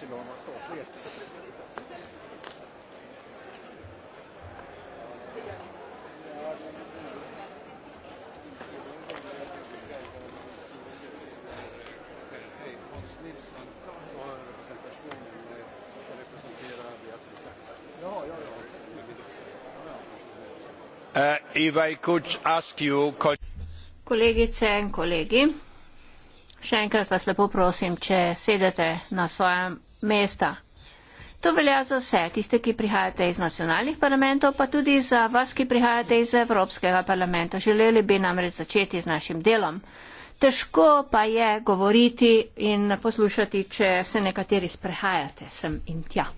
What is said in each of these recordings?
mennään silloin vasta oppia. Kolegice in kolegi, Še enkrat vas lepo prosim, če sedete na svoja mesta. To velja za vse, tiste, ki prihajate iz nacionalnih parlamentov, pa tudi za vas, ki prihajate iz Evropskega parlamenta. Želeli bi namreč začeti z našim delom. Težko pa je govoriti in poslušati, če se nekateri sprehajate sem in tja.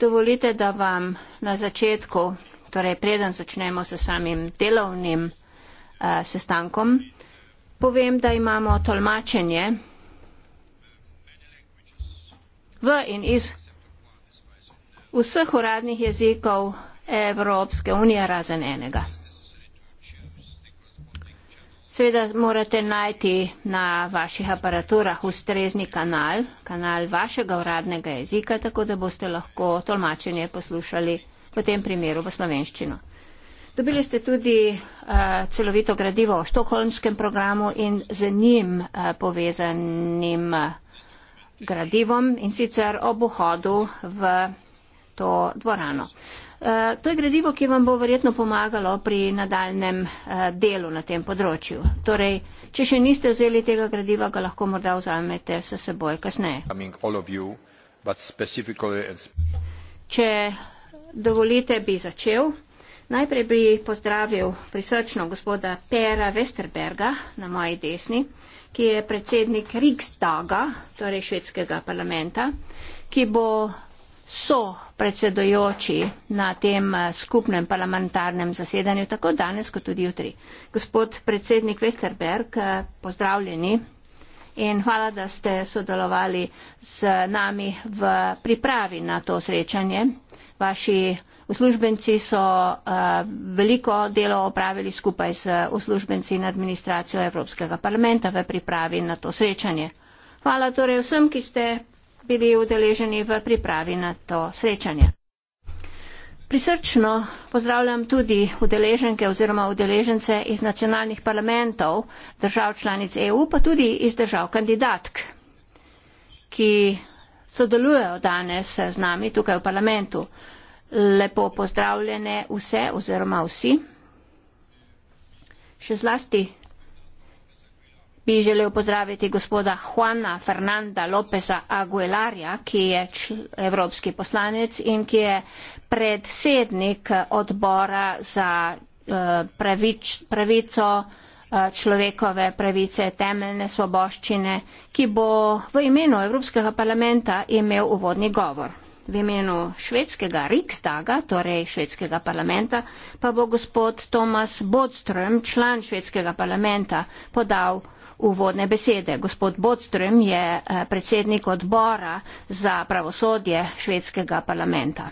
Dovolite, da vam na začetku, torej preden začnemo s samim delovnim uh, sestankom, povem, da imamo tolmačenje v in iz vseh uradnih jezikov Evropske unije razen enega. Seveda morate najti na vaših aparaturah ustrezni kanal, kanal vašega uradnega jezika, tako da boste lahko tolmačenje poslušali v tem primeru v slovenščino. Dobili ste tudi uh, celovito gradivo o štokholmskem programu in z njim uh, povezanim uh, gradivom in sicer ob vhodu v to dvorano. Uh, Eh, to je gradivo, ki vam bo verjetno pomagalo pri nadaljem eh, delu na tem področju. Torej, če še niste vzeli tega gradiva, ga lahko morda vzamete s seboj kasneje. Če dovolite, bi začel. Najprej bi pozdravil prisrčno gospoda Pera Westerberga na moji desni, ki je predsednik Riksdaga, torej švedskega parlamenta, ki bo so predsedojoči na tem eh, skupnem parlamentarnem zasedanju, tako danes kot tudi jutri. Gospod predsednik Westerberg, eh, pozdravljeni in hvala, da ste sodelovali z nami v pripravi na to srečanje. Vaši uslužbenci so eh, veliko delo opravili skupaj z uslužbenci in administracijo Evropskega parlamenta v pripravi na to srečanje. Hvala torej vsem, ki ste bili udeleženi v pripravi na to srečanje. Prisrčno pozdravljam tudi udeleženke oziroma udeležence iz nacionalnih parlamentov držav članic EU, pa tudi iz držav kandidatk, ki sodelujejo danes z nami tukaj v parlamentu. Lepo pozdravljene vse oziroma vsi. Še zlasti bi želel pozdraviti gospoda Juana Fernanda Lopeza Aguilarja, ki je evropski poslanec in ki je predsednik odbora za eh, pravič, pravico eh, človekove pravice, temeljne svoboščine, ki bo v imenu Evropskega parlamenta imel uvodni govor. V imenu švedskega Riksdaga, torej švedskega parlamenta, pa bo gospod Tomas Bodström, član švedskega parlamenta, podal uvodne besede. Gospod Bodström je eh, predsednik odbora za pravosodje švedskega parlamenta.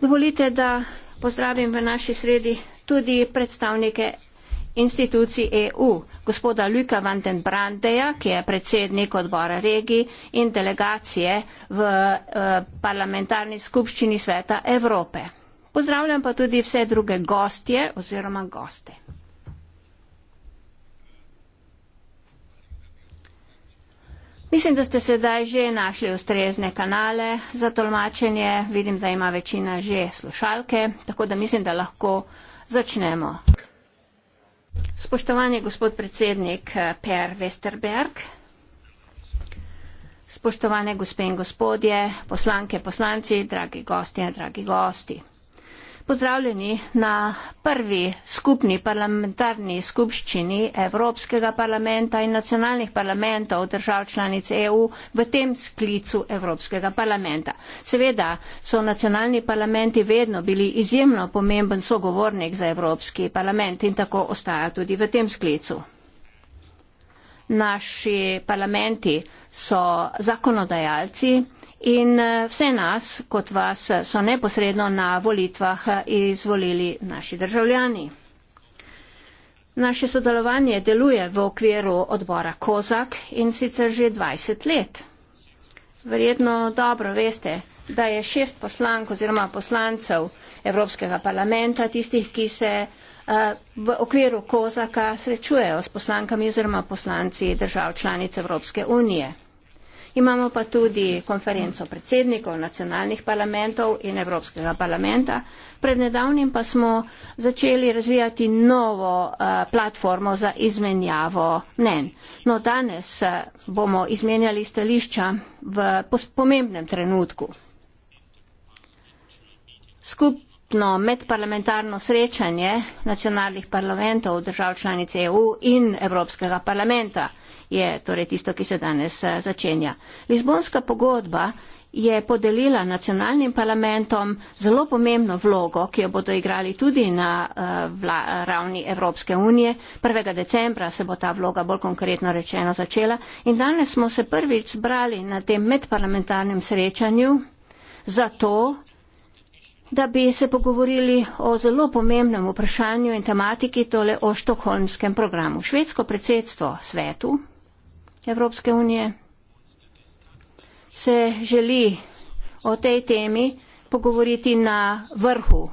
Dovolite, da pozdravim v naši sredi tudi predstavnike institucij EU, gospoda Luka van den Brandeja, ki je predsednik odbora regij in delegacije v eh, parlamentarni skupščini sveta Evrope. Pozdravljam pa tudi vse druge gostje oziroma goste. Mislim, da ste sedaj že našli ustrezne kanale za tolmačenje. Vidim, da ima večina že slušalke, tako da mislim, da lahko začnemo. Spoštovani gospod predsednik eh, Per Westerberg, spoštovane gospe in gospodje, poslanke, poslanci, dragi gostje, dragi gosti. Pozdravljeni na prvi skupni parlamentarni skupščini Evropskega parlamenta in nacionalnih parlamentov držav članic EU v tem sklicu Evropskega parlamenta. Seveda so nacionalni parlamenti vedno bili izjemno pomemben sogovornik za Evropski parlament in tako ostaja tudi v tem sklicu. Naši parlamenti so zakonodajalci, in eh, vse nas, kot vas, eh, so neposredno na volitvah eh, izvolili naši državljani. Naše sodelovanje deluje v okviru odbora Kozak in sicer že 20 let. Verjetno dobro veste, da je šest poslank oziroma poslancev Evropskega parlamenta tistih, ki se uh, v okviru Kozaka srečujejo s poslankami oziroma poslanci držav članic Evropske unije. Imamo pa tudi konferenco predsednikov nacionalnih parlamentov in Evropskega parlamenta. Pred nedavnim pa smo začeli razvijati novo uh, platformo za izmenjavo mnen. No, danes uh, bomo izmenjali stališča v pomembnem trenutku. Skup enotno medparlamentarno srečanje nacionalnih parlamentov držav članic EU in Evropskega parlamenta je torej tisto, ki se danes eh, začenja. Lizbonska pogodba je podelila nacionalnim parlamentom zelo pomembno vlogo, ki jo bodo igrali tudi na eh, vla, ravni Evropske unije. 1. decembra se bo ta vloga bolj konkretno rečeno začela in danes smo se prvič zbrali na tem medparlamentarnem srečanju zato, da bi se pogovorili o zelo pomembnem vprašanju in tematiki tole o štokholmskem programu. Švedsko predsedstvo svetu Evropske unije se želi o tej temi pogovoriti na vrhu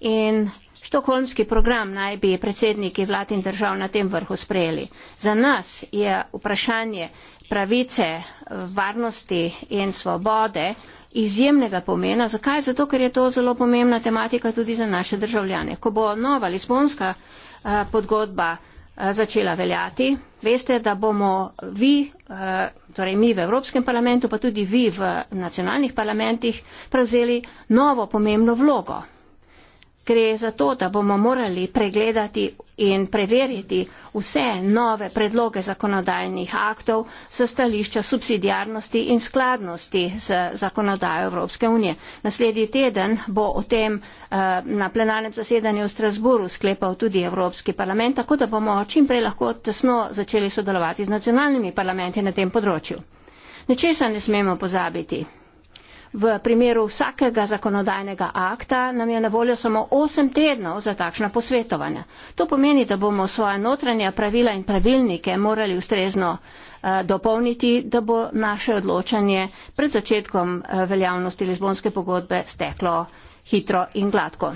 in štokholmski program naj bi predsedniki vlad in držav na tem vrhu sprejeli. Za nas je vprašanje pravice, varnosti in svobode izjemnega pomena. Zakaj? Zato, ker je to zelo pomembna tematika tudi za naše državljane. Ko bo nova Lisbonska eh, podgodba eh, začela veljati, veste, da bomo vi, eh, torej mi v Evropskem parlamentu, pa tudi vi v nacionalnih parlamentih, prevzeli novo pomembno vlogo gre za to, da bomo morali pregledati in preveriti vse nove predloge zakonodajnih aktov z stališča subsidijarnosti in skladnosti z zakonodajo Evropske unije. Naslednji teden bo o tem eh, na plenarnem zasedanju v Strasburu sklepal tudi Evropski parlament, tako da bomo čim prej lahko tesno začeli sodelovati z nacionalnimi parlamenti na tem področju. Nečesa ne smemo pozabiti v primeru vsakega zakonodajnega akta nam je na voljo samo 8 tednov za takšna posvetovanja. To pomeni, da bomo svoje notranje pravila in pravilnike morali ustrezno eh, dopolniti, da bo naše odločanje pred začetkom eh, veljavnosti Lizbonske pogodbe steklo hitro in gladko.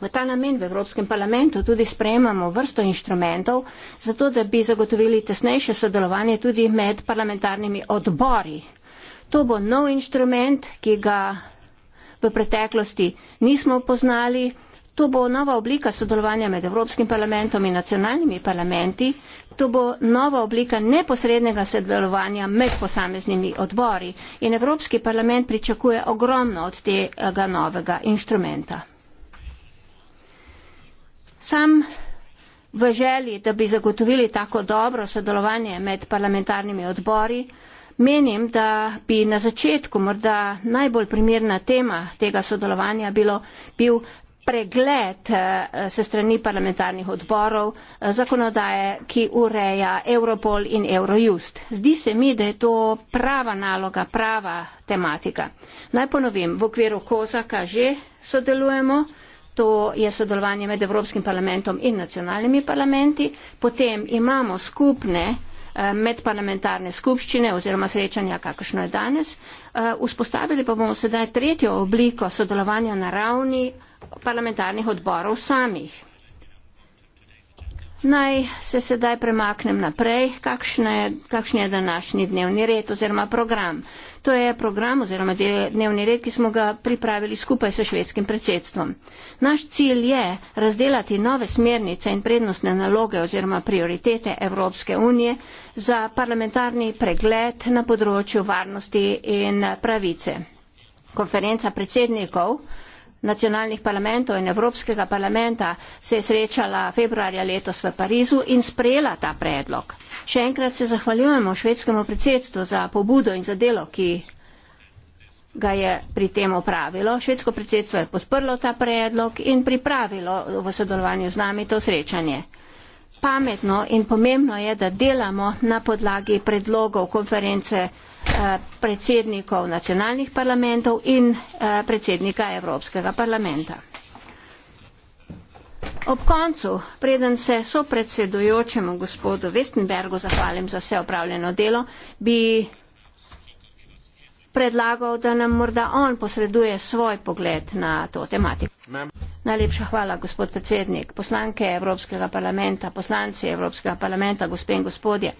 V ta namen v Evropskem parlamentu tudi sprejemamo vrsto inštrumentov, zato da bi zagotovili tesnejše sodelovanje tudi med parlamentarnimi odbori To bo nov inštrument, ki ga v preteklosti nismo poznali. To bo nova oblika sodelovanja med Evropskim parlamentom in nacionalnimi parlamenti. To bo nova oblika neposrednega sodelovanja med posameznimi odbori. In Evropski parlament pričakuje ogromno od tega novega inštrumenta. Sam v želji, da bi zagotovili tako dobro sodelovanje med parlamentarnimi odbori, Menim, da bi na začetku morda najbolj primerna tema tega sodelovanja bilo, bil pregled eh, se strani parlamentarnih odborov eh, zakonodaje, ki ureja Europol in Eurojust. Zdi se mi, da je to prava naloga, prava tematika. Naj ponovim, v okviru Kozaka že sodelujemo, to je sodelovanje med Evropskim parlamentom in nacionalnimi parlamenti, potem imamo skupne Eh, medparlamentarne skupščine oziroma srečanja, kakšno je danes. Eh, vzpostavili pa bomo sedaj tretjo obliko sodelovanja na ravni parlamentarnih odborov samih. Naj se sedaj premaknem naprej, kakšne, kakšen je današnji dnevni red oziroma program. To je program oziroma dnevni red, ki smo ga pripravili skupaj s švedskim predsedstvom. Naš cilj je razdelati nove smernice in prednostne naloge oziroma prioritete Evropske unije za parlamentarni pregled na področju varnosti in pravice. Konferenca predsednikov nacionalnih parlamentov in Evropskega parlamenta se je srečala februarja letos v Parizu in sprejela ta predlog. Še enkrat se zahvaljujemo švedskemu predsedstvu za pobudo in za delo, ki ga je pri tem opravilo. Švedsko predsedstvo je podprlo ta predlog in pripravilo v sodelovanju z nami to srečanje. Pametno in pomembno je, da delamo na podlagi predlogov konference Eh, predsednikov nacionalnih parlamentov in eh, predsednika Evropskega parlamenta. Ob koncu, preden se sopredsedujočemu gospodu Vestenbergu zahvalim za vse opravljeno delo, bi predlagal, da nam morda on posreduje svoj pogled na to tematiko. Najlepša hvala, gospod predsednik, poslanke Evropskega parlamenta, poslanci Evropskega parlamenta, gospe in gospodje.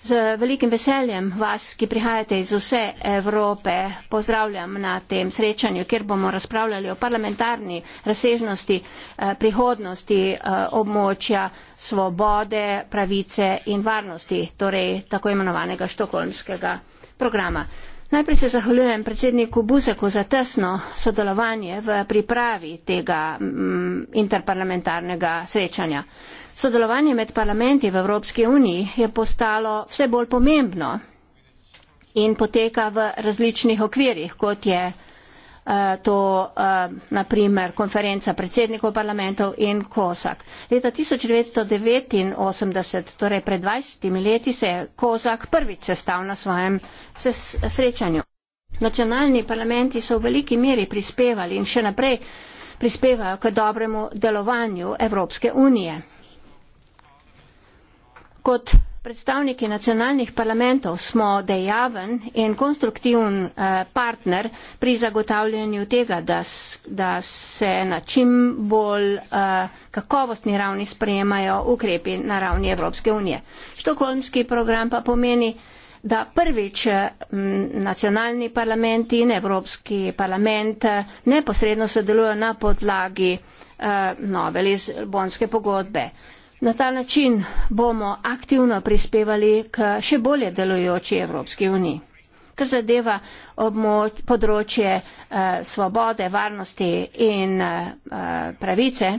Z velikim veseljem vas, ki prihajate iz vse Evrope, pozdravljam na tem srečanju, kjer bomo razpravljali o parlamentarni razsežnosti eh, prihodnosti eh, območja svobode, pravice in varnosti, torej tako imenovanega štokolmskega programa. Najprej se zahvaljujem predsedniku Buzeku za tesno sodelovanje v pripravi tega mm, interparlamentarnega srečanja. Sodelovanje med parlamenti v Evropski uniji je postalo vse bolj pomembno in poteka v različnih okvirih, kot je uh, to uh, eh, naprimer konferenca predsednikov parlamentov in Kozak. Leta 1989, torej pred 20 leti, se je Kozak prvič sestav na svojem srečanju. Nacionalni parlamenti so v veliki meri prispevali in še naprej prispevajo k dobremu delovanju Evropske unije. Kot predstavniki nacionalnih parlamentov smo dejaven in konstruktiven eh, partner pri zagotavljanju tega, da, da se na čim bolj eh, kakovostni ravni sprejemajo ukrepi na ravni Evropske unije. Štokholmski program pa pomeni, da prvič eh, nacionalni parlamenti in Evropski parlament neposredno sodelujo na podlagi nove Lizbonske pogodbe. Na ta način bomo aktivno prispevali k še bolje delujoči Evropski uniji kar zadeva območ, področje eh, svobode, varnosti in eh, eh, pravice,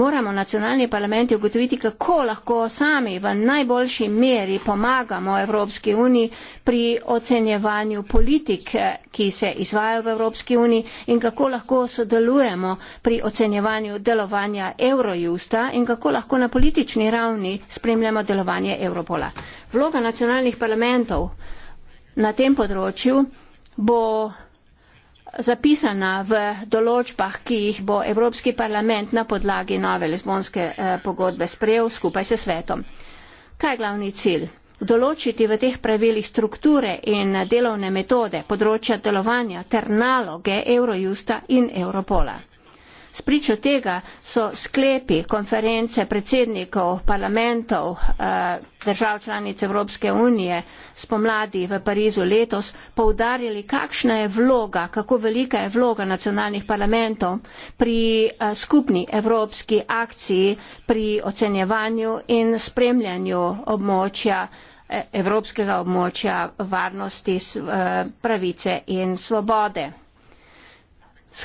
moramo nacionalni parlamenti ugotoviti, kako lahko sami v najboljši meri pomagamo Evropski uniji pri ocenjevanju politik, eh, ki se izvajajo v Evropski uniji in kako lahko sodelujemo pri ocenjevanju delovanja Eurojusta in kako lahko na politični ravni spremljamo delovanje Europola. Vloga nacionalnih parlamentov na tem področju bo zapisana v določbah, ki jih bo Evropski parlament na podlagi nove lezbonske eh, pogodbe sprejel skupaj s svetom. Kaj je glavni cilj? Določiti v teh pravilih strukture in delovne metode področja delovanja ter naloge Eurojusta in Europola. Spričo tega so sklepi konference predsednikov parlamentov eh, držav članic Evropske unije spomladi v Parizu letos poudarili, kakšna je vloga, kako velika je vloga nacionalnih parlamentov pri eh, skupni evropski akciji, pri ocenjevanju in spremljanju območja eh, evropskega območja varnosti, pravice in svobode.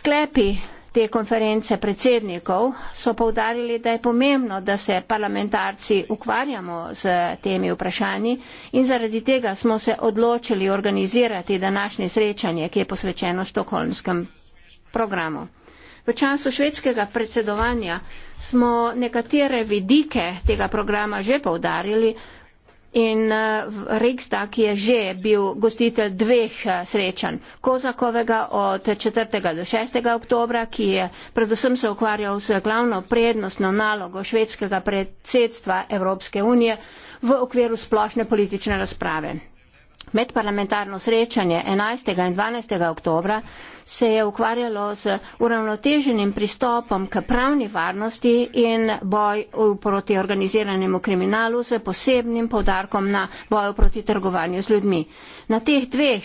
Sklepi te konference predsednikov, so povdarili, da je pomembno, da se parlamentarci ukvarjamo z temi vprašanji in zaradi tega smo se odločili organizirati današnje srečanje, ki je posvečeno štokholmskem programu. V času švedskega predsedovanja smo nekatere vidike tega programa že povdarili, In eh, Riksdag je že bil gostitelj dveh eh, srečanj. Kozakovega od 4. do 6. oktobra, ki je predvsem se ukvarjal s glavno prednostno nalogo švedskega predsedstva Evropske unije v okviru splošne politične razprave. Medparlamentarno srečanje 11. in 12. oktobra se je ukvarjalo z uravnoteženim pristopom k pravni varnosti in boju proti organiziranemu kriminalu z posebnim povdarkom na boju proti trgovanju z ljudmi. Na teh dveh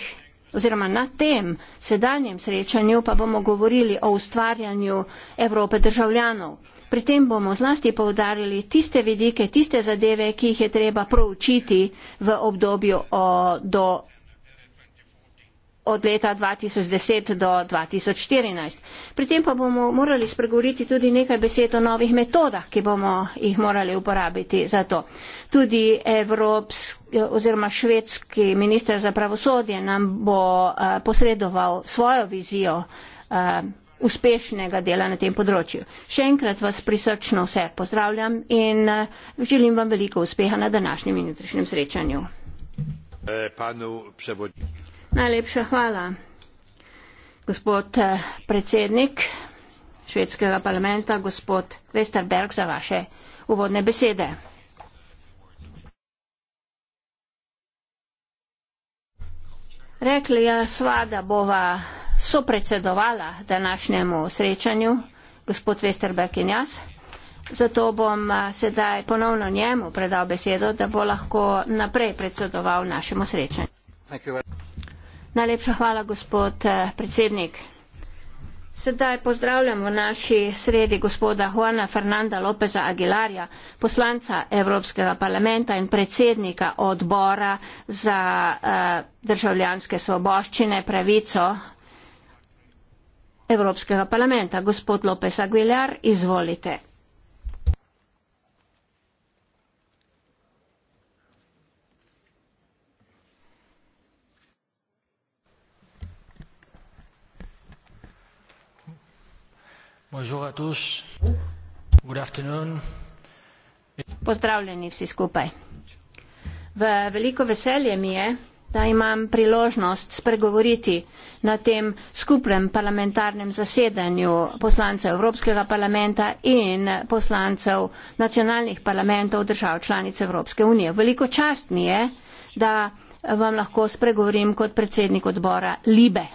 oziroma na tem sedanjem srečanju pa bomo govorili o ustvarjanju Evrope državljanov. Pri tem bomo zlasti povdarjali tiste vidike, tiste zadeve, ki jih je treba proučiti v obdobju do, od leta 2010 do 2014. Pri tem pa bomo morali spregovoriti tudi nekaj besed o novih metodah, ki bomo jih morali uporabiti za to. Tudi evropski oziroma švedski minister za pravosodje nam bo eh, posredoval svojo vizijo. Eh, uspešnega dela na tem področju. Še enkrat vas prisrčno vse pozdravljam in eh, želim vam veliko uspeha na današnjem in jutrišnjem srečanju. Eh, Najlepša hvala. Gospod eh, predsednik švedskega parlamenta, gospod Westerberg, za vaše uvodne besede. Rekli sva, da bova so predsedovala današnjemu srečanju, gospod Westerberg in jaz. Zato bom sedaj ponovno njemu predal besedo, da bo lahko naprej predsedoval našemu srečanju. Najlepša hvala, gospod predsednik. Sedaj pozdravljam v naši sredi gospoda Juana Fernanda Lopeza Aguilarja, poslanca Evropskega parlamenta in predsednika odbora za uh, državljanske svoboščine, pravico Evropskega parlamenta. Gospod Lopes Aguilar, izvolite. Bonjour à tous. Good afternoon. Pozdravljeni vsi skupaj. V veliko veselje mi je, da imam priložnost spregovoriti na tem skupnem parlamentarnem zasedanju poslancev Evropskega parlamenta in poslancev nacionalnih parlamentov držav članic Evropske unije. Veliko čast mi je, da vam lahko spregovorim kot predsednik odbora Libe.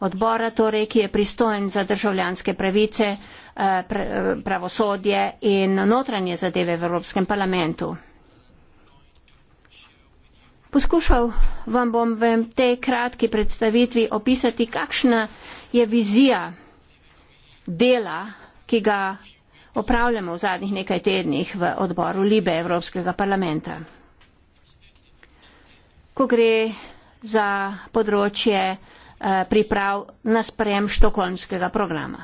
Odbora torej, ki je pristojen za državljanske pravice, eh, pravosodje in notranje zadeve v Evropskem parlamentu. Poskušal vam bom v tej kratki predstavitvi opisati, kakšna je vizija dela, ki ga opravljamo v zadnjih nekaj tednih v odboru Libe Evropskega parlamenta. Ko gre za področje eh, priprav na sprejem štokholmskega programa.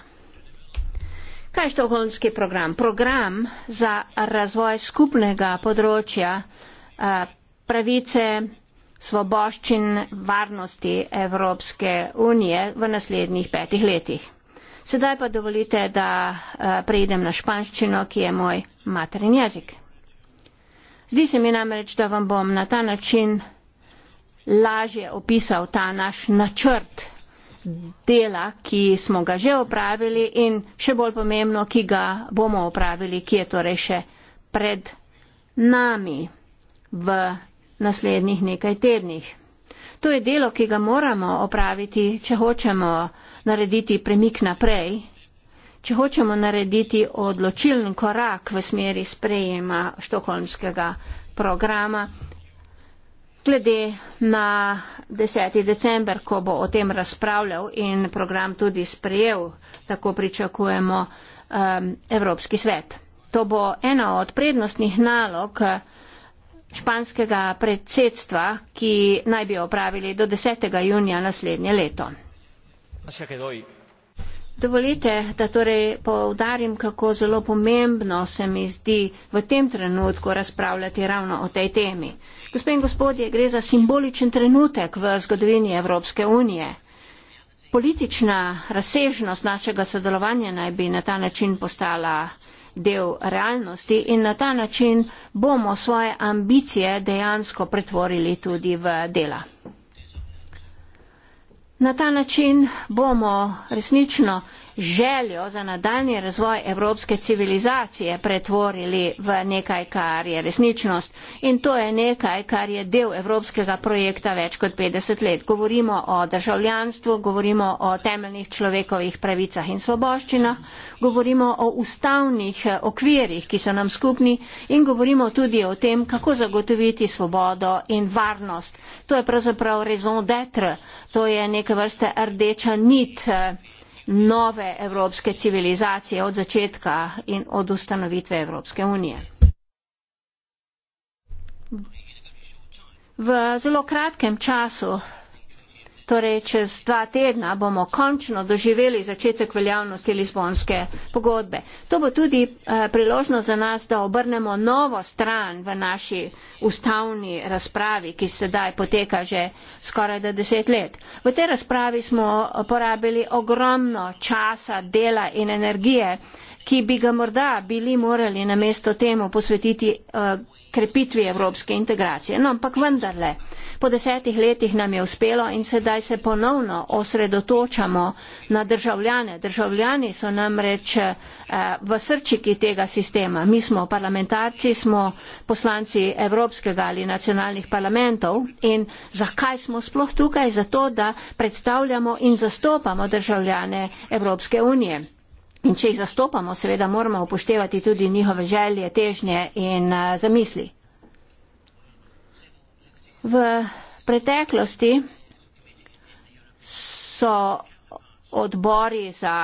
Kaj je štokholmski program? Program za razvoj skupnega področja eh, pravice, svoboščin, varnosti Evropske unije v naslednjih petih letih. Sedaj pa dovolite, da eh, prejdem na španščino, ki je moj materin jezik. Zdi se mi namreč, da vam bom na ta način lažje opisal ta naš načrt dela, ki smo ga že opravili in še bolj pomembno, ki ga bomo opravili, ki je torej še pred nami v naslednjih nekaj tednih. To je delo, ki ga moramo opraviti, če hočemo narediti premik naprej, če hočemo narediti odločilen korak v smeri sprejema štokholmskega programa. Glede na 10. december, ko bo o tem razpravljal in program tudi sprejel, tako pričakujemo um, Evropski svet. To bo ena od prednostnih nalog, španskega predsedstva, ki naj bi opravili do 10. junija naslednje leto. Dovolite, da torej povdarim, kako zelo pomembno se mi zdi v tem trenutku razpravljati ravno o tej temi. Gospod in gospodje, gre za simboličen trenutek v zgodovini Evropske unije. Politična razsežnost našega sodelovanja naj bi na ta način postala del realnosti in na ta način bomo svoje ambicije dejansko pretvorili tudi v dela. Na ta način bomo resnično željo za nadaljni razvoj evropske civilizacije pretvorili v nekaj, kar je resničnost. In to je nekaj, kar je del evropskega projekta več kot 50 let. Govorimo o državljanstvu, govorimo o temeljnih človekovih pravicah in svoboščinah, govorimo o ustavnih eh, okvirih, ki so nam skupni in govorimo tudi o tem, kako zagotoviti svobodo in varnost. To je pravzaprav raison d'etre, to je neke vrste rdeča nit. Eh, nove evropske civilizacije od začetka in od ustanovitve Evropske unije. V zelo kratkem času Torej, čez dva tedna bomo končno doživeli začetek veljavnosti Lizbonske pogodbe. To bo tudi eh, priložno za nas, da obrnemo novo stran v naši ustavni razpravi, ki sedaj poteka že skoraj da deset let. V tej razpravi smo porabili ogromno časa, dela in energije ki bi ga morda bili morali namesto temu posvetiti uh, krepitvi evropske integracije. No, ampak vendarle, po desetih letih nam je uspelo in sedaj se ponovno osredotočamo na državljane. Državljani so namreč uh, v srčiki tega sistema. Mi smo parlamentarci, smo poslanci evropskega ali nacionalnih parlamentov in zakaj smo sploh tukaj? Zato, da predstavljamo in zastopamo državljane Evropske unije. In če jih zastopamo, seveda moramo upoštevati tudi njihove želje, težnje in eh, zamisli. V preteklosti so odbori za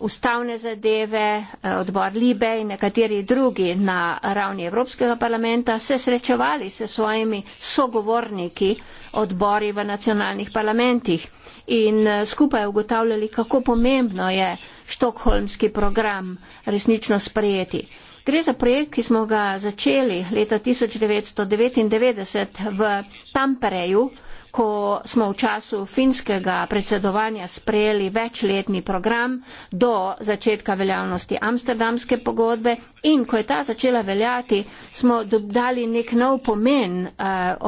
ustavne zadeve, eh, odbor Libe in nekateri drugi na ravni Evropskega parlamenta se srečevali s svojimi sogovorniki odbori v nacionalnih parlamentih in eh, skupaj ugotavljali, kako pomembno je štokholmski program resnično sprejeti. Gre za projekt, ki smo ga začeli leta 1999 v Tampereju, ko smo v času finskega predsedovanja sprejeli večletni program do začetka veljavnosti Amsterdamske pogodbe in ko je ta začela veljati, smo dali nek nov pomen eh,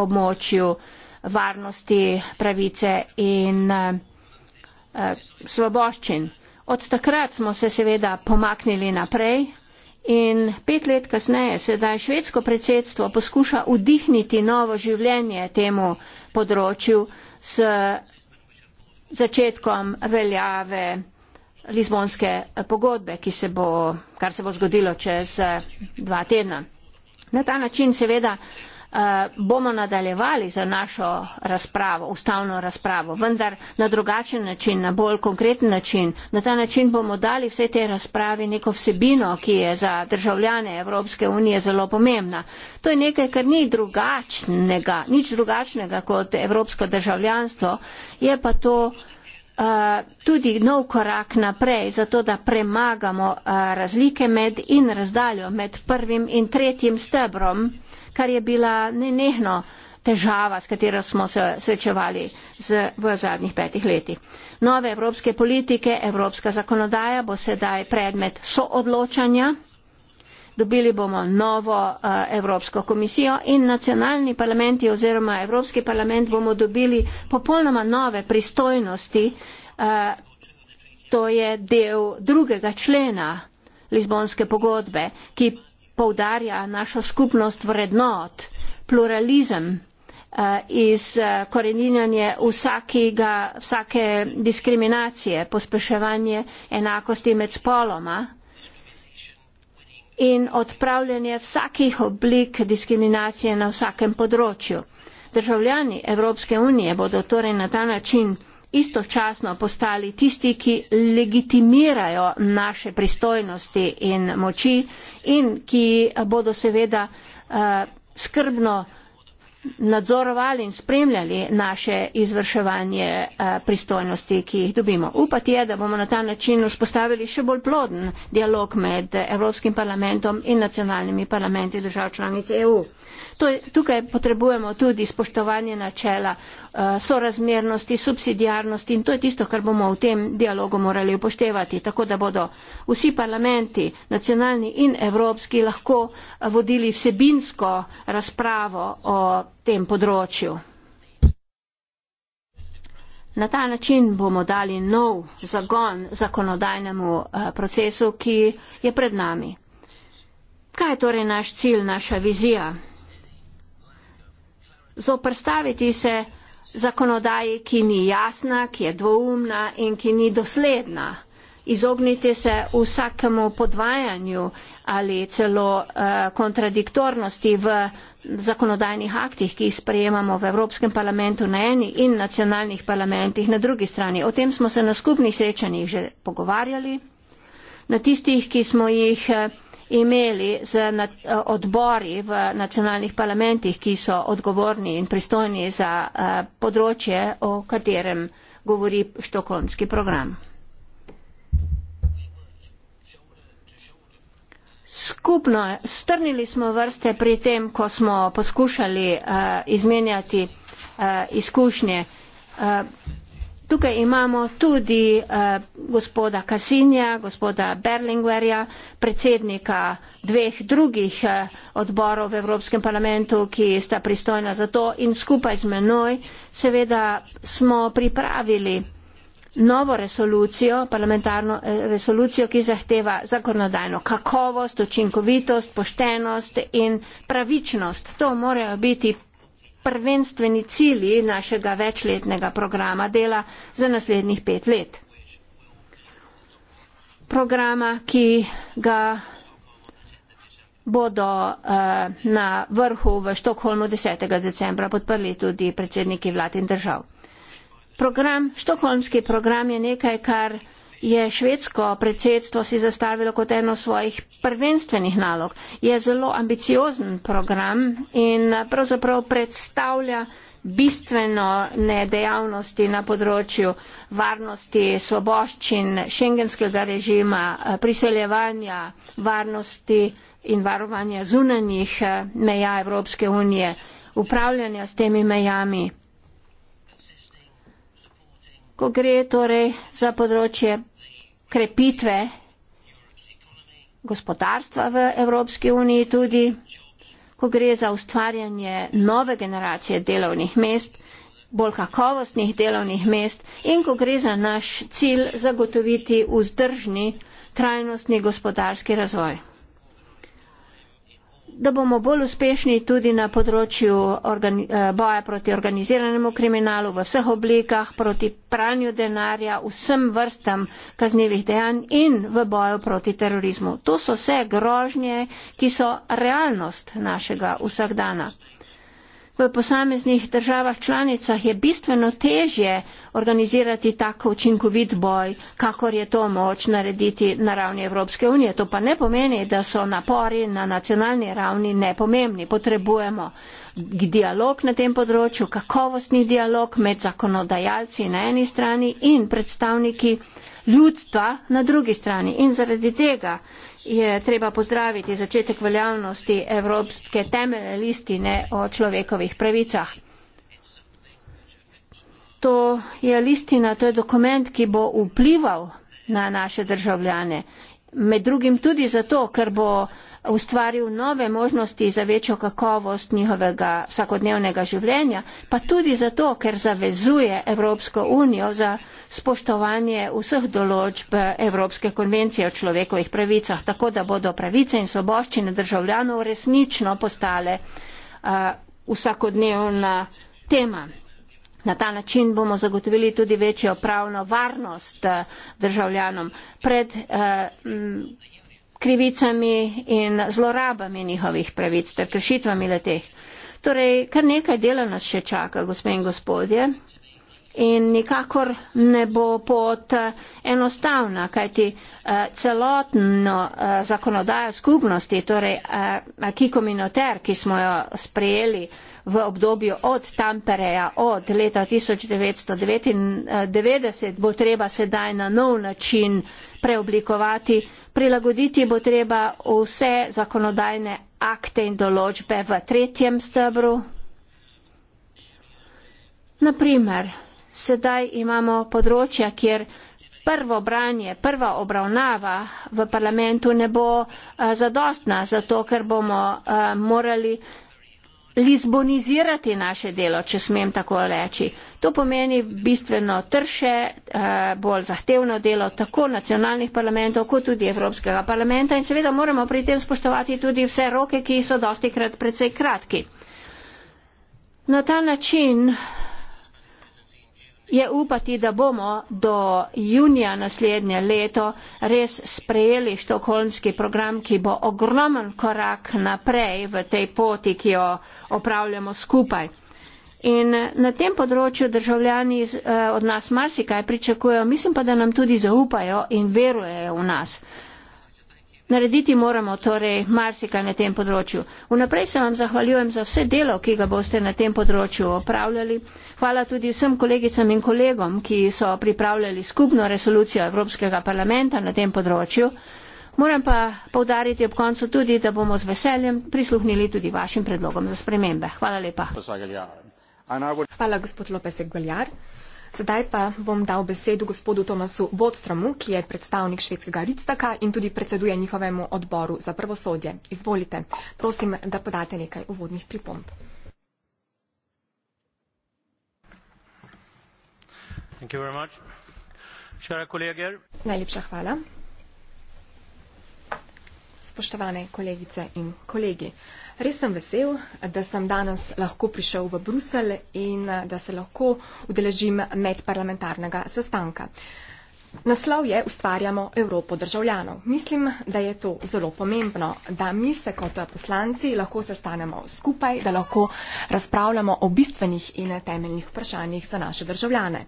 območju varnosti, pravice in eh, eh svoboščin. Od takrat smo se seveda pomaknili naprej, In pet let kasneje sedaj švedsko predsedstvo poskuša vdihniti novo življenje temu področju s začetkom veljave Lizbonske pogodbe, se bo, kar se bo zgodilo čez eh, dva tedna. Na ta način seveda Eh, bomo nadaljevali za našo razpravo, ustavno razpravo, vendar na drugačen način, na bolj konkreten način. Na ta način bomo dali vse te razpravi neko vsebino, ki je za državljane Evropske unije zelo pomembna. To je nekaj, kar ni drugačnega, nič drugačnega kot evropsko državljanstvo, je pa to. Uh, tudi nov korak naprej, zato da premagamo uh, razlike med in razdaljo med prvim in tretjim stebrom uh, kar je bila nenehno težava, s katero smo se srečevali z, v zadnjih petih letih. Nove evropske politike, evropska zakonodaja bo sedaj predmet soodločanja. Dobili bomo novo uh, Evropsko komisijo in nacionalni parlamenti oziroma Evropski parlament bomo dobili popolnoma nove pristojnosti. Uh, to je del drugega člena Lizbonske pogodbe, ki poudarja našo skupnost vrednot, pluralizem eh, iz eh, koreninjanje vsakega, vsake diskriminacije, pospeševanje enakosti med spoloma in odpravljanje vsakih oblik diskriminacije na vsakem področju. Državljani Evropske unije bodo torej na ta način istočasno postali tisti, ki legitimirajo naše pristojnosti in moči in ki bodo seveda uh, skrbno nadzorovali in spremljali naše izvrševanje eh, pristojnosti, ki jih dobimo. Upati je, da bomo na ta način vzpostavili še bolj ploden dialog med Evropskim parlamentom in nacionalnimi parlamenti držav članic EU. Tukaj potrebujemo tudi spoštovanje načela eh, sorazmernosti, subsidijarnosti in to je tisto, kar bomo v tem dialogu morali upoštevati, tako da bodo vsi parlamenti, nacionalni in evropski, lahko eh, vodili vsebinsko razpravo o tem področju. Na ta način bomo dali nov zagon zakonodajnemu eh, procesu, ki je pred nami. Kaj je torej naš cilj, naša vizija? Zoprstaviti se zakonodaji, ki ni jasna, ki je dvoumna in ki ni dosledna. Izogniti se vsakemu podvajanju ali celo eh, kontradiktornosti v zakonodajnih aktih, ki jih sprejemamo v Evropskem parlamentu na eni in nacionalnih parlamentih na drugi strani. O tem smo se na skupnih srečanjih že pogovarjali, na tistih, ki smo jih eh, imeli z eh, odbori v nacionalnih parlamentih, ki so odgovorni in pristojni za eh, področje, o katerem govori štokholmski program. Skupno strnili smo vrste pri tem, ko smo poskušali uh, izmenjati uh, izkušnje. Uh, tukaj imamo tudi uh, gospoda Kasinja, gospoda Berlingverja, predsednika dveh drugih uh, odborov v Evropskem parlamentu, ki sta pristojna za to in skupaj z menoj seveda smo pripravili novo resolucijo, parlamentarno eh, resolucijo, ki zahteva zakonodajno kakovost, učinkovitost, poštenost in pravičnost. To morajo biti prvenstveni cilji našega večletnega programa dela za naslednjih pet let. Programa, ki ga bodo uh, na vrhu v Štokholmu 10. decembra podprli tudi predsedniki vlad in držav. Program, štokholmski program je nekaj, kar je švedsko predsedstvo si zastavilo kot eno svojih prvenstvenih nalog. Je zelo ambiciozen program in pravzaprav predstavlja bistveno nedejavnosti na področju varnosti, svoboščin, šengenskega režima, priseljevanja, varnosti in varovanja zunanjih eh, meja Evropske unije, upravljanja s temi mejami ko gre torej za področje krepitve gospodarstva v Evropski uniji tudi, ko gre za ustvarjanje nove generacije delovnih mest, bolj kakovostnih delovnih mest in ko gre za naš cilj zagotoviti vzdržni trajnostni gospodarski razvoj da bomo bolj uspešni tudi na področju organi, eh, boja proti organiziranemu kriminalu v vseh oblikah, proti pranju denarja, vsem vrstam kaznjivih dejanj in v boju proti terorizmu. To so vse grožnje, ki so realnost našega vsakdana v posameznih državah članicah je bistveno težje organizirati tako učinkovit boj, kakor je to moč narediti na ravni Evropske unije. To pa ne pomeni, da so napori na nacionalni ravni nepomembni. Potrebujemo dialog na tem področju, kakovostni dialog med zakonodajalci na eni strani in predstavniki ljudstva na drugi strani. In zaradi tega je treba pozdraviti začetek veljavnosti Evropske temeljne listine o človekovih pravicah. To je listina, to je dokument, ki bo vplival na naše državljane. Med drugim tudi zato, ker bo uh, ustvaril nove možnosti za večjo kakovost njihovega vsakodnevnega življenja, pa tudi zato, ker zavezuje Evropsko unijo za spoštovanje vseh določb Evropske konvencije o človekovih pravicah, tako da bodo pravice in soboščine državljanov resnično postale uh, vsakodnevna tema. Na ta način bomo zagotovili tudi večjo pravno varnost uh, državljanom. Pred, uh, m, krivicami in zlorabami njihovih pravic ter kršitvami leteh. Torej, kar nekaj dela nas še čaka, gospe in gospodje, in nikakor ne bo pot eh, enostavna, kajti eh, celotno eh, zakonodajo skupnosti, torej Kikominoter, ki smo jo sprejeli v obdobju od Tampereja, od leta 1999, bo treba sedaj na nov način preoblikovati prilagoditi bo treba vse zakonodajne akte in določbe v tretjem stebru. Naprimer, sedaj imamo področja, kjer prvo branje, prva obravnava v parlamentu ne bo eh, zadostna, zato ker bomo eh, morali lizbonizirati naše delo, če smem tako reči. To pomeni bistveno trše, eh, bolj zahtevno delo tako nacionalnih parlamentov, kot tudi Evropskega parlamenta in seveda moramo pri tem spoštovati tudi vse roke, ki so dosti krat precej kratki. Na ta način je upati, da bomo do junija naslednje leto res sprejeli štokholmski program, ki bo ogromen korak naprej v tej poti, ki jo opravljamo skupaj. In na tem področju državljani eh, od nas marsikaj pričakujejo, mislim pa, da nam tudi zaupajo in verujejo v nas. Narediti moramo torej marsikaj na tem področju. Vnaprej se vam zahvaljujem za vse delo, ki ga boste na tem področju opravljali. Hvala tudi vsem kolegicam in kolegom, ki so pripravljali skupno resolucijo Evropskega parlamenta na tem področju. Moram pa povdariti ob koncu tudi, da bomo z veseljem prisluhnili tudi vašim predlogom za spremembe. Hvala lepa. Hvala, gospod Lopez Egvaljar. Sedaj pa bom dal besedo gospodu Tomasu Bodstromu, ki je predstavnik švedskega Ritstaka in tudi predseduje njihovemu odboru za pravosodje. Izvolite, prosim, da podate nekaj uvodnih pripomb. Najlepša hvala. Spoštovane kolegice in kolegi. Res sem vesel, da sem danes lahko prišel v Bruselj in da se lahko udeležim medparlamentarnega sestanka. Naslov je Ustvarjamo Evropo državljanov. Mislim, da je to zelo pomembno, da mi se kot poslanci lahko sestanemo skupaj, da lahko razpravljamo o bistvenih in temeljnih vprašanjih za naše državljane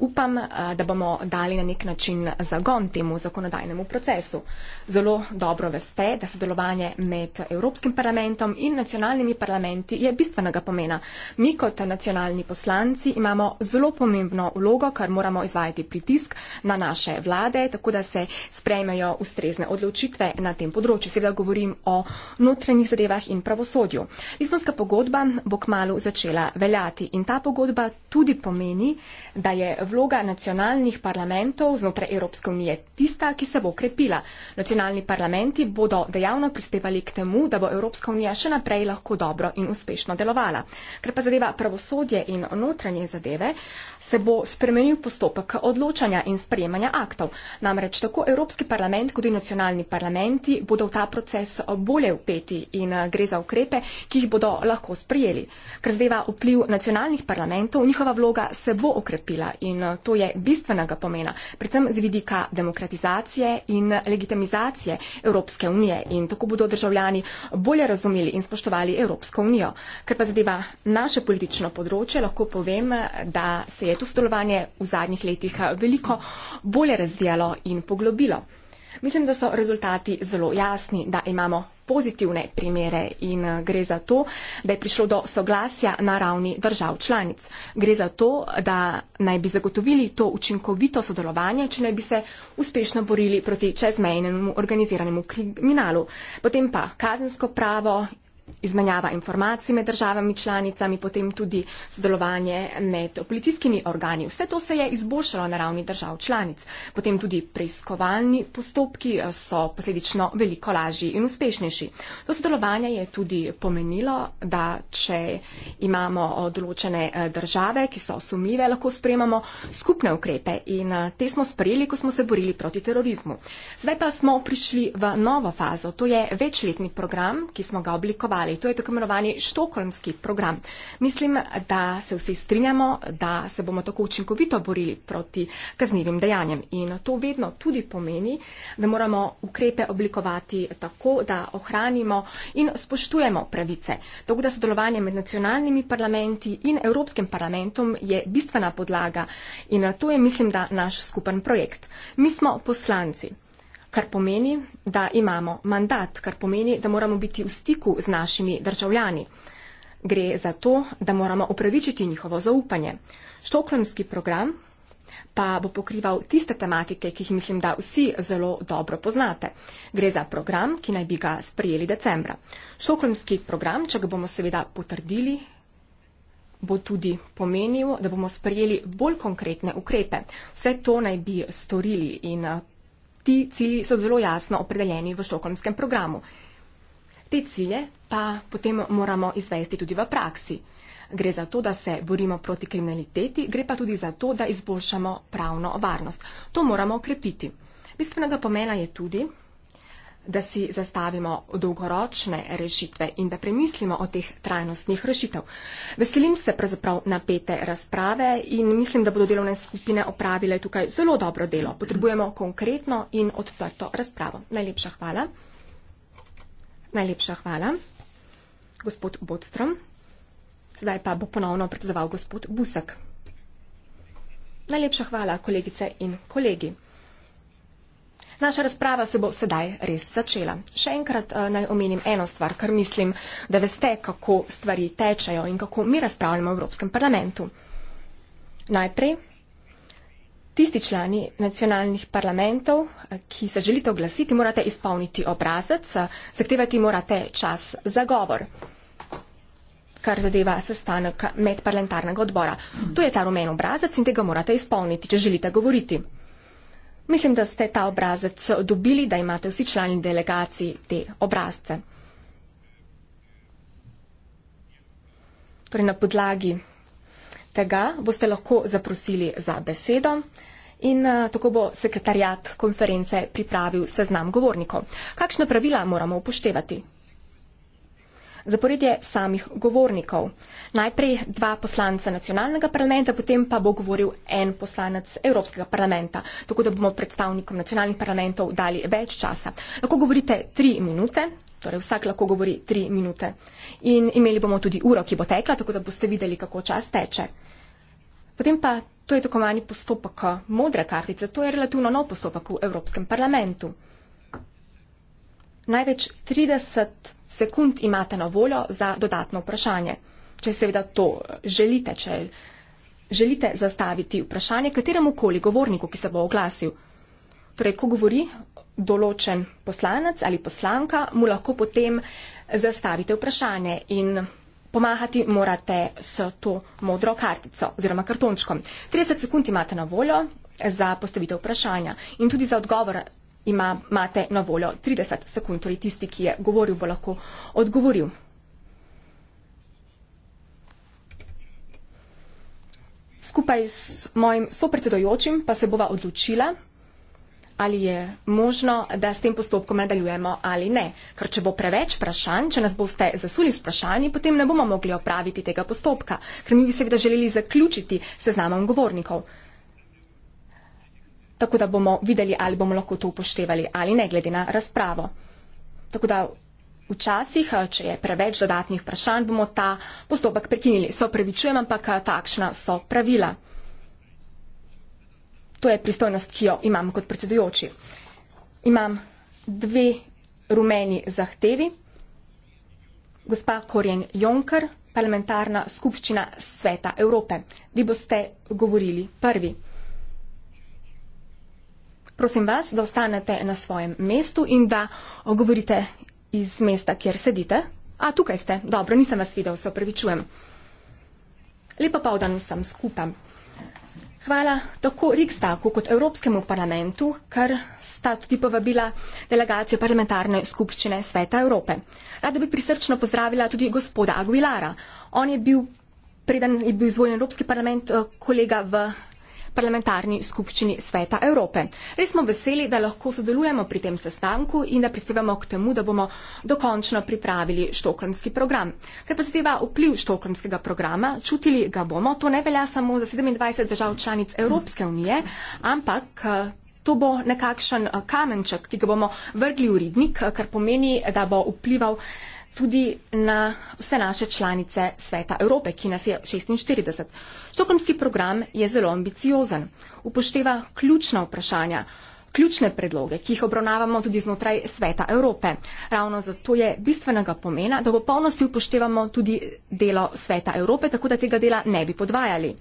upam, eh, da bomo dali na nek način zagon temu zakonodajnemu procesu. Zelo dobro veste, da sodelovanje med Evropskim parlamentom in nacionalnimi parlamenti je bistvenega pomena. Mi kot nacionalni poslanci imamo zelo pomembno vlogo, ker moramo izvajati pritisk na naše vlade, tako da se sprejmejo ustrezne odločitve na tem področju. Seveda govorim o notranjih zadevah in pravosodju. Lizbonska pogodba bo kmalo začela veljati in ta pogodba tudi pomeni, da je vloga nacionalnih parlamentov znotraj Evropske unije tista, ki se bo krepila. Nacionalni parlamenti bodo dejavno prispevali k temu, da bo Evropska unija še naprej lahko dobro in uspešno delovala. Ker pa zadeva pravosodje in notranje zadeve, se bo spremenil postopek odločanja in sprejemanja aktov. Namreč tako Evropski parlament kot in nacionalni parlamenti bodo v ta proces bolje upeti in eh, gre za ukrepe, ki jih bodo lahko sprejeli. Ker zadeva vpliv nacionalnih parlamentov, njihova vloga se bo okrepila okrepila in eh, to je bistvenega pomena, predvsem z vidika demokratizacije in legitimizacije Evropske unije in tako bodo državljani bolje razumeli in spoštovali Evropsko unijo. Ker pa zadeva naše politično področje, lahko povem, da se je to sodelovanje v zadnjih letih eh, veliko bolje razvijalo in poglobilo. Mislim, da so rezultati zelo jasni, da imamo pozitivne primere in eh, gre za to, da je prišlo do soglasja na ravni držav članic. Gre za to, da naj bi zagotovili to učinkovito sodelovanje, če naj bi se uspešno borili proti čezmejnemu organiziranemu kriminalu. Potem pa kazensko pravo izmenjava informacij med državami članicami, potem tudi sodelovanje med policijskimi organi. Vse to se je izboljšalo na ravni držav članic. Potem tudi preiskovalni postopki eh, so posledično veliko lažji in uspešnejši. To sodelovanje je tudi pomenilo, da če imamo eh, določene eh, države, ki so sumljive, lahko sprejemamo skupne ukrepe in te smo sprejeli, ko smo se borili proti terorizmu. Zdaj pa smo prišli v novo fazo. To je večletni program, ki smo ga oblikovali sodelovali. To je tako imenovani štokholmski program. Mislim, da se vsi strinjamo, da se bomo tako učinkovito borili proti kaznivim dejanjem. In to vedno tudi pomeni, da moramo ukrepe oblikovati tako, da ohranimo in spoštujemo pravice. Tako da sodelovanje med nacionalnimi parlamenti in Evropskim parlamentom je bistvena podlaga in to je, mislim, da naš skupen projekt. Mi smo poslanci kar pomeni, da imamo mandat, kar pomeni, da moramo biti v stiku z našimi državljani. Gre za to, da moramo upravičiti njihovo zaupanje. Štoklemski program pa bo pokrival tiste tematike, ki jih mislim, da vsi zelo dobro poznate. Gre za program, ki naj bi ga sprejeli decembra. Štoklemski program, če ga bomo seveda potrdili, bo tudi pomenil, da bomo sprejeli bolj konkretne ukrepe. Vse to naj bi storili in Ti cilji so zelo jasno opredeljeni v štokholmskem programu. Te cilje pa potem moramo izvesti tudi v praksi. Gre za to, da se borimo proti kriminaliteti, gre pa tudi za to, da izboljšamo pravno varnost. To moramo okrepiti. Bistvenega pomena je tudi, da si zastavimo dolgoročne rešitve in da premislimo o teh trajnostnih rešitev. Veselim se pravzaprav napete razprave in mislim, da bodo delovne skupine opravile tukaj zelo dobro delo. Potrebujemo konkretno in odprto razpravo. Najlepša hvala. Najlepša hvala. Gospod Bodstrom. Zdaj pa bo ponovno predsedoval gospod Busek. Najlepša hvala, kolegice in kolegi. Naša razprava se bo sedaj res začela. Še enkrat eh, naj omenim eno stvar, ker mislim, da veste, kako stvari tečajo in kako mi razpravljamo v Evropskem parlamentu. Najprej, tisti člani nacionalnih parlamentov, eh, ki se želite oglasiti, morate izpolniti obrazec, eh, zahtevati morate čas za govor kar zadeva sestanek medparlamentarnega odbora. To je ta rumen obrazec in tega morate izpolniti, če želite govoriti. Mislim, da ste ta obrazec dobili, da imate vsi člani delegaciji te obrazce. Torej, na podlagi tega boste lahko zaprosili za besedo in eh, tako bo sekretarjat konference pripravil seznam govornikov. Kakšna pravila moramo upoštevati? zaporedje samih govornikov. Najprej dva poslanca nacionalnega parlamenta, potem pa bo govoril en poslanec Evropskega parlamenta. Tako da bomo predstavnikom nacionalnih parlamentov dali več časa. Lahko govorite tri minute. Torej, vsak lahko govori tri minute. In imeli bomo tudi uro, ki bo tekla, tako da boste videli, kako čas teče. Potem pa, to je tako manj postopek eh, modre kartice, to je relativno nov postopek v Evropskem parlamentu. Največ 30 minut sekund imate na voljo za dodatno vprašanje. Če seveda to želite, če želite zastaviti vprašanje kateremu koli govorniku, ki se bo oglasil. Torej, ko govori določen poslanec ali poslanka, mu lahko potem zastavite vprašanje in pomahati morate s to modro kartico oziroma kartončkom. 30 sekund imate na voljo za postavitev vprašanja in tudi za odgovor ima, imate na voljo 30 sekund, torej tisti, ki je govoril, bo lahko odgovoril. Skupaj s mojim sopredsedojočim pa se bova odločila, ali je možno, da s tem postopkom nadaljujemo ali ne. Ker če bo preveč vprašanj, če nas boste zasuli z vprašanji, potem ne bomo mogli opraviti tega postopka, ker mi bi seveda želeli zaključiti seznamom govornikov tako da bomo videli, ali bomo lahko to upoštevali ali ne, glede na razpravo. Tako da včasih, eh, če je preveč dodatnih vprašanj, bomo ta postopek prekinili. Se opravičujem, ampak eh, takšna so pravila. To je pristojnost, ki jo imam kot predsedujoči. Imam dve rumeni zahtevi. Gospa Korjen Jonkr, parlamentarna skupščina Sveta Evrope. Vi boste govorili prvi prosim vas, da ostanete na svojem mestu in da govorite iz mesta, kjer sedite. A, tukaj ste. Dobro, nisem vas videl, se opravičujem. Lepo povdan vsem skupam. Hvala tako Rikstaku kot Evropskemu parlamentu, kar sta tudi povabila delegacijo parlamentarne skupščine Sveta Evrope. Rada bi prisrčno pozdravila tudi gospoda Aguilara. On je bil, preden je bil izvoljen Evropski parlament, eh, kolega v parlamentarni skupščini Sveta Evrope. Res smo veseli, da lahko sodelujemo pri tem sestanku in da prispevamo k temu, da bomo dokončno pripravili štokholmski program. Kaj pa zadeva vpliv štokholmskega programa, čutili ga bomo, to ne velja samo za 27 držav članic Evropske unije, ampak. To bo nekakšen kamenček, ki ga bomo vrgli v ribnik, kar pomeni, da bo vplival tudi na vse naše članice Sveta Evrope, ki nas je 46. Štokholmski program je zelo ambiciozen. Upošteva ključna vprašanja, ključne predloge, ki jih obravnavamo tudi znotraj Sveta Evrope. Ravno zato je bistvenega pomena, da v polnosti upoštevamo tudi delo Sveta Evrope, tako da tega dela ne bi podvajali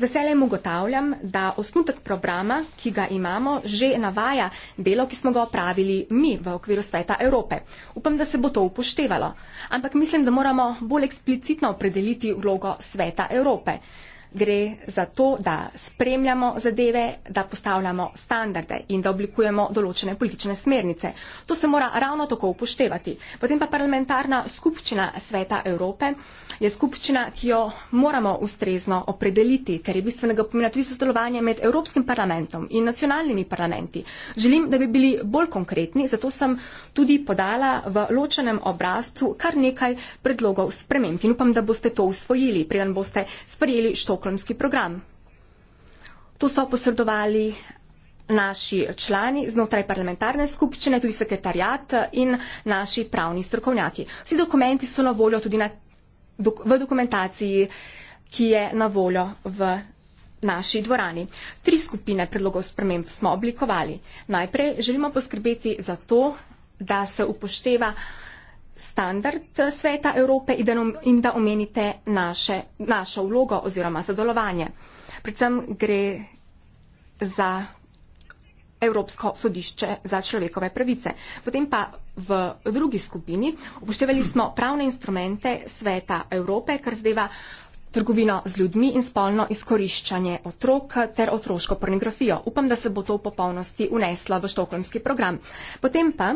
veseljem ugotavljam, da osnutek programa, ki ga imamo, že navaja delo, ki smo ga opravili mi v okviru sveta Evrope. Upam, da se bo to upoštevalo. Ampak mislim, da moramo bolj eksplicitno opredeliti vlogo sveta Evrope gre za to, da spremljamo zadeve, da postavljamo standarde in da oblikujemo določene politične smernice. To se mora ravno tako upoštevati. Potem pa parlamentarna skupščina Sveta Evrope je skupščina, ki jo moramo ustrezno opredeliti, ker je bistvenega pomena tudi sodelovanje med Evropskim parlamentom in nacionalnimi parlamenti. Želim, da bi bili bolj konkretni, zato sem tudi podala v ločenem obrazcu kar nekaj predlogov sprememb in upam, da boste to usvojili, preden boste sprejeli štop štokholmski program. To so posredovali naši člani znotraj parlamentarne skupščine, tudi sekretarjat in naši pravni strokovnjaki. Vsi dokumenti so na voljo tudi na, dok, v dokumentaciji, ki je na voljo v naši dvorani. Tri skupine predlogov sprememb smo oblikovali. Najprej želimo poskrbeti za to, da se upošteva standard Sveta Evrope in da omenite naše, našo vlogo oziroma zadolovanje. Predvsem gre za Evropsko sodišče za človekove pravice. Potem pa v drugi skupini upoštevali smo pravne instrumente Sveta Evrope, kar zdeva trgovino z ljudmi in spolno izkoriščanje otrok ter otroško pornografijo. Upam, da se bo to v popolnosti uneslo v štoklomski program. Potem pa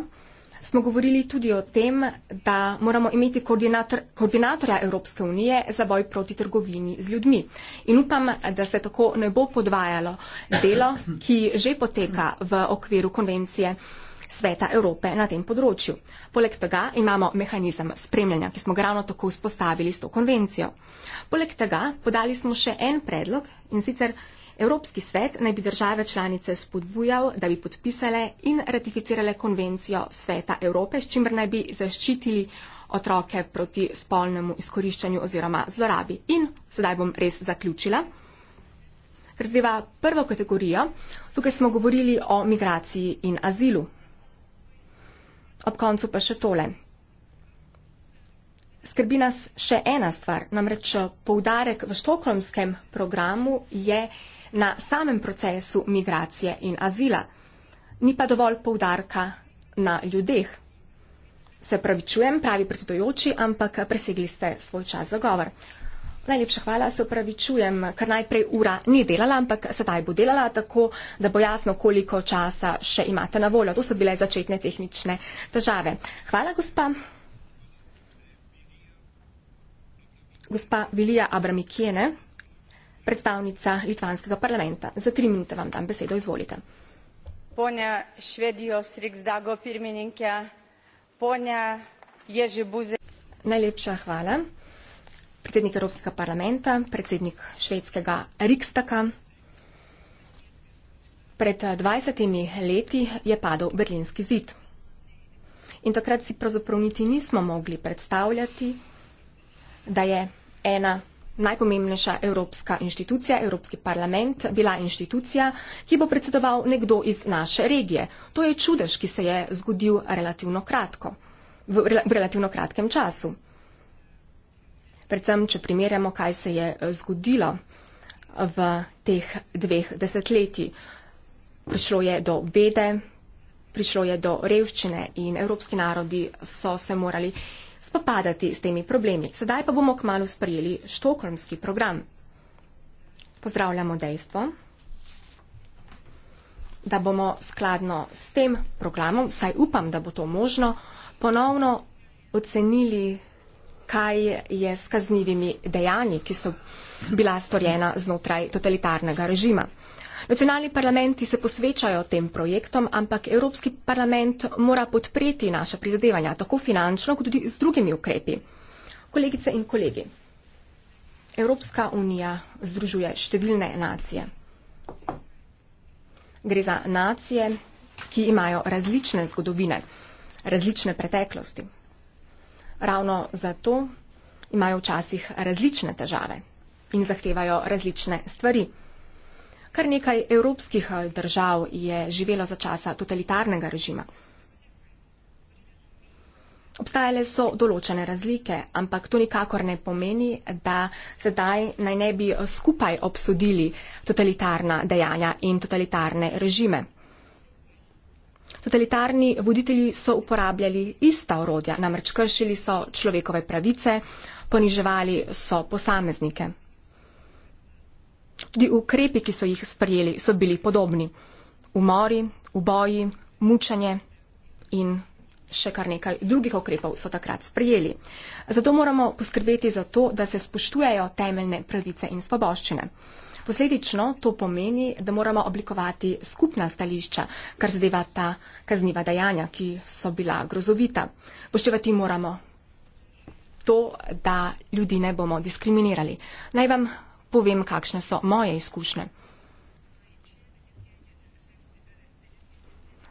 smo govorili tudi o tem, da moramo imeti koordinator, koordinatorja Evropske unije za boj proti trgovini z ljudmi. In upam, da se tako ne bo podvajalo delo, ki že poteka v okviru konvencije. Sveta Evrope na tem področju. Poleg tega imamo mehanizem spremljanja, ki smo ga ravno tako vzpostavili s to konvencijo. Poleg tega podali smo še en predlog in sicer Evropski svet naj bi države članice spodbujal, da bi podpisale in ratificirale konvencijo Sveta Evrope, s čimer naj bi zaščitili otroke proti spolnemu izkoriščanju oziroma zlorabi. In sedaj bom res zaključila. Razdeva prvo kategorijo. Tukaj smo govorili o migraciji in azilu. Ob koncu pa še tole. Skrbi nas še ena stvar, namreč poudarek v štokholmskem programu je na samem procesu migracije in azila. Ni pa dovolj poudarka na ljudeh. Se pravičujem, pravi predsedujoči, ampak presegli ste svoj čas za govor. Najlepša hvala, se upravičujem, ker najprej ura ni delala, ampak sedaj bo delala tako, da bo jasno, koliko časa še imate na voljo. To so bile začetne tehnične težave. Hvala, gospa. Gospa Vilija Abramikije, ne? predstavnica litvanskega parlamenta. Za tri minute vam dam besedo, izvolite. Ponja Švedijo Sriksdago Pirmininke, ponja Ježibuze. Najlepša hvala. Predsednik Evropskega parlamenta, predsednik švedskega Rikstaka. Pred 20 leti je padel berlinski zid. In takrat si pravzaprav niti nismo mogli predstavljati, da je ena najpomembnejša evropska inštitucija, Evropski parlament, bila inštitucija, ki bo predsedoval nekdo iz naše regije. To je čudež, ki se je zgodil relativno kratko, v, rel v relativno kratkem času. Predvsem, če primerjamo, kaj se je eh, zgodilo v teh dveh desetletjih. Prišlo je do bede, prišlo je do revščine in evropski narodi so se morali spopadati s temi problemi. Sedaj pa bomo kmalo sprejeli štokholmski program. Pozdravljamo dejstvo, da bomo skladno s tem programom, vsaj upam, da bo to možno, ponovno ocenili, kaj je s kaznivimi dejanji, ki so bila storjena znotraj totalitarnega režima. Nacionalni parlamenti se posvečajo tem projektom, ampak Evropski parlament mora podpreti naša prizadevanja, tako finančno, kot tudi z drugimi ukrepi. Kolegice in kolegi, Evropska unija združuje številne nacije. Gre za nacije, ki imajo različne zgodovine, različne preteklosti. Ravno zato imajo včasih različne težave in zahtevajo različne stvari. Kar nekaj evropskih eh, držav je živelo za časa totalitarnega režima. Obstajale so določene razlike, ampak to nikakor ne pomeni, da sedaj naj ne bi eh, skupaj obsodili totalitarna dejanja in totalitarne režime. Totalitarni voditelji so uporabljali ista orodja, namreč kršili so človekove pravice, poniževali so posameznike. Tudi ukrepi, ki so jih sprejeli, so bili podobni. Umori, uboji, mučanje in še kar nekaj drugih ukrepov so takrat sprejeli. Zato moramo poskrbeti za to, da se spoštujejo temeljne pravice in svoboščine. Posledično to pomeni, da moramo oblikovati skupna stališča, kar zadeva ta kazniva dejanja, ki so bila grozovita. Poštevati moramo to, da ljudi ne bomo diskriminirali. Naj vam povem, kakšne so moje izkušnje.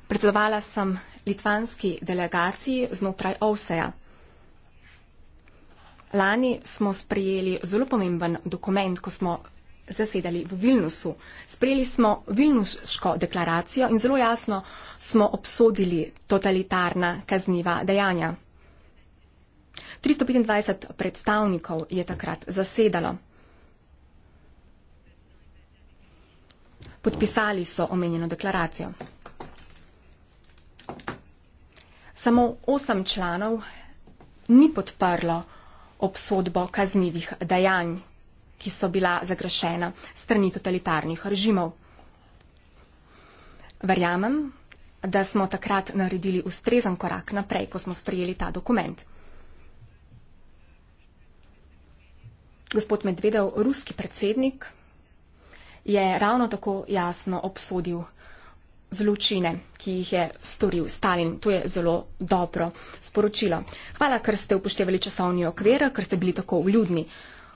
Predsedovala sem litvanski delegaciji znotraj OVSE-a. Lani smo sprejeli zelo pomemben dokument, ko smo zasedali v Vilnusu. Sprejeli smo Vilnuško deklaracijo in zelo jasno smo obsodili totalitarna kazniva dejanja. 325 predstavnikov je takrat zasedalo. Podpisali so omenjeno deklaracijo. Samo osem članov ni podprlo obsodbo kaznivih dejanj, ki so bila zagrešena strani totalitarnih režimov. Verjamem, da smo takrat naredili ustrezen korak naprej, ko smo sprejeli ta dokument. Gospod Medvedev, ruski predsednik, je ravno tako jasno obsodil zločine, ki jih je storil Stalin. To je zelo dobro sporočilo. Hvala, ker ste upoštevali časovni okvir, ker ste bili tako vljudni.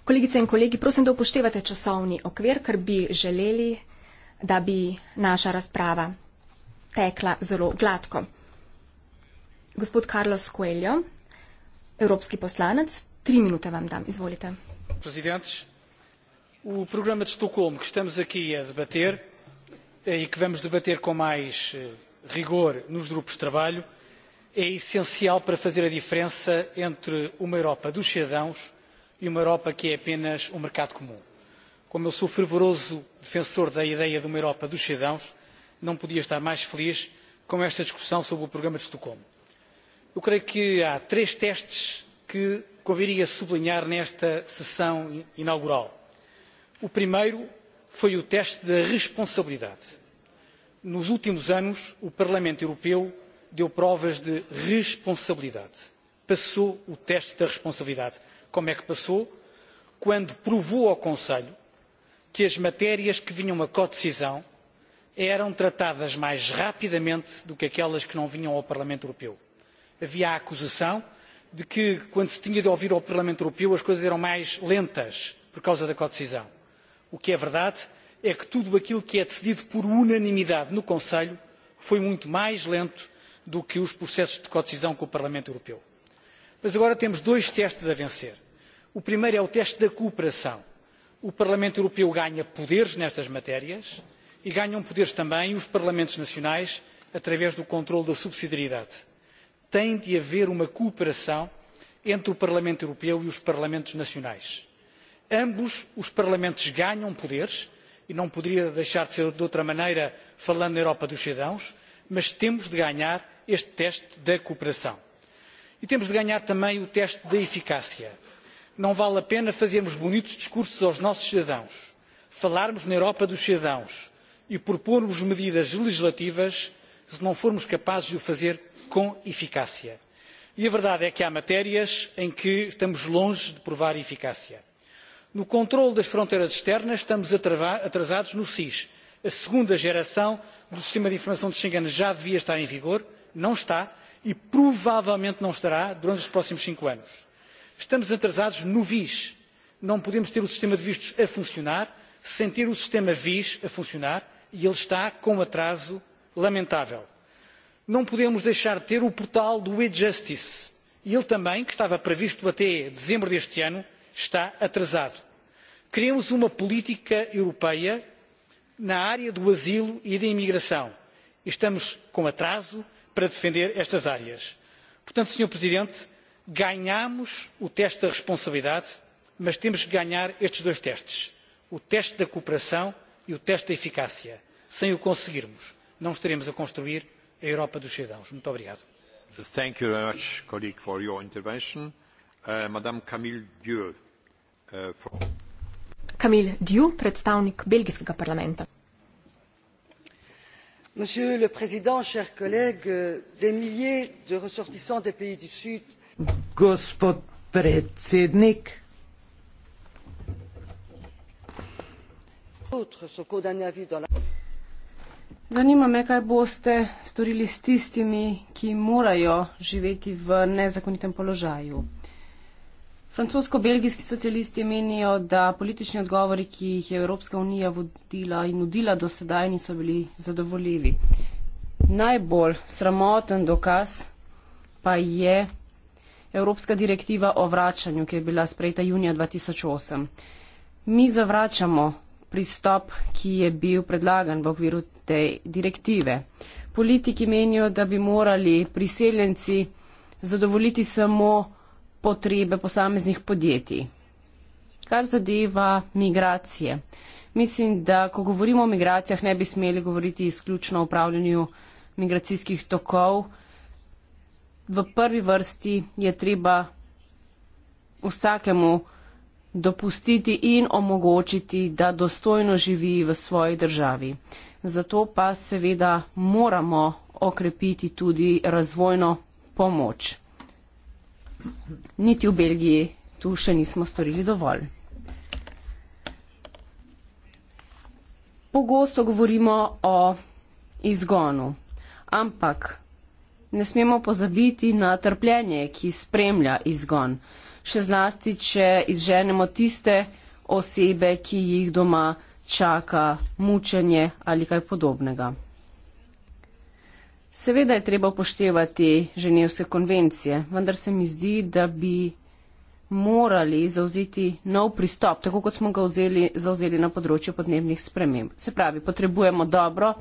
Kolegice in kolegi, prosim, da upoštevate časovni okvir, ker bi želeli, da bi naša razprava tekla zelo gladko. Gospod Carlos Coelho, evropski poslanec, tri minute vam dam. Izvolite. Predsednik. O programa de Estocolmo que estamos aqui a debater eh, e que vamos debater com mais eh, rigor nos grupos de trabalho é essencial para fazer a diferença entre uma Europa dos cidadãos e uma Europa que é apenas um mercado comum. Como eu sou fervoroso defensor da ideia de uma Europa dos cidadãos, não podia estar mais feliz com esta discussão sobre o programa de Estocolmo. Eu creio que há três testes que conviria sublinhar nesta sessão inaugural. O primeiro foi o teste da responsabilidade. Nos últimos anos, o Parlamento Europeu deu provas de responsabilidade. Passou o teste da responsabilidade. Como é que passou? Quando provou ao Conselho que as matérias que vinham a co-decisão eram tratadas mais rapidamente do que aquelas que não vinham ao Parlamento Europeu. Havia a acusação de que, quando se tinha de ouvir ao Parlamento Europeu, as coisas eram mais lentas por causa da co-decisão. O que é verdade é que tudo aquilo que é decidido por unanimidade no Conselho foi muito mais lento do que os processos de codecisão com o Parlamento Europeu. Mas agora temos dois testes a vencer. O primeiro é o teste da cooperação. O Parlamento Europeu ganha poderes nestas matérias e ganham poderes também os Parlamentos Nacionais através do controle da subsidiariedade. Tem de haver uma cooperação entre o Parlamento Europeu e os Parlamentos Nacionais ambos os parlamentos ganham poderes e não poderia deixar de ser de outra maneira falando na europa dos cidadãos mas temos de ganhar este teste da cooperação e temos de ganhar também o teste da eficácia. não vale a pena fazermos bonitos discursos aos nossos cidadãos falarmos na europa dos cidadãos e propormos medidas legislativas se não formos capazes de o fazer com eficácia. e a verdade é que há matérias em que estamos longe de provar eficácia. No controle das fronteiras externas estamos atrasados no SIS. A segunda geração do sistema de informação de Schengen já devia estar em vigor, não está e provavelmente não estará durante os próximos cinco anos. Estamos atrasados no VIS. Não podemos ter o sistema de vistos a funcionar sem ter o sistema VIS a funcionar e ele está com um atraso lamentável. Não podemos deixar de ter o portal do e-Justice. E ele também, que estava previsto até dezembro deste ano, está atrasado queremos uma política europeia na área do asilo e da imigração e estamos com atraso para defender estas áreas. portanto senhor presidente ganhámos o teste da responsabilidade mas temos que ganhar estes dois testes o teste da cooperação e o teste da eficácia. sem o conseguirmos não estaremos a construir a europa dos cidadãos. muito obrigado. Camille Diou, predstavnik belgijskega parlamenta. Monsieur le Président, chers collègues, des milliers de ressortissants des pays du Sud. Gospod predsednik. Zanima me, kaj boste storili s tistimi, ki morajo živeti v nezakonitem položaju. Francosko-belgijski socialisti menijo, da politični odgovori, ki jih je Evropska unija vodila in nudila do sedaj, niso bili zadovoljivi. Najbolj sramoten dokaz pa je Evropska direktiva o vračanju, ki je bila sprejeta junija 2008. Mi zavračamo pristop, ki je bil predlagan v okviru te direktive. Politiki menijo, da bi morali priseljenci zadovoljiti samo potrebe posameznih podjetij. Kar zadeva migracije. Mislim, da ko govorimo o migracijah, ne bi smeli govoriti izključno o upravljanju migracijskih tokov. V prvi vrsti je treba vsakemu dopustiti in omogočiti, da dostojno živi v svoji državi. Zato pa seveda moramo okrepiti tudi razvojno pomoč. Niti v Belgiji tu še nismo storili dovolj. Pogosto govorimo o izgonu, ampak ne smemo pozabiti na trpljenje, ki spremlja izgon. Še zlasti, če izženemo tiste osebe, ki jih doma čaka mučenje ali kaj podobnega. Seveda je treba upoštevati ženevske konvencije, vendar se mi zdi, da bi morali zauzeti nov pristop, tako kot smo ga vzeli, zauzeli na področju podnebnih sprememb. Se pravi, potrebujemo dobro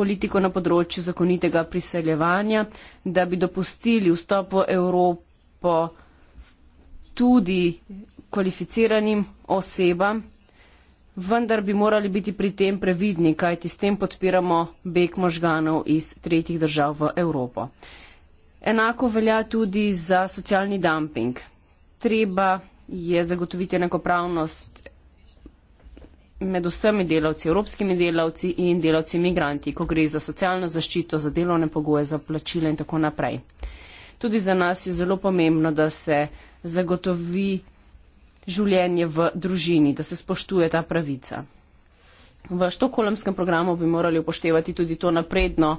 politiko na področju zakonitega priseljevanja, da bi dopustili vstop v Evropo tudi kvalificiranim osebam, vendar bi morali biti pri tem previdni, kajti s tem podpiramo beg možganov iz tretjih držav v Evropo. Enako velja tudi za socialni dumping. Treba je zagotoviti enakopravnost med vsemi delavci, evropskimi delavci in delavci imigranti, ko gre za socialno zaščito, za delovne pogoje, za plačile in tako naprej. Tudi za nas je zelo pomembno, da se zagotovi življenje v družini, da se spoštuje ta pravica. V štokolemskem programu bi morali upoštevati tudi to napredno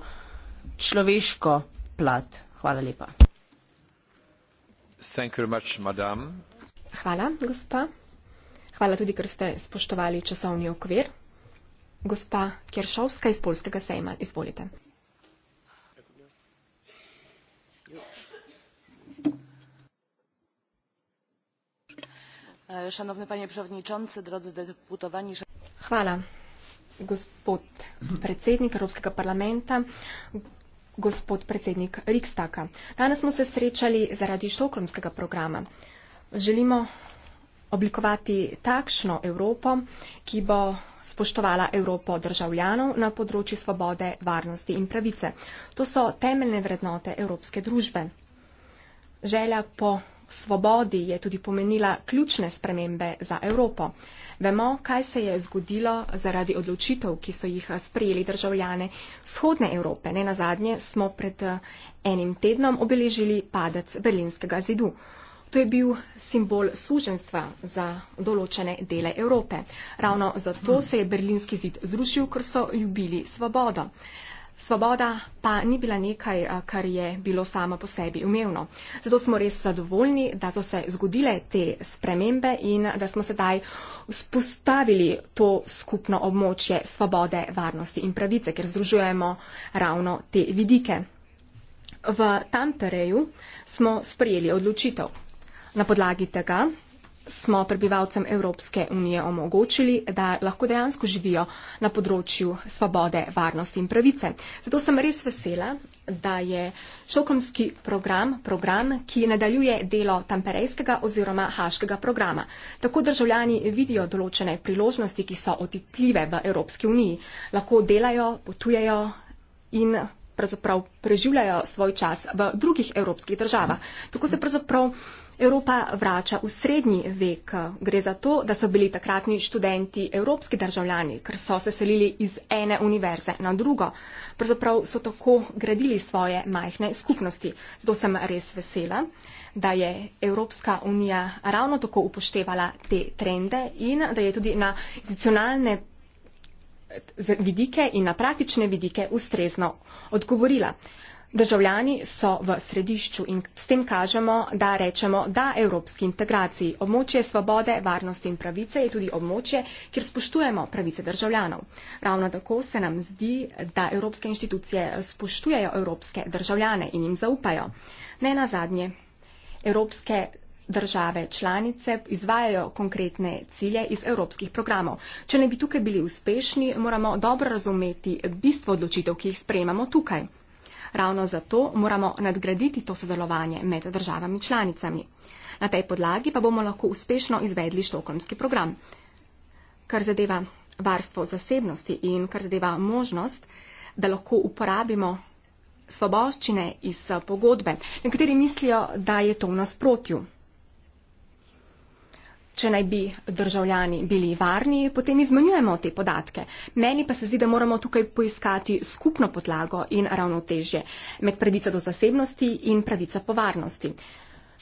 človeško plat. Hvala lepa. Much, Hvala, gospa. Hvala tudi, ker ste spoštovali časovni okvir. Gospa Kjeršovska iz Polskega sejma, izvolite. E, szanowny panie przewodniczący, drodzy deputowani. Hvala, gospod predsednik Evropskega parlamenta, gospod predsednik Rikstaka. Danes smo se srečali zaradi šokromskega programa. Želimo oblikovati takšno Evropo, ki bo spoštovala Evropo državljanov na področju svobode, varnosti in pravice. To so temeljne vrednote evropske družbe. Želja po svobodi je tudi pomenila ključne spremembe za Evropo. Vemo, kaj se je zgodilo zaradi odločitev, ki so jih sprejeli državljane vzhodne Evrope. Ne na zadnje smo pred eh, enim tednom obeležili padec berlinskega zidu. To je bil simbol suženstva za določene dele Evrope. Ravno zato se je berlinski zid zrušil, ker so ljubili svobodo. Svoboda pa ni bila nekaj, eh, kar je bilo samo po sebi umevno. Zato smo res zadovoljni, da so se zgodile te spremembe in da smo sedaj spostavili to skupno območje svobode, varnosti in pravice, ker združujemo ravno te vidike. V Tampereju smo sprejeli odločitev. Na podlagi tega smo prebivalcem Evropske unije omogočili, da lahko dejansko živijo na področju svobode, varnosti in pravice. Zato sem res vesela, da je šokomski program program, ki nadaljuje delo tamperejskega oziroma haškega programa. Tako državljani vidijo določene priložnosti, ki so otitljive v Evropski uniji. Lahko delajo, potujejo in pravzaprav preživljajo svoj čas v drugih evropskih državah. Tako se pravzaprav Evropa vrača v srednji vek. Gre za to, da so bili takratni študenti evropski državljani, ker so se selili iz ene univerze na drugo. Pravzaprav so tako gradili svoje majhne skupnosti. Zato sem res vesela, da je Evropska unija ravno tako upoštevala te trende in da je tudi na institucionalne vidike in na praktične vidike ustrezno odgovorila. Državljani so v središču in s tem kažemo, da rečemo, da evropski integraciji območje svobode, varnosti in pravice je tudi območje, kjer spoštujemo pravice državljanov. Ravno tako se nam zdi, da evropske inštitucije spoštujejo evropske državljane in jim zaupajo. Ne na zadnje, evropske države članice izvajajo konkretne cilje iz evropskih programov. Če ne bi tukaj bili uspešni, moramo dobro razumeti bistvo odločitev, ki jih sprejemamo tukaj. Ravno zato moramo nadgraditi to sodelovanje med državami članicami. Na tej podlagi pa bomo lahko uspešno izvedli štokholmski program. Kar zadeva varstvo zasebnosti in kar zadeva možnost, da lahko uporabimo svoboščine iz pogodbe. Nekateri mislijo, da je to v nasprotju. Če naj bi državljani bili varni, potem izmenjujemo te podatke. Meni pa se zdi, da moramo tukaj poiskati skupno podlago in ravnotežje med pravico do zasebnosti in pravico po varnosti.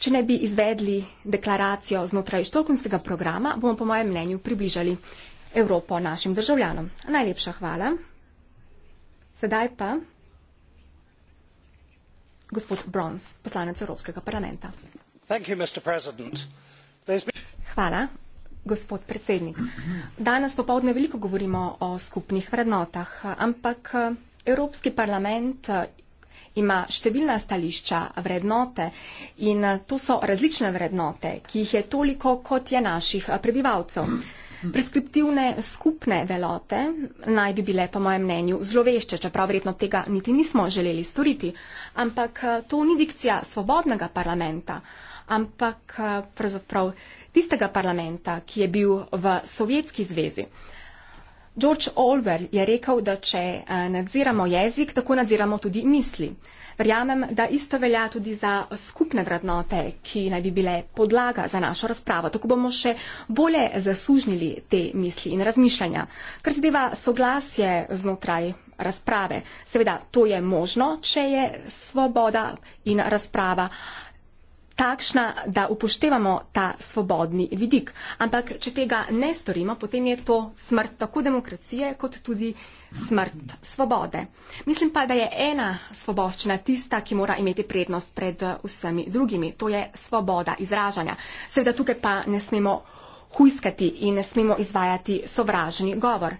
Če ne bi izvedli deklaracijo znotraj štokonskega programa, bomo po mojem mnenju približali Evropo našim državljanom. Najlepša hvala. Sedaj pa gospod Brons, poslanec Evropskega parlamenta. Thank you, Mr. President. There's been... Hvala, gospod predsednik. Danes popovdne veliko govorimo o skupnih vrednotah, ampak Evropski parlament ima številna stališča, vrednote in to so različne vrednote, ki jih je toliko, kot je naših prebivalcev. Preskriptivne skupne velote naj bi bile, po mojem mnenju, zlovešče, čeprav verjetno tega niti nismo želeli storiti. Ampak to ni dikcija svobodnega parlamenta, ampak pravzaprav tistega parlamenta, ki je bil v Sovjetski zvezi. George Olver je rekel, da če eh, nadziramo jezik, tako nadziramo tudi misli. Verjamem, da isto velja tudi za skupne vrednote, ki naj bi bile podlaga za našo razpravo. Tako bomo še bolje zasužnili te misli in razmišljanja. Kar zadeva soglasje znotraj razprave. Seveda, to je možno, če je svoboda in razprava uh, takšna, da upoštevamo ta svobodni vidik. Ampak, če tega ne storimo, potem je to smrt tako demokracije, kot tudi smrt svobode. Mislim pa, da je ena svoboščina tista, ki mora imeti prednost pred eh, vsemi drugimi. To je svoboda izražanja. Seveda tukaj pa ne smemo hujskati in ne smemo izvajati sovražni govor.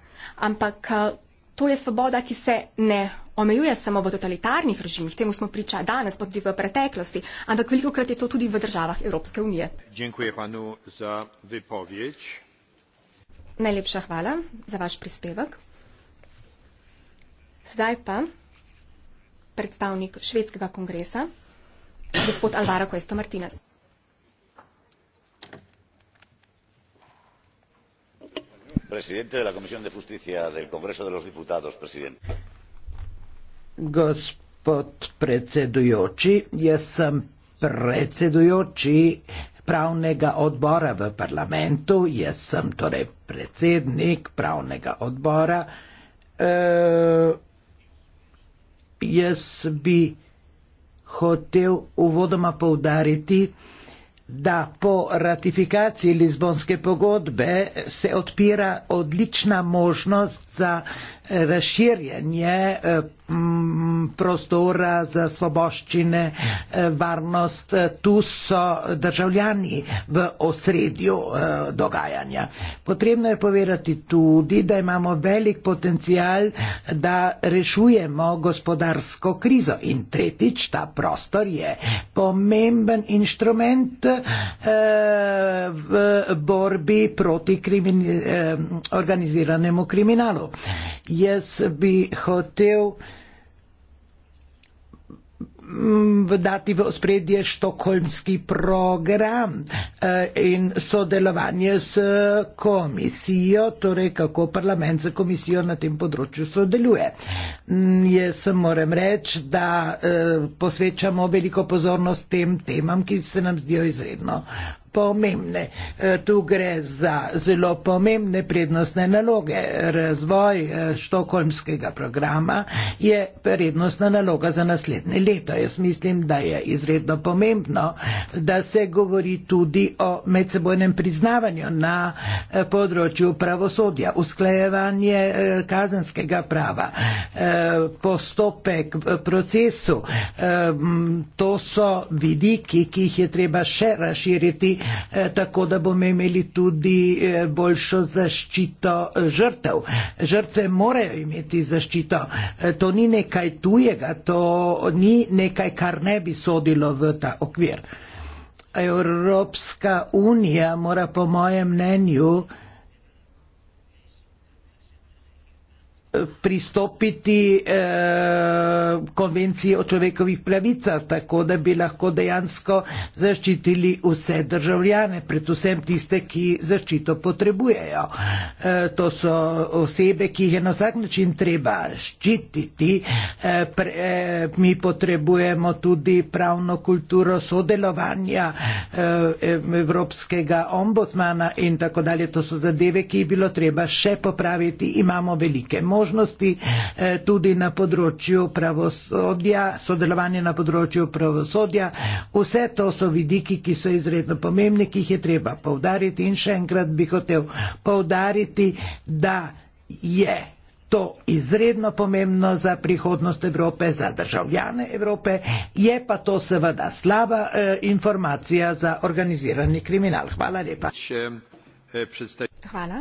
Ampak eh, to je svoboda, ki se ne omejuje samo v totalitarnih režimih, temu smo priča danes, pa tudi v preteklosti, ampak veliko krat je to tudi v državah Evropske unije. Dziękuję panu za wypowiedź. Najlepša hvala za vaš prispevek. Zdaj pa predstavnik švedskega kongresa, gospod Alvaro Cuesto Martinez. Presidente de la Comisión de Justicia del Congreso de los Diputados, presidente. Gospod predsedujoči, jaz sem predsedujoči pravnega odbora v parlamentu, jaz sem torej predsednik pravnega odbora. E, jaz bi hotel uvodoma povdariti, da po ratifikaciji Lizbonske pogodbe se odpira odlična možnost za razširjanje eh, prostora za svoboščine, eh, varnost. Tu so državljani v osredju eh, dogajanja. Potrebno je povedati tudi, da imamo velik potencial, da rešujemo gospodarsko krizo. In tretjič, ta prostor je pomemben inštrument v borbi proti krimin organiziranemu kriminalu jaz bi hotel mm, dati v ospredje štokholmski program eh, in sodelovanje s komisijo, torej kako parlament z komisijo na tem področju sodeluje. Mm, jaz moram reči, da eh, posvečamo veliko pozornost tem temam, ki se nam zdijo izredno pomembne. E, tu gre za zelo pomembne prednostne naloge. Razvoj e, štokholmskega programa je prednostna naloga za naslednje leto. Jaz mislim, da je izredno pomembno, da se govori tudi o medsebojnem priznavanju na e, področju pravosodja, usklajevanje kazenskega prava, postopek procesu. To so vidiki, ki jih je treba še razširiti. Eh, tako da bomo imeli tudi eh, boljšo zaščito eh, žrtev. Žrtve morajo imeti zaščito. To ni nekaj tujega, to ni nekaj, kar ne bi sodilo v ta okvir. Evropska unija mora po mojem mnenju pristopiti eh, konvenciji o človekovih pravicah, tako da bi lahko dejansko zaščitili vse državljane, predvsem tiste, ki zaščito potrebujejo. Eh, to so osebe, ki jih je na vsak način treba ščititi. Eh, pre, eh, mi potrebujemo tudi pravno kulturo sodelovanja eh, Evropskega ombudsmana in tako dalje. To so zadeve, ki jih bilo treba še popraviti. Imamo velike možnosti možnosti eh, tudi na področju pravosodja, sodelovanje na področju pravosodja. Vse to so vidiki, ki so izredno pomembni, ki jih je treba povdariti in še enkrat bi hotel povdariti, da je. To izredno pomembno za prihodnost Evrope, za državljane Evrope, je pa to seveda slaba eh, informacija za organizirani kriminal. Hvala lepa. Eh, Hvala.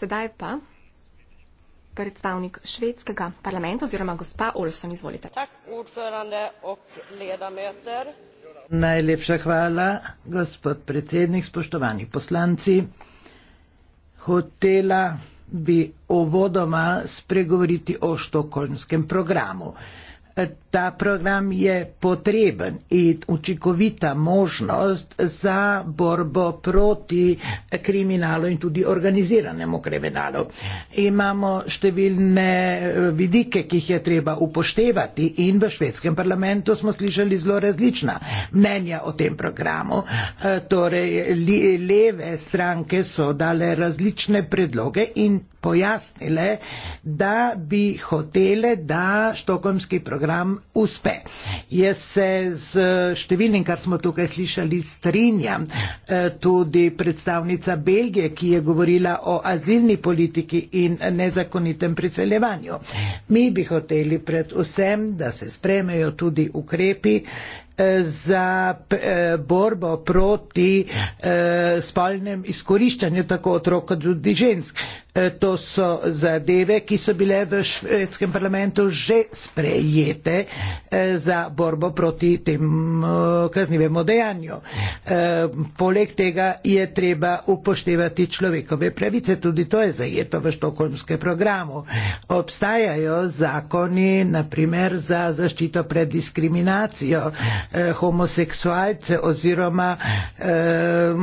Sedaj pa predstavnik švedskega parlamenta oziroma gospa Olsson, izvolite. Najlepša hvala, gospod predsednik, spoštovani poslanci. Hotela bi ovodoma spregovoriti o štokolmskem programu ta program je potreben in učinkovita možnost za borbo proti kriminalu in tudi organiziranemu kriminalu. Imamo številne eh, vidike, ki jih je treba upoštevati in v švedskem parlamentu smo slišali zelo različna mnenja o tem programu. Eh, torej, leve stranke so dale različne predloge in pojasnile, da bi hotele, da štokomski program uspe. Jaz se z številnim, kar smo tukaj slišali, strinjam. E, tudi predstavnica Belgije, ki je govorila o azilni politiki in nezakonitem priseljevanju. Mi bi hoteli predvsem, da se spremejo tudi ukrepi, za eh, borbo proti eh, spolnem izkoriščanju tako otrok kot tudi žensk. Eh, to so zadeve, ki so bile v švedskem parlamentu že sprejete za borbo proti tem kaznivemu dejanju. Poleg tega je treba upoštevati človekove pravice, tudi to je zajeto v štokholmskem programu. Obstajajo zakoni, naprimer za zaščito pred diskriminacijo, eh, homoseksualce oziroma eh,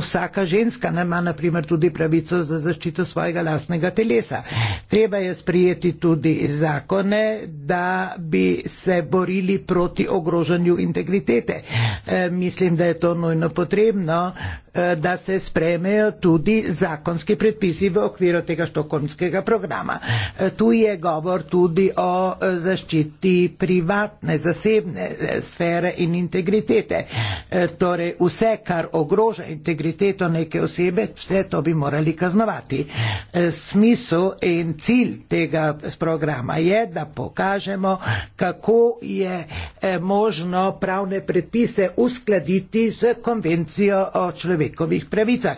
vsaka ženska ne ima naprimer tudi pravico za zaščito svojega lastnega telesa. Treba je sprijeti tudi zakone, da bi se borili proti ogrožanju integritete. Eh, mislim, da je to nujno potrebno. Eh, da se spremejo tudi zakonski predpisi v okviru tega štokomskega programa. Eh, tu je govor tudi o eh, zaščiti privatne, zasebne sfere in integritete. Torej vse, kar ogroža integriteto neke osebe, vse to bi morali kaznovati. Smisel in cilj tega programa je, da pokažemo, kako je možno pravne predpise uskladiti z konvencijo o človeku človekovih pravicah.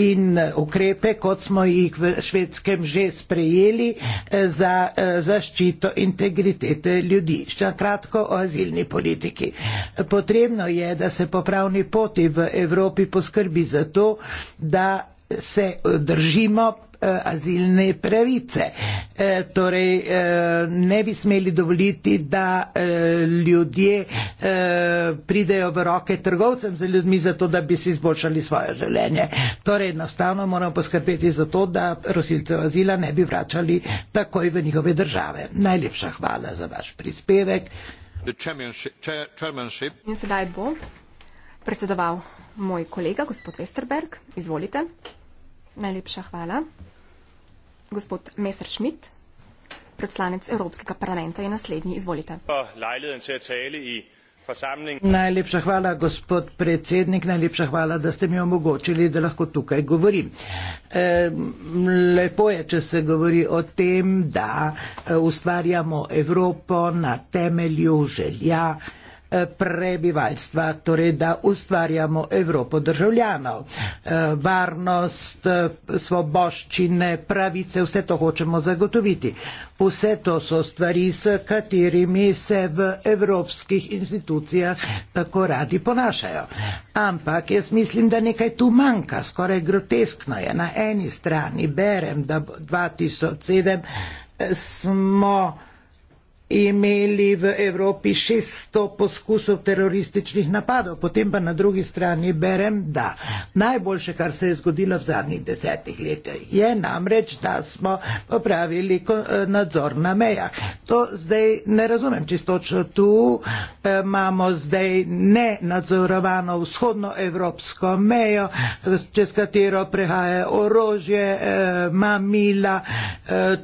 In eh, ukrepe, kot smo jih v švedskem že sprejeli eh, za eh, zaščito integritete ljudi, še kratko o azilni politiki. Potrebno je, da se po pravni poti v Evropi poskrbi za to, da se držimo Eh, azilne pravice. Eh, torej, eh, ne bi smeli dovoliti, da ljudje pridejo v roke trgovcem za ljudmi, zato da bi si izboljšali svoje življenje. Torej, enostavno moramo poskrbeti za to, da rosilcev azila ne bi vračali takoj v njihove države. Najlepša hvala za vaš prispevek. In sedaj bo predsedoval moj kolega, gospod Westerberg. Izvolite. Najlepša hvala. Gospod Messerschmidt, predstavnik Evropskega parlamenta, je naslednji. Izvolite. Najlepša hvala, gospod predsednik, najlepša hvala, da ste mi omogočili, da lahko tukaj govorim. Lepo je, če se govori o tem, da e, ustvarjamo Evropo na temelju želja Eh, prebivalstva, torej da ustvarjamo Evropo državljanov. Eh, varnost, eh, svoboščine, pravice, vse to hočemo zagotoviti. Vse to so stvari, s katerimi se v evropskih institucijah tako radi ponašajo. Ampak jaz mislim, da nekaj tu manjka, skoraj groteskno je. Na eni strani berem, da 2007 smo imeli v Evropi 600 poskusov terorističnih napadov, potem pa na drugi strani berem, da najboljše, kar se je zgodilo v zadnjih desetih letih, je namreč, da smo opravili eh, nadzor na mejah. To zdaj ne razumem čistočno. Tu eh, imamo zdaj nenadzorovano vzhodnoevropsko mejo, eh, čez katero prehaja orožje, mamila,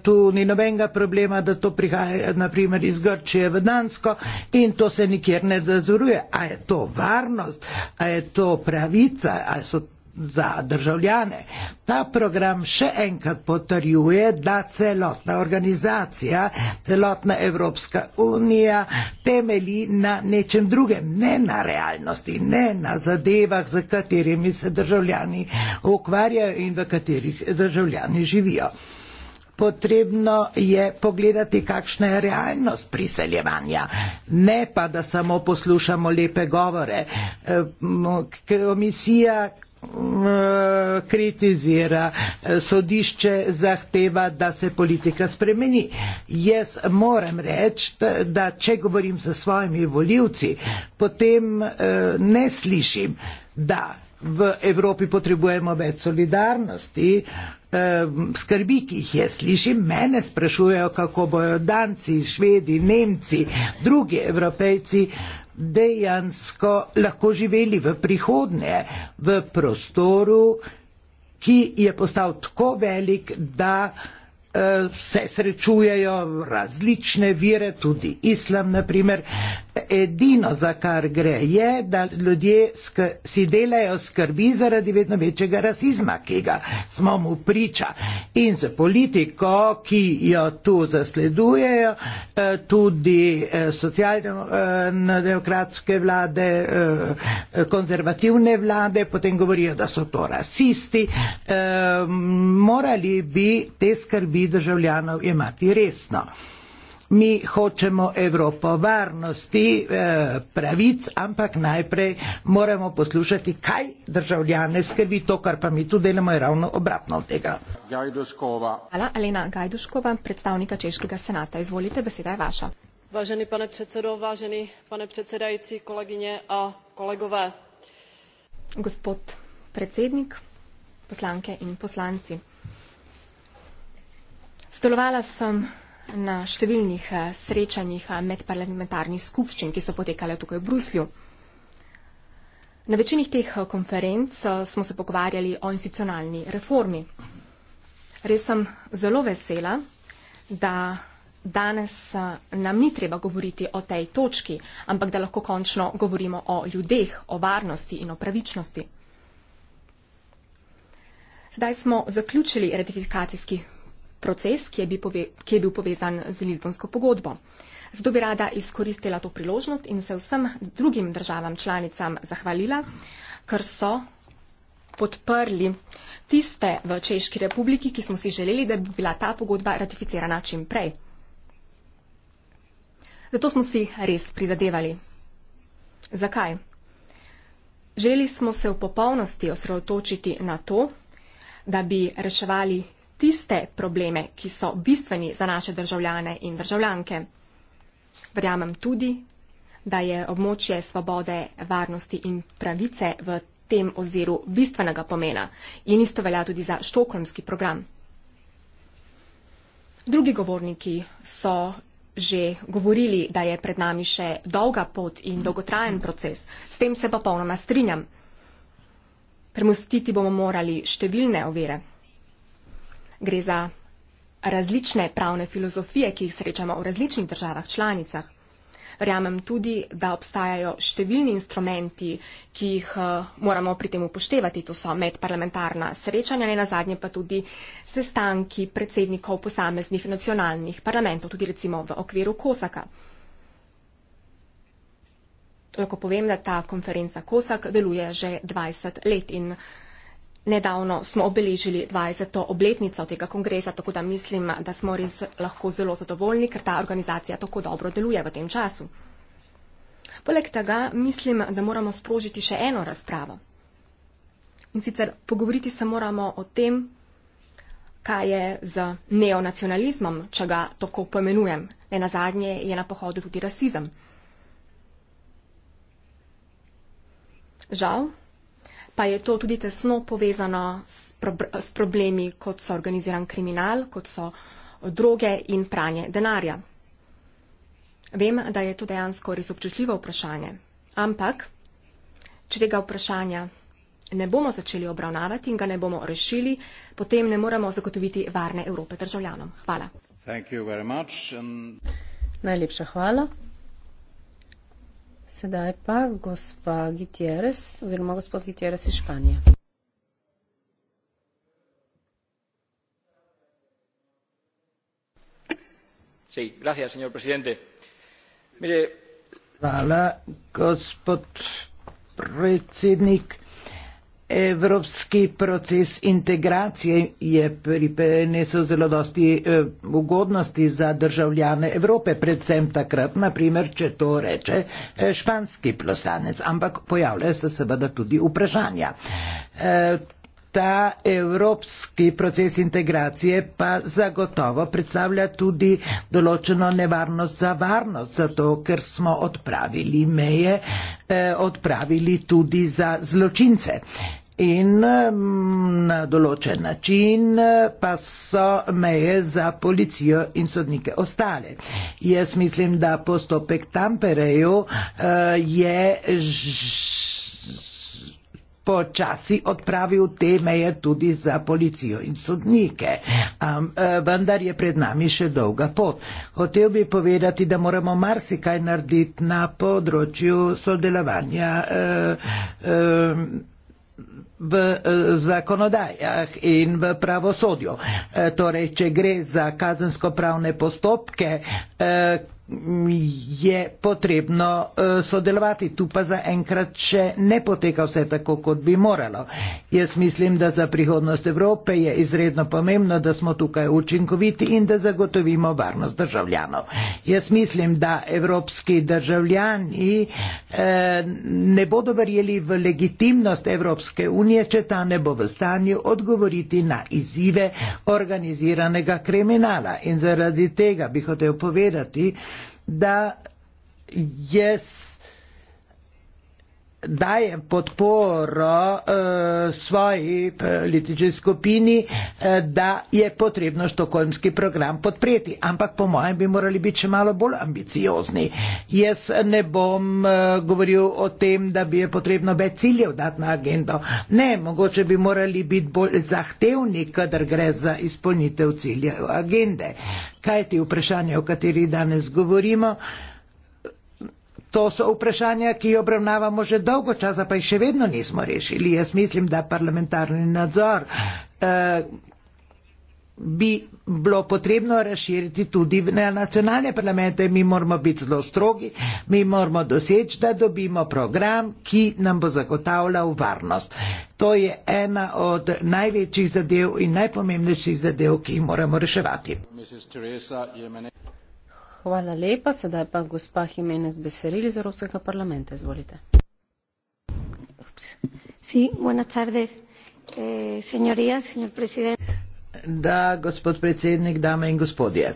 tu ni nobenega problema, da to prihaja naprimer primer iz Grčije v Dansko in to se nikjer ne dozoruje. A je to varnost, a je to pravica, a so za državljane. Ta program še enkrat potrjuje, da celotna organizacija, celotna Evropska unija temeli na nečem drugem, ne na realnosti, ne na zadevah, za katerimi se državljani ukvarjajo in v katerih državljani živijo potrebno je pogledati, kakšna je realnost priseljevanja. Ne pa, da samo poslušamo lepe govore. Ehm, komisija ehm, kritizira, ehm, sodišče zahteva, da se politika spremeni. Jaz moram reči, da če govorim s svojimi voljivci, potem ne slišim, da v Evropi potrebujemo več solidarnosti, eh, skrbi, ki jih jaz slišim, mene sprašujejo, kako bojo Danci, Švedi, Nemci, drugi evropejci dejansko lahko živeli v prihodnje v prostoru, ki je postal tako velik, da eh, se srečujejo različne vire, tudi islam, naprimer. Edino, za kar gre, je, da ljudje si delajo skrbi zaradi vedno večjega rasizma, ki ga smo mu priča. In z politiko, ki jo tu zasledujejo, eh, tudi eh, socialdemokratske eh, vlade, konzervativne vlade, potem govorijo, da so to rasisti, morali bi te skrbi državljanov imati resno. Mi hočemo Evropo varnosti, eh, pravic, ampak najprej moramo poslušati, kaj državljane skrbi, to, kar pa mi tu delamo, je ravno obratno od tega. Gajduškova. Hvala, Alena Gajduškova, predstavnika Češkega senata. Izvolite, beseda je vaša. Vážený pane predsedo, vážený pane predsedajci, kolegyne a kolegové. Gospod predsednik, poslanke in poslanci. Sodelovala sem na številnih eh, srečanjih eh, medparlamentarnih skupščin, ki so potekale tukaj v Bruslju. Na večini teh eh, konferenc smo se pogovarjali o institucionalni reformi. Res sem zelo vesela, da danes nam ni treba govoriti o tej točki, ampak da lahko končno govorimo o ljudeh, o varnosti in o pravičnosti. Zdaj smo zaključili ratifikacijski proces, ki je, bi pove, ki je bil povezan z Lizbonsko pogodbo. Zato bi rada izkoristila to priložnost in se vsem drugim državam članicam zahvalila, ker so podprli tiste v Češki republiki, ki smo si želeli, da bi bila ta pogodba ratificirana čim prej. Zato smo si res prizadevali. Zakaj? Želeli smo se v popolnosti osredotočiti na to, da bi reševali tiste probleme, ki so bistveni za naše državljane in državljanke. Verjamem tudi, da je območje svobode, varnosti in pravice v tem oziru bistvenega pomena in isto velja tudi za štokholmski program. Drugi govorniki so že govorili, da je pred nami še dolga pot in dolgotrajen proces. S tem se pa polnoma strinjam. Premustiti bomo morali številne ovire gre za različne pravne filozofije, ki jih srečamo v različnih državah članicah. Verjamem tudi, da obstajajo številni instrumenti, ki jih eh, moramo pri tem upoštevati. To so medparlamentarna srečanja, ne na zadnje pa tudi sestanki predsednikov posameznih nacionalnih parlamentov, tudi recimo v okviru Kosaka. Lahko povem, da ta konferenca Kosak deluje že 20 let in Nedavno smo obeležili 20. obletnico tega kongresa, tako da mislim, da smo res lahko zelo zadovoljni, ker ta organizacija tako dobro deluje v tem času. Poleg tega mislim, da moramo sprožiti še eno razpravo. In sicer pogovoriti se moramo o tem, kaj je z neonacionalizmom, če ga tako pomenujem. Ne na zadnje je na pohodu tudi rasizem. Žal, pa je to tudi tesno povezano s, pro, s problemi, kot so organiziran kriminal, kot so eh, droge in pranje denarja. Vem, da je to dejansko res občutljivo vprašanje, ampak če tega vprašanja ne bomo začeli obravnavati in ga ne bomo rešili, potem ne moremo zagotoviti varne Evrope državljanom. Hvala. Najlepša hvala. Sedaj pa gospa Gutierrez oziroma gospod Gutierrez iz Španije. Sí, gracias, señor presidente. Mire... Hvala, gospod predsednik. Evropski proces integracije je pripenesel zelo dosti eh, ugodnosti za državljane Evrope, predvsem takrat, naprimer, če to reče eh, španski plosanec, ampak pojavljajo se seveda tudi vprašanja. Eh, ta evropski proces integracije pa zagotovo predstavlja tudi določeno nevarnost za varnost, zato ker smo odpravili meje, eh, odpravili tudi za zločince. In mm, na določen način eh, pa so meje za policijo in sodnike ostale. Jaz mislim, da postopek tamperejo eh, je. Ž počasi odpravil te meje tudi za policijo in sodnike. Am, e, vendar je pred nami še dolga pot. Hotel bi povedati, da moramo marsikaj narediti na področju sodelovanja. Eh, eh, v e, zakonodajah in v pravosodju. E, torej, če gre za kazensko pravne postopke, e, m, je potrebno eh, sodelovati, tu pa zaenkrat še ne poteka vse tako, kot bi moralo. Jaz mislim, da za prihodnost Evrope je izredno pomembno, da smo tukaj učinkoviti in da zagotovimo varnost državljanov. Jaz mislim, da evropski državljani eh, ne bodo verjeli v legitimnost Evropske unije, če ta ne bo v stanju odgovoriti na izzive organiziranega kriminala. In zaradi tega bi hotel povedati, da je daje podporo eh, svoji politični eh, skupini, eh, da je potrebno štokholmski program podpreti. Ampak po mojem bi morali biti še malo bolj ambiciozni. Jaz ne bom eh, govoril o tem, da bi je potrebno več ciljev dati na agendo. Ne, mogoče bi morali biti bolj zahtevni, kadar gre za izpolnitev ciljev agende. Kaj ti vprašanje, o kateri danes govorimo? To so vprašanja, ki jih obravnavamo že dolgo časa, pa jih še vedno nismo rešili. Jaz mislim, da parlamentarni nadzor eh, bi bilo potrebno razširiti tudi na nacionalne parlamente. Mi moramo biti zelo strogi, mi moramo doseči, da dobimo program, ki nam bo zagotavljal varnost. To je ena od največjih zadev in najpomembnejših zadev, ki jih moramo reševati. Hvala lepa. Sedaj pa gospa Jimenez Beseril iz Evropskega parlamenta. Izvolite. Sí, buenas tardes, eh, señorías, señor presidente. Da, gospod predsednik, dame in gospodje.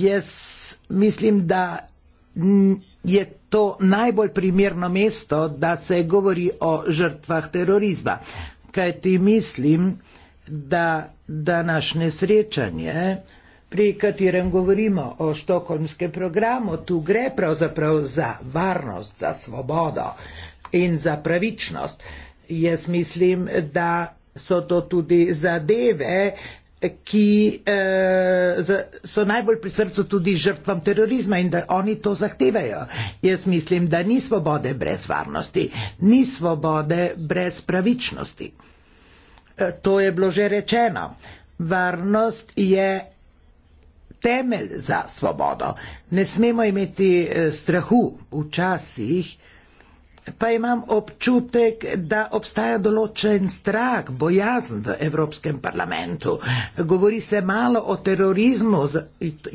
Jaz mislim, da je to najbolj primerno mesto, da se govori o žrtvah terorizma. Kaj ti mislim, da današnje srečanje eh, pri katerem govorimo o štokholmskem programu, tu gre pravzaprav za varnost, za svobodo in za pravičnost. Jaz mislim, da so to tudi zadeve, ki eh, so najbolj pri srcu tudi žrtvam terorizma in da oni to zahtevajo. Jaz mislim, da ni svobode brez varnosti, ni svobode brez pravičnosti. Eh, to je bilo že rečeno. Varnost je temelj za svobodo. Ne smemo imeti eh, strahu, včasih pa imam občutek, da obstaja določen strah, bojazen v Evropskem parlamentu. Govori se malo o terorizmu,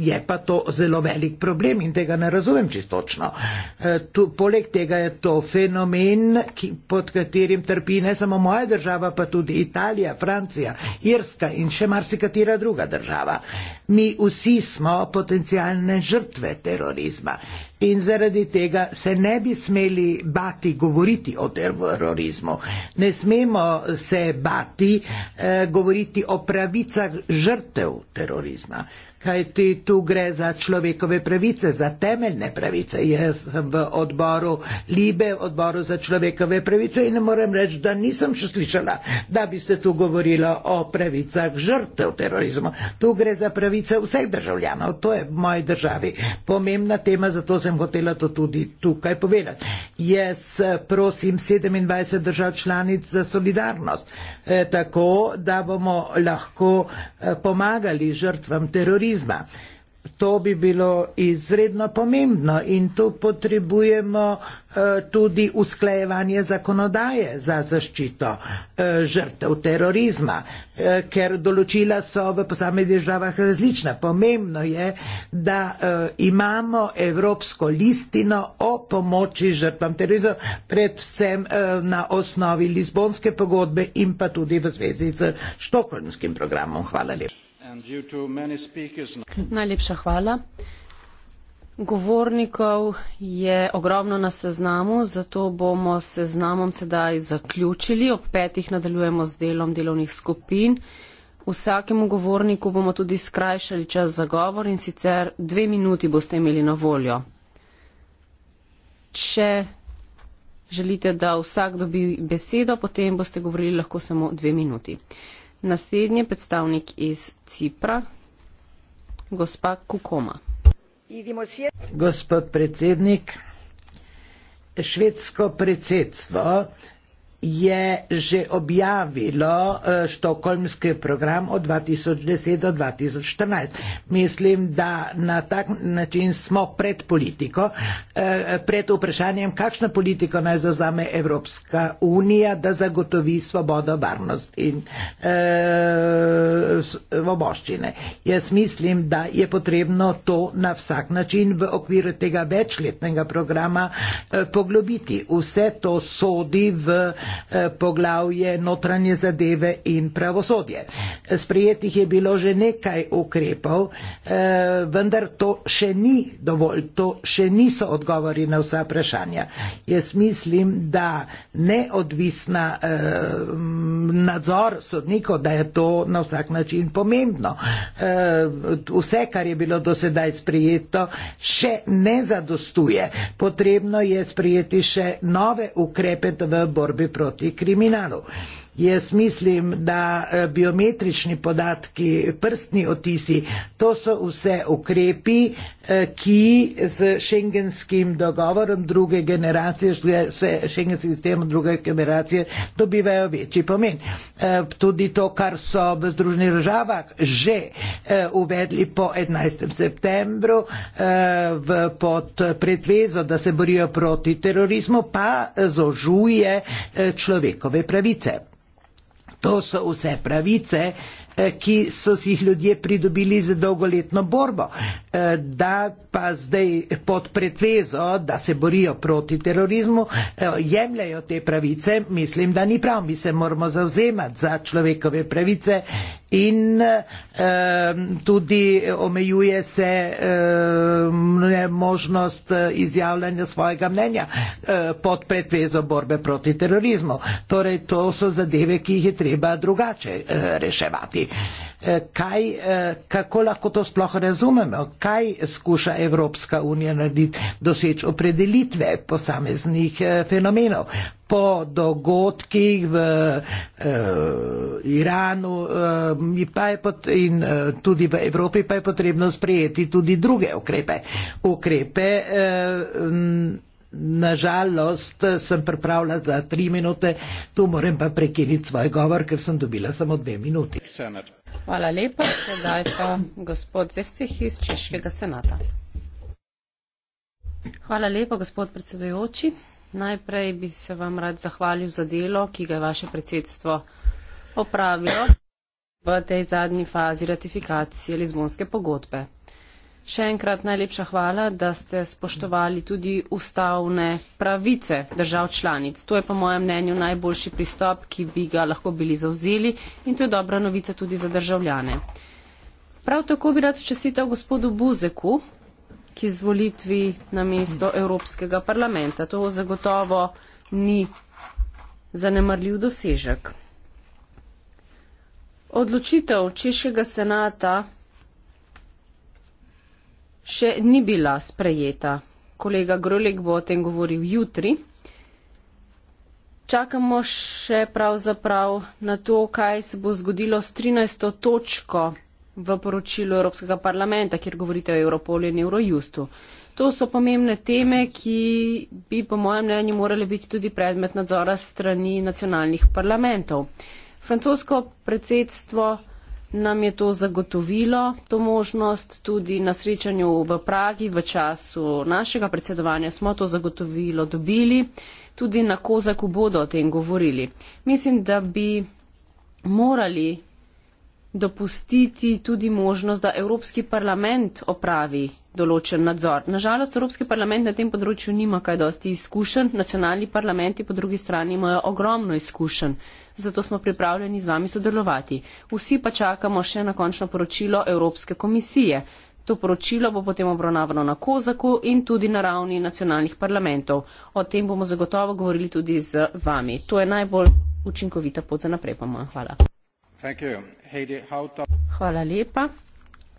je pa to zelo velik problem in tega ne razumem čistočno. E, tu, poleg tega je to fenomen, ki, pod katerim trpi ne samo moja država, pa tudi Italija, Francija, Irska in še marsikatera druga država. Mi vsi smo potencijalne žrtve terorizma in zaradi tega se ne bi smeli bati govoriti o terorizmu. Ne smemo se bati eh, govoriti o pravicah žrtev terorizma kaj ti tu gre za človekove pravice, za temeljne pravice. Jaz sem v odboru Libe, odboru za človekove pravice in ne morem reči, da nisem še slišala, da bi se tu govorilo o pravicah žrtev terorizma. Tu gre za pravice vseh državljanov, to je v moji državi pomembna tema, zato sem hotela to tudi tukaj povedati. Jaz prosim 27 držav članic za solidarnost, eh, tako da bomo lahko eh, pomagali žrtvam terorizma socializma. To bi bilo izredno pomembno in tu potrebujemo eh, tudi usklajevanje zakonodaje za zaščito eh, žrtev terorizma, eh, ker določila so v posameznih državah različna. Pomembno je, da eh, imamo Evropsko listino o pomoči žrtvam terorizma, predvsem eh, na osnovi Lizbonske pogodbe in pa tudi v zvezi z Štokholmskim programom. Hvala lepa. Najlepša hvala. Govornikov je ogromno na seznamu, zato bomo seznamom sedaj zaključili. Ob petih nadaljujemo z delom delovnih skupin. Vsakemu govorniku bomo tudi skrajšali čas za govor in sicer dve minuti boste imeli na voljo. Če želite, da vsak dobi besedo, potem boste govorili lahko samo dve minuti. Naslednji predstavnik iz Cipra, gospa Kukoma. Gospod predsednik, švedsko predsedstvo je že objavilo e, štokholmski program od 2010 do 2014. Mislim, da na tak način smo pred politiko, e, pred vprašanjem, kakšno politiko naj zazame Evropska unija, da zagotovi svobodo, varnost in e, svoboščine. Jaz mislim, da je potrebno to na vsak način v okviru tega večletnega programa poglobiti. Vse to sodi v Eh, poglavje notranje zadeve in pravosodje. Sprijetih je bilo že nekaj ukrepov, eh, vendar to še ni dovolj, to še niso odgovori na vsa vprašanja. Jaz mislim, da neodvisna eh, nadzor sodnikov, da je to na vsak način pomembno. Vse, kar je bilo do sedaj sprijeto, še ne zadostuje. Potrebno je sprijeti še nove ukrepe v borbi proti proti kriminalu. Jaz mislim, da eh, biometrični podatki, prstni otisi, to so vse ukrepi, Eh, ki z šengenskim dogovorom druge generacije, s šengenskim sistemom druge generacije dobivajo večji pomen. Eh, tudi to, kar so v Združenih državah že eh, uvedli po 11. septembru pod predvezo, da se borijo proti terorizmu, pa zožuje človekove pravice. To so vse pravice, Eh, ki so si jih ljudje pridobili z dolgoletno borbo. Eh, da pa zdaj pod pretvezo, da se borijo proti terorizmu, eh, jemljajo te pravice, mislim, da ni prav. Mi se moramo zauzemati za človekove pravice in ehm, tudi omejuje se ehm, možnost eh, izjavljanja svojega mnenja eh, pod pretvezo borbe proti terorizmu. Torej, to so zadeve, ki jih je treba drugače eh, reševati. Eh, kaj, eh, kako lahko to sploh razumemo, kaj skuša Evropska unija narediti, doseči opredelitve posameznih eh, fenomenov. Po dogodkih v eh, Iranu eh, pa pot, in eh, tudi v Evropi pa je potrebno sprejeti tudi druge ukrepe. Ukrepe, eh, nažalost, sem pripravila za tri minute, tu moram pa prekiniti svoj govor, ker sem dobila samo dve minuti. Hvala lepa. Sedaj pa gospod Zevcih iz Češkega senata. Hvala lepa, gospod predsedujoči. Najprej bi se vam rad zahvalil za delo, ki ga je vaše predsedstvo opravilo v tej zadnji fazi ratifikacije Lizbonske pogodbe. Še enkrat najlepša hvala, da ste spoštovali tudi ustavne pravice držav članic. To je po mojem mnenju najboljši pristop, ki bi ga lahko bili zauzeli in to je dobra novica tudi za državljane. Prav tako bi rad čestital gospodu Buzeku, ki z volitvi na mesto Evropskega parlamenta. To zagotovo ni zanemrljiv dosežek. Odločitev Češkega senata še ni bila sprejeta. Kolega Grolik bo o tem govoril jutri. Čakamo še pravzaprav na to, kaj se bo zgodilo s 13. točko v poročilu Evropskega parlamenta, kjer govorite o Europolu in Eurojustu. To so pomembne teme, ki bi po mojem mnenju morali biti tudi predmet nadzora strani nacionalnih parlamentov. Francosko predsedstvo nam je to zagotovilo, to možnost, tudi na srečanju v Pragi v času našega predsedovanja smo to zagotovilo dobili, tudi na Kozaku bodo o tem govorili. Mislim, da bi morali dopustiti tudi možnost, da Evropski parlament opravi določen nadzor. Nažalost, Evropski parlament na tem področju nima kaj dosti izkušenj, nacionalni parlamenti po drugi strani imajo ogromno izkušenj, zato smo pripravljeni z vami sodelovati. Vsi pa čakamo še na končno poročilo Evropske komisije. To poročilo bo potem obravnavano na Kozaku in tudi na ravni nacionalnih parlamentov. O tem bomo zagotovo govorili tudi z vami. To je najbolj učinkovita pot za naprej. Hvala. Hvala lepa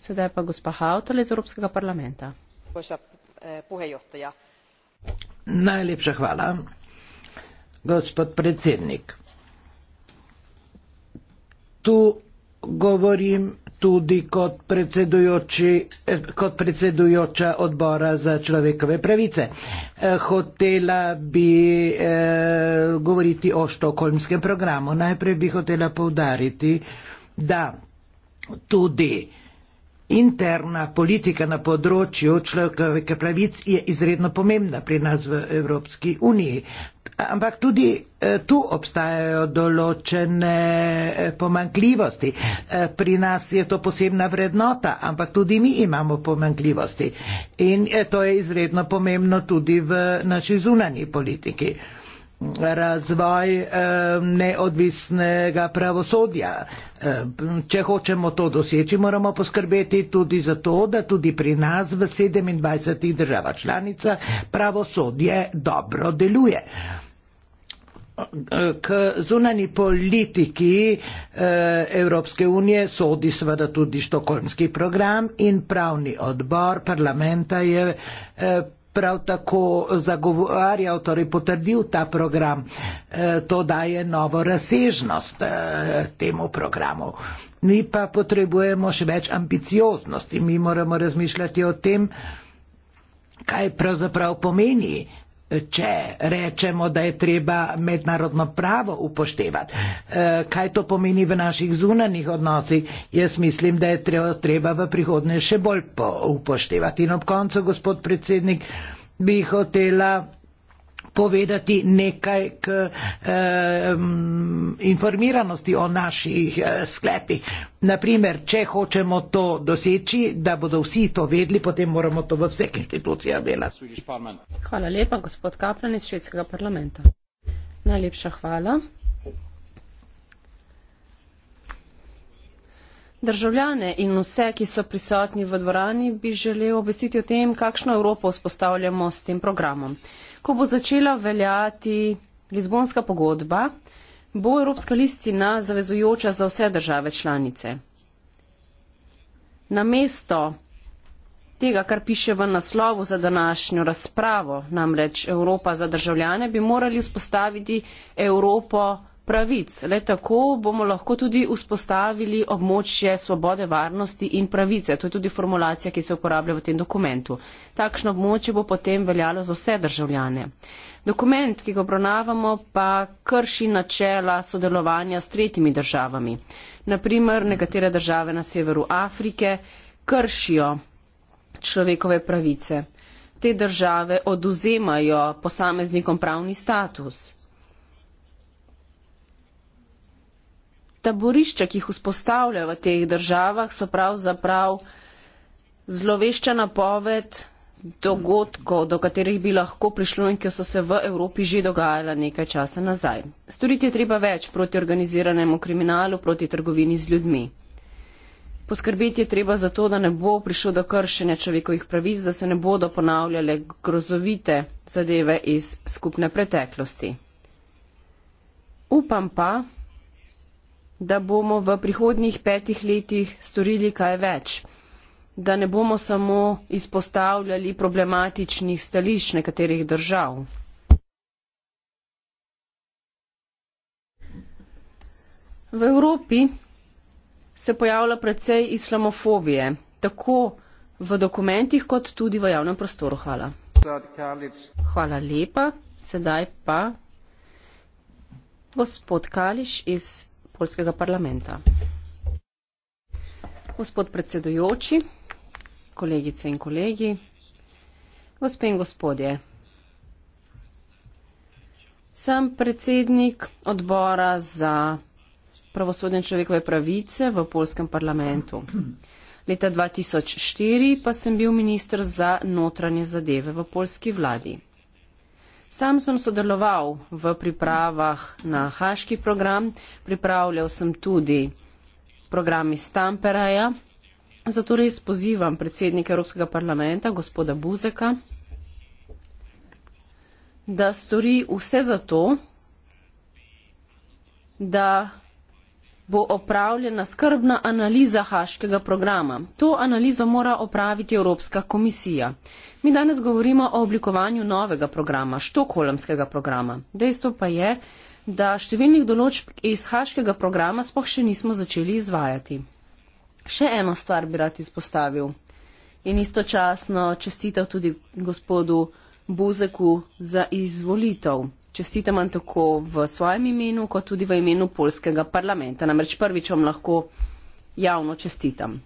sedaj pa gospa Hautala iz Evropskega parlamenta. Eh, Najlepša hvala, gospod predsednik. Tu govorim tudi kot, kot predsedujoča odbora za človekove pravice. Eh, hotela bi eh, govoriti o štokholmskem programu. Najprej bi hotela povdariti, da tudi eh, Interna politika na področju človekovih pravic je izredno pomembna pri nas v Evropski uniji, ampak tudi eh, tu obstajajo določene eh, pomankljivosti. Eh, pri nas je to posebna vrednota, ampak tudi mi imamo pomankljivosti in to je izredno pomembno tudi v naši zunanji politiki razvoj eh, neodvisnega pravosodja. Eh, če hočemo to doseči, moramo poskrbeti tudi za to, da tudi pri nas v 27 državah članica pravosodje dobro deluje. K zunani politiki eh, Evropske unije sodi seveda tudi štokolmski program in pravni odbor parlamenta je prav tako zagovarjal, torej potrdil ta program. E, to daje novo razsežnost e, temu programu. Mi pa potrebujemo še več ambicioznosti. Mi moramo razmišljati o tem, kaj pravzaprav pomeni Če rečemo, da je treba mednarodno pravo upoštevati, eh, kaj to pomeni v naših zunanih odnosih, jaz mislim, da je treba v prihodnje še bolj upoštevati. In ob koncu, gospod predsednik, bi hotela povedati nekaj k informiranosti o naših eh, sklepih. Naprimer, če hočemo to doseči, da bodo vsi to vedli, potem moramo to v vseh institucijah delati. Hvala lepa, gospod Kaplan iz švedskega parlamenta. Najlepša hvala. Državljane in vse, ki so prisotni v dvorani, bi želel obvestiti o tem, kakšno Evropo vzpostavljamo s tem programom ko bo začela veljati Lizbonska pogodba, bo Evropska listina zavezujoča za vse države članice. Namesto tega, kar piše v naslovu za današnjo razpravo, namreč Evropa za državljane, bi morali vzpostaviti Evropo pravic. Le tako bomo lahko tudi vzpostavili območje svobode, varnosti in pravice. To je tudi formulacija, ki se uporablja v tem dokumentu. Takšno območje bo potem veljalo za vse državljane. Dokument, ki ga obravnavamo, pa krši načela sodelovanja s tretjimi državami. Naprimer, nekatere države na severu Afrike kršijo človekove pravice. Te države oduzemajo posameznikom pravni status, taborišča, ki jih vzpostavljajo v teh državah, so pravzaprav zlovešča napoved dogodkov, do katerih bi lahko prišlo in ki so se v Evropi že dogajala nekaj časa nazaj. Storiti je treba več proti organiziranemu kriminalu, proti trgovini z ljudmi. Poskrbeti je treba za to, da ne bo prišlo do kršenja človekovih pravic, da se ne bodo ponavljale grozovite zadeve iz skupne preteklosti. Upam pa, da bomo v prihodnjih petih letih storili kaj več, da ne bomo samo izpostavljali problematičnih stališč nekaterih držav. V Evropi se pojavlja precej islamofobije, tako v dokumentih kot tudi v javnem prostoru. Hvala. Hvala lepa. Sedaj pa gospod Kališ iz polskega parlamenta. Gospod predsedujoči, kolegice in kolegi, gospe in gospodje, sem predsednik odbora za pravosodne človekove pravice v polskem parlamentu. Leta 2004 pa sem bil minister za notranje zadeve v polski vladi. Sam sem sodeloval v pripravah na haški program, pripravljal sem tudi program iz Tamperaja, zato res pozivam predsednika Evropskega parlamenta, gospoda Buzeka, da stori vse za to, da bo opravljena skrbna analiza haškega programa. To analizo mora opraviti Evropska komisija. Mi danes govorimo o oblikovanju novega programa, štokolemskega programa. Dejstvo pa je, da številnih določb iz haškega programa spoh še nismo začeli izvajati. Še eno stvar bi rad izpostavil in istočasno čestitev tudi gospodu Buzeku za izvolitev čestitam vam tako v svojem imenu, kot tudi v imenu polskega parlamenta. Namreč prvič vam lahko javno čestitam.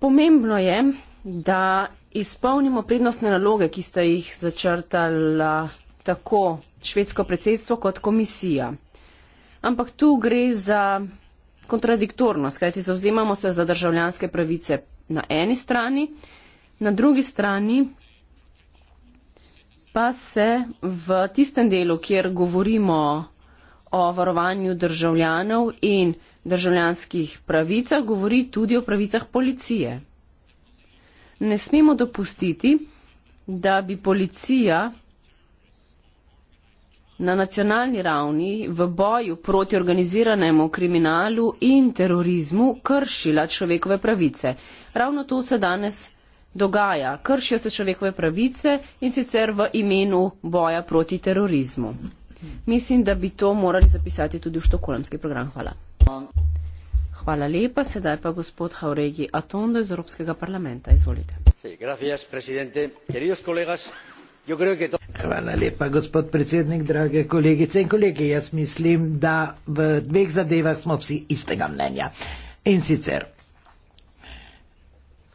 Pomembno je, da izpolnimo prednostne naloge, ki ste jih začrtala tako švedsko predsedstvo kot komisija. Ampak tu gre za kontradiktornost, kajti zauzemamo se za državljanske pravice na eni strani, na drugi strani pa se v tistem delu, kjer govorimo o varovanju državljanov in državljanskih pravicah, govori tudi o pravicah policije. Ne smemo dopustiti, da bi policija na nacionalni ravni v boju proti organiziranemu kriminalu in terorizmu kršila človekove pravice. Ravno to se danes dogaja, kršijo se človekove pravice in sicer v imenu boja proti terorizmu. Mislim, da bi to morali zapisati tudi v štokolemski program. Hvala. Hvala lepa. Sedaj pa gospod Hauregi Atondo iz Evropskega parlamenta. Izvolite. Hvala lepa, gospod predsednik, drage kolegice in kolegi. Jaz mislim, da v dveh zadevah smo vsi istega mnenja. In sicer,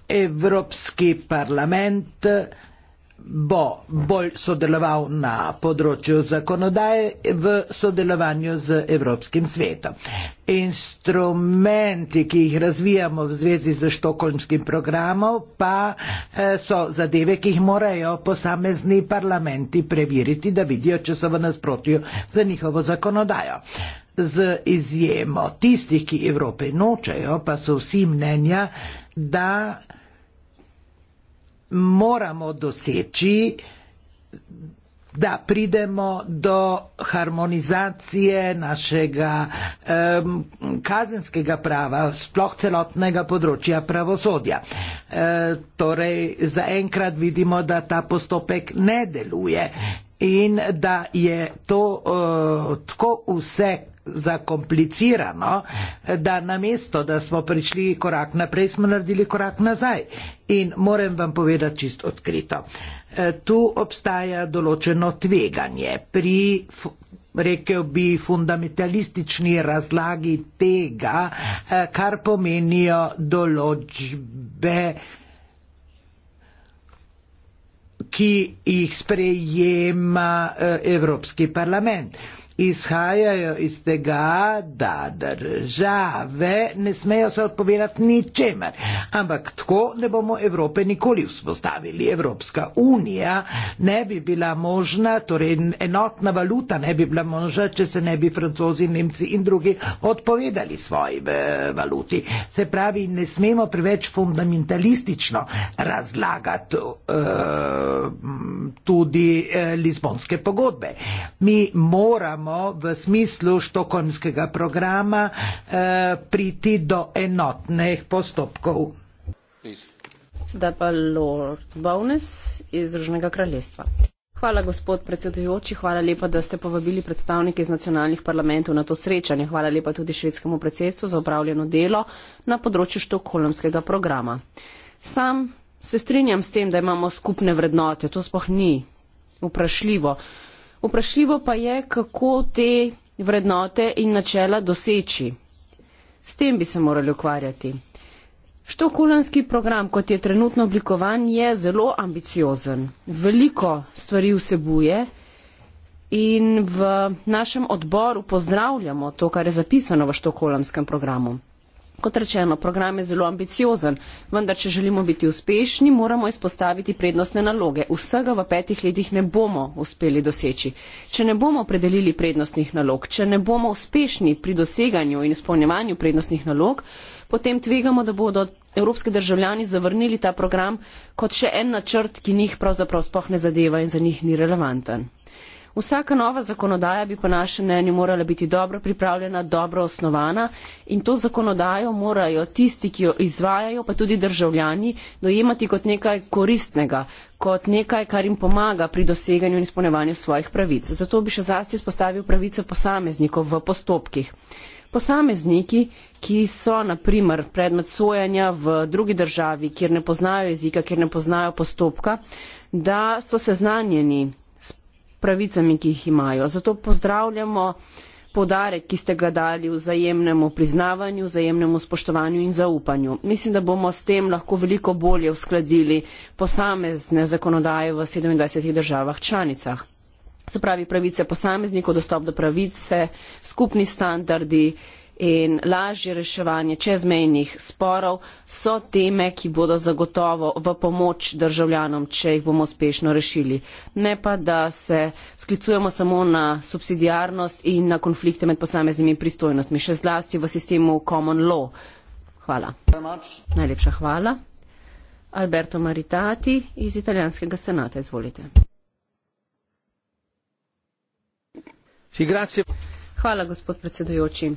Evropski parlament bo bolj sodeloval na področju zakonodaje v sodelovanju z Evropskim svetom. Instrumenti, ki jih razvijamo v zvezi z štokholmskim programom, pa eh, so zadeve, ki jih morajo posamezni parlamenti preveriti, da vidijo, če so v nasprotju z njihovo zakonodajo. Z izjemo tistih, ki Evrope nočejo, pa so vsi mnenja, da moramo doseči, da pridemo do harmonizacije našega um, kazenskega prava, sploh celotnega področja pravosodja. Uh, torej, zaenkrat vidimo, da ta postopek ne deluje in da je to uh, tako vse, zakomplicirano, da na mesto, da smo prišli korak naprej, smo naredili korak nazaj. In moram vam povedati čist odkrito. Eh, tu obstaja določeno tveganje pri, rekel bi, fundamentalistični razlagi tega, eh, kar pomenijo določbe, ki jih sprejema eh, Evropski parlament izhajajo iz tega, da države ne smejo se odpovedati ničemer. Ampak tako ne bomo Evrope nikoli vzpostavili. Evropska unija ne bi bila možna, torej enotna valuta ne bi bila možna, če se ne bi francozi, nemci in drugi odpovedali svoji eh, valuti. Se pravi, ne smemo preveč fundamentalistično razlagati uh, tudi uh, Lizbonske pogodbe. Mi moramo moramo v smislu štokholmskega programa eh, priti do enotnih postopkov. Sedaj pa Lord Bowness iz Združenega kraljestva. Hvala, gospod predsedujoči, hvala lepa, da ste povabili predstavnike iz nacionalnih parlamentov na to srečanje. Hvala lepa tudi švedskemu predsedstvu za upravljeno delo na področju štokholmskega programa. Sam se strinjam s tem, da imamo skupne vrednote, to spoh ni vprašljivo vprašljivo pa je, kako te vrednote in načela doseči. S tem bi se morali ukvarjati. Štokulanski program, kot je trenutno oblikovan, je zelo ambiciozen. Veliko stvari vsebuje in v našem odboru pozdravljamo to, kar je zapisano v štokolamskem programu. Kot rečeno, program je zelo ambiciozen, vendar če želimo biti uspešni, moramo izpostaviti prednostne naloge. Vsega v petih letih ne bomo uspeli doseči. Če ne bomo predelili prednostnih nalog, če ne bomo uspešni pri doseganju in izpolnjevanju prednostnih nalog, potem tvegamo, da bodo evropski državljani zavrnili ta program kot še en načrt, ki njih pravzaprav spohne zadeva in za njih ni relevanten. Vsaka nova zakonodaja bi po našem mnenju morala biti dobro pripravljena, dobro osnovana in to zakonodajo morajo tisti, ki jo izvajajo, pa tudi državljani, dojemati kot nekaj koristnega, kot nekaj, kar jim pomaga pri doseganju in izpolnevanju svojih pravic. Zato bi še zlasti spostavil pravice posameznikov v postopkih. Posamezniki, ki so naprimer predmet sojanja v drugi državi, kjer ne poznajo jezika, kjer ne poznajo postopka, da so seznanjeni pravicami, ki jih imajo. Zato pozdravljamo podarek, ki ste ga dali vzajemnemu priznavanju, vzajemnemu spoštovanju in zaupanju. Mislim, da bomo s tem lahko veliko bolje uskladili posamezne zakonodaje v 27 državah članicah. Se pravi, pravice posameznikov, dostop do pravice, skupni standardi in lažje reševanje čezmejnih sporov so teme, ki bodo zagotovo v pomoč državljanom, če jih bomo uspešno rešili. Ne pa, da se sklicujemo samo na subsidijarnost in na konflikte med posameznimi pristojnostmi, še zlasti v sistemu common law. Hvala. Najlepša hvala. Alberto Maritati iz italijanskega senata, izvolite. Hvala, gospod predsedujoči.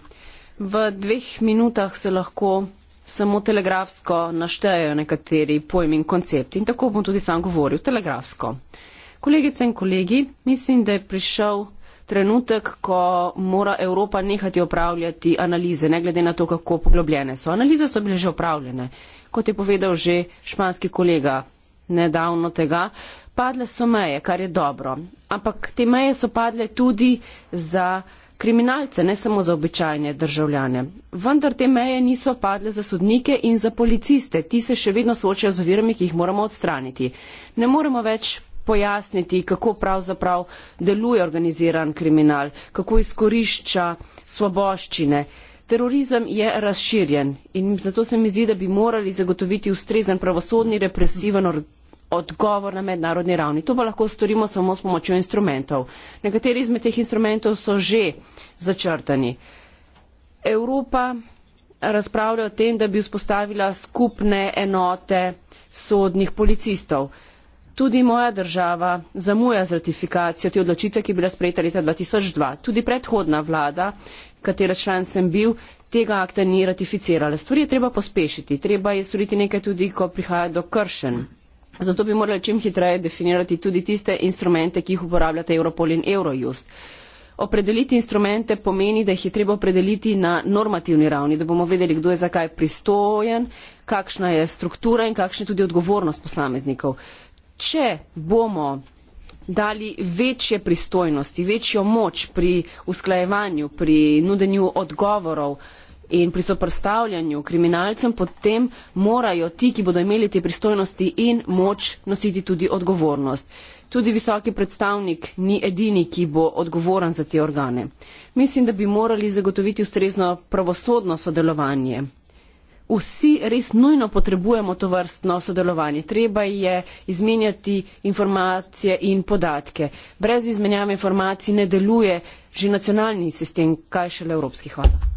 V dveh minutah se lahko samo telegrafsko naštejejo nekateri pojmi in koncepti in tako bom tudi sam govoril telegrafsko. Kolegice in kolegi, mislim, da je prišel trenutek, ko mora Evropa nehati opravljati analize, ne glede na to, kako poglobljene so. Analize so bile že opravljene, kot je povedal že španski kolega nedavno tega. Padle so meje, kar je dobro. Ampak te meje so padle tudi za kriminalce, ne samo za običajne državljane. Vendar te meje niso padle za sodnike in za policiste. Ti se še vedno soočajo z ovirami, ki jih moramo odstraniti. Ne moremo več pojasniti, kako pravzaprav deluje organiziran kriminal, kako izkorišča svoboščine. Terorizem je razširjen in zato se mi zdi, da bi morali zagotoviti ustrezen pravosodni represiven organ odgovor na mednarodni ravni. To pa lahko storimo samo s pomočjo instrumentov. Nekateri izmed teh instrumentov so že začrtani. Evropa razpravlja o tem, da bi vzpostavila skupne enote sodnih policistov. Tudi moja država zamuja z ratifikacijo te odločitve, ki je bila sprejeta leta 2002. Tudi predhodna vlada, katera član sem bil, tega akta ni ratificirala. Stvari je treba pospešiti, treba je storiti nekaj tudi, ko prihaja do kršen. Zato bi morali čim hitreje definirati tudi tiste instrumente, ki jih uporabljate Europol in Eurojust. Opredeliti instrumente pomeni, da jih je treba opredeliti na normativni ravni, da bomo vedeli, kdo je zakaj pristojen, kakšna je struktura in kakšna je tudi odgovornost posameznikov. Če bomo dali večje pristojnosti, večjo moč pri usklajevanju, pri nudenju odgovorov, in pri soprstavljanju kriminalcem potem morajo ti, ki bodo imeli te pristojnosti in moč, nositi tudi odgovornost. Tudi visoki predstavnik ni edini, ki bo odgovoren za te organe. Mislim, da bi morali zagotoviti ustrezno pravosodno sodelovanje. Vsi res nujno potrebujemo to vrstno sodelovanje. Treba je izmenjati informacije in podatke. Brez izmenjave informacij ne deluje že nacionalni sistem, kaj šele evropski. Hvala.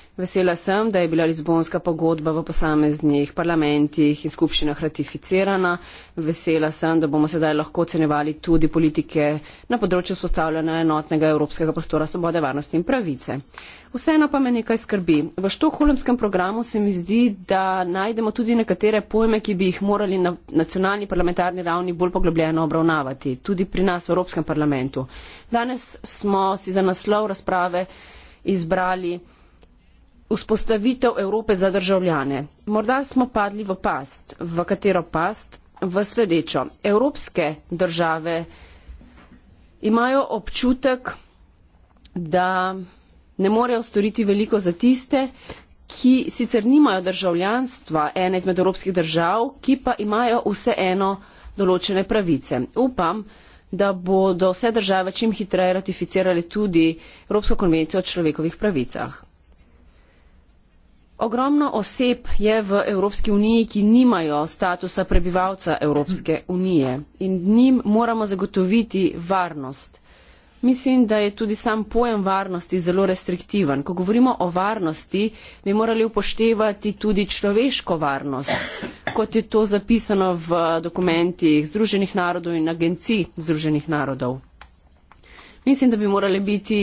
Vesela sem, da je bila Lizbonska pogodba v posameznih parlamentih in skupščinah ratificirana. Vesela sem, da bomo sedaj lahko ocenjevali tudi politike na področju vzpostavljanja enotnega evropskega prostora svobode, varnosti in pravice. Vseeno pa me nekaj skrbi. V štokholmskem programu se mi zdi, da najdemo tudi nekatere pojme, ki bi jih morali na nacionalni parlamentarni ravni bolj poglobljeno obravnavati, tudi pri nas v Evropskem parlamentu. Danes smo si za naslov razprave izbrali vzpostavitev Evrope za državljane. Morda smo padli v past, v katero past, v sledečo. Evropske države imajo občutek, da ne morejo storiti veliko za tiste, ki sicer nimajo državljanstva ene izmed evropskih držav, ki pa imajo vseeno določene pravice. Upam, da bodo vse države čim hitreje ratificirale tudi Evropsko konvencijo o človekovih pravicah. Ogromno oseb je v Evropski uniji, ki nimajo statusa prebivalca Evropske unije in njim moramo zagotoviti varnost. Mislim, da je tudi sam pojem varnosti zelo restriktiven. Ko govorimo o varnosti, bi morali upoštevati tudi človeško varnost, kot je to zapisano v dokumentih Združenih narodov in agencij Združenih narodov. Mislim, da bi morali biti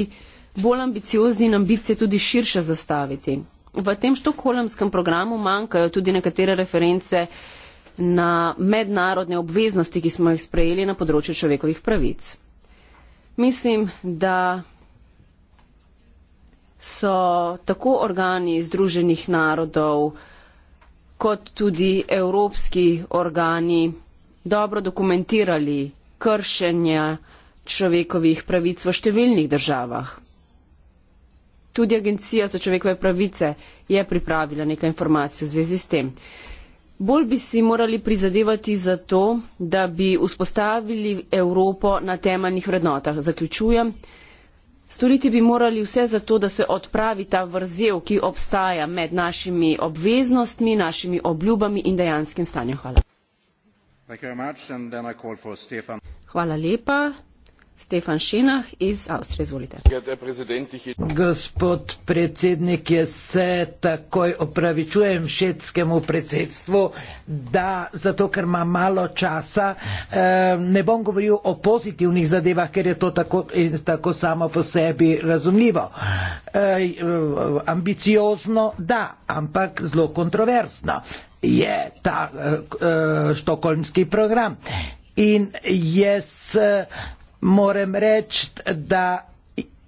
bolj ambiciozni in ambicije tudi širše zastaviti v tem štokholmskem programu manjkajo tudi nekatere reference na mednarodne obveznosti, ki smo jih sprejeli na področju človekovih pravic. Mislim, da so tako organi Združenih narodov kot tudi evropski organi dobro dokumentirali kršenja človekovih pravic v številnih državah. Tudi Agencija za človekove pravice je pripravila nekaj informacij v zvezi s tem. Bolj bi si morali prizadevati za to, da bi vzpostavili Evropo na temeljnih vrednotah. Zaključujem. Storiti bi morali vse za to, da se odpravi ta vrzel, ki obstaja med našimi obveznostmi, našimi obljubami in dejanskim stanjem. Hvala. Hvala lepa. Stefan Šinah iz Avstrije. Izvolite. Gospod predsednik, jaz se takoj opravičujem švedskemu predsedstvu, da zato, ker ima malo časa, eh, ne bom govoril o pozitivnih zadevah, ker je to tako, tako samo po sebi razumljivo. Eh, ambiciozno, da, ampak zelo kontroversno je ta eh, štokolmski program. In jaz Moram reči, da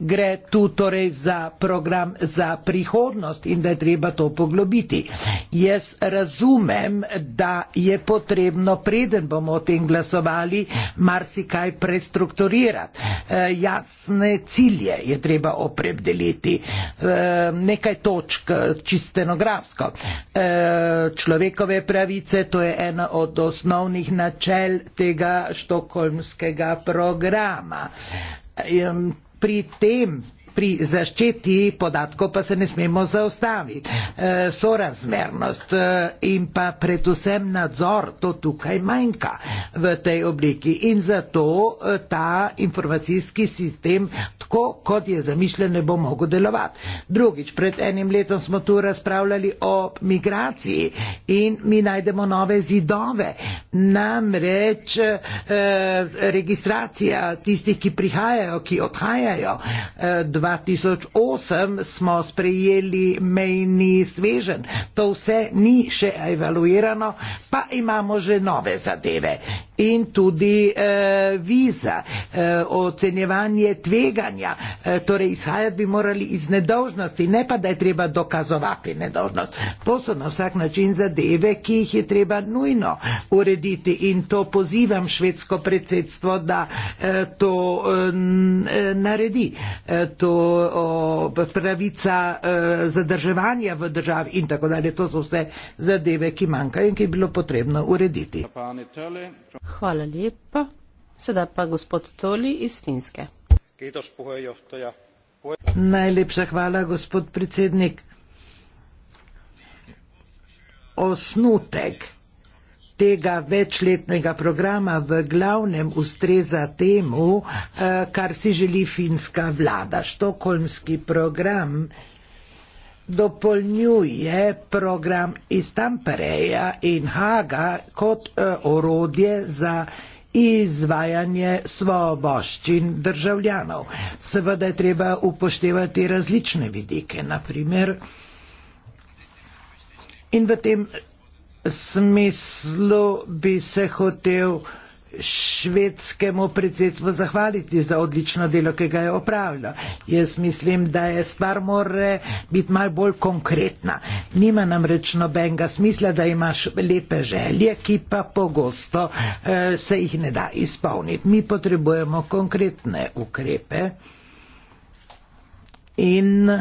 gre tu torej za program za prihodnost in da je treba to poglobiti. Jaz razumem, da je potrebno, preden bomo o tem glasovali, marsikaj prestrukturirati. E, jasne cilje je treba opredeliti, e, nekaj točk čistenografsko. E, človekove pravice, to je ena od osnovnih načel tega štokholmskega programa pri tem pri zaščiti podatkov pa se ne smemo zaustaviti. E, sorazmernost e, in pa predvsem nadzor, to tukaj manjka v tej obliki in zato e, ta informacijski sistem, tako kot je zamišljen, ne bo mogel delovati. Drugič, pred enim letom smo tu razpravljali o migraciji in mi najdemo nove zidove. Namreč e, registracija tistih, ki prihajajo, ki odhajajo. E, 2008 smo sprejeli mejni svežen. To vse ni še evaluirano, pa imamo že nove zadeve in tudi eh, viza, eh, ocenjevanje tveganja. Eh, torej, izhajati bi morali iz nedožnosti, ne pa da je treba dokazovati nedožnost. To so na vsak način zadeve, ki jih je treba nujno urediti in to pozivam švedsko predsedstvo, da eh, to eh, eh, naredi. Eh, to o, pravica eh, zadrževanja v državi in tako dalje, to so vse zadeve, ki manjkajo in ki je bilo potrebno urediti. Hvala lepa. Sedaj pa gospod Toli iz Finske. Najlepša hvala, gospod predsednik. Osnutek tega večletnega programa v glavnem ustreza temu, eh, kar si želi finska vlada. Štokholmski program dopolnjuje program iz Tampereja in Haga kot e, orodje za izvajanje svoboščin državljanov. Seveda je treba upoštevati različne vidike, naprimer. In v tem smislu bi se hotel uh, švedskemu predsedstvu zahvaliti za odlično delo, ki ga je opravljal. Jaz mislim, da je stvar more biti malo bolj konkretna. Nima nam rečno benga smisla, da imaš lepe želje, ki pa pogosto eh, se jih ne da izpolniti. Mi potrebujemo konkretne ukrepe in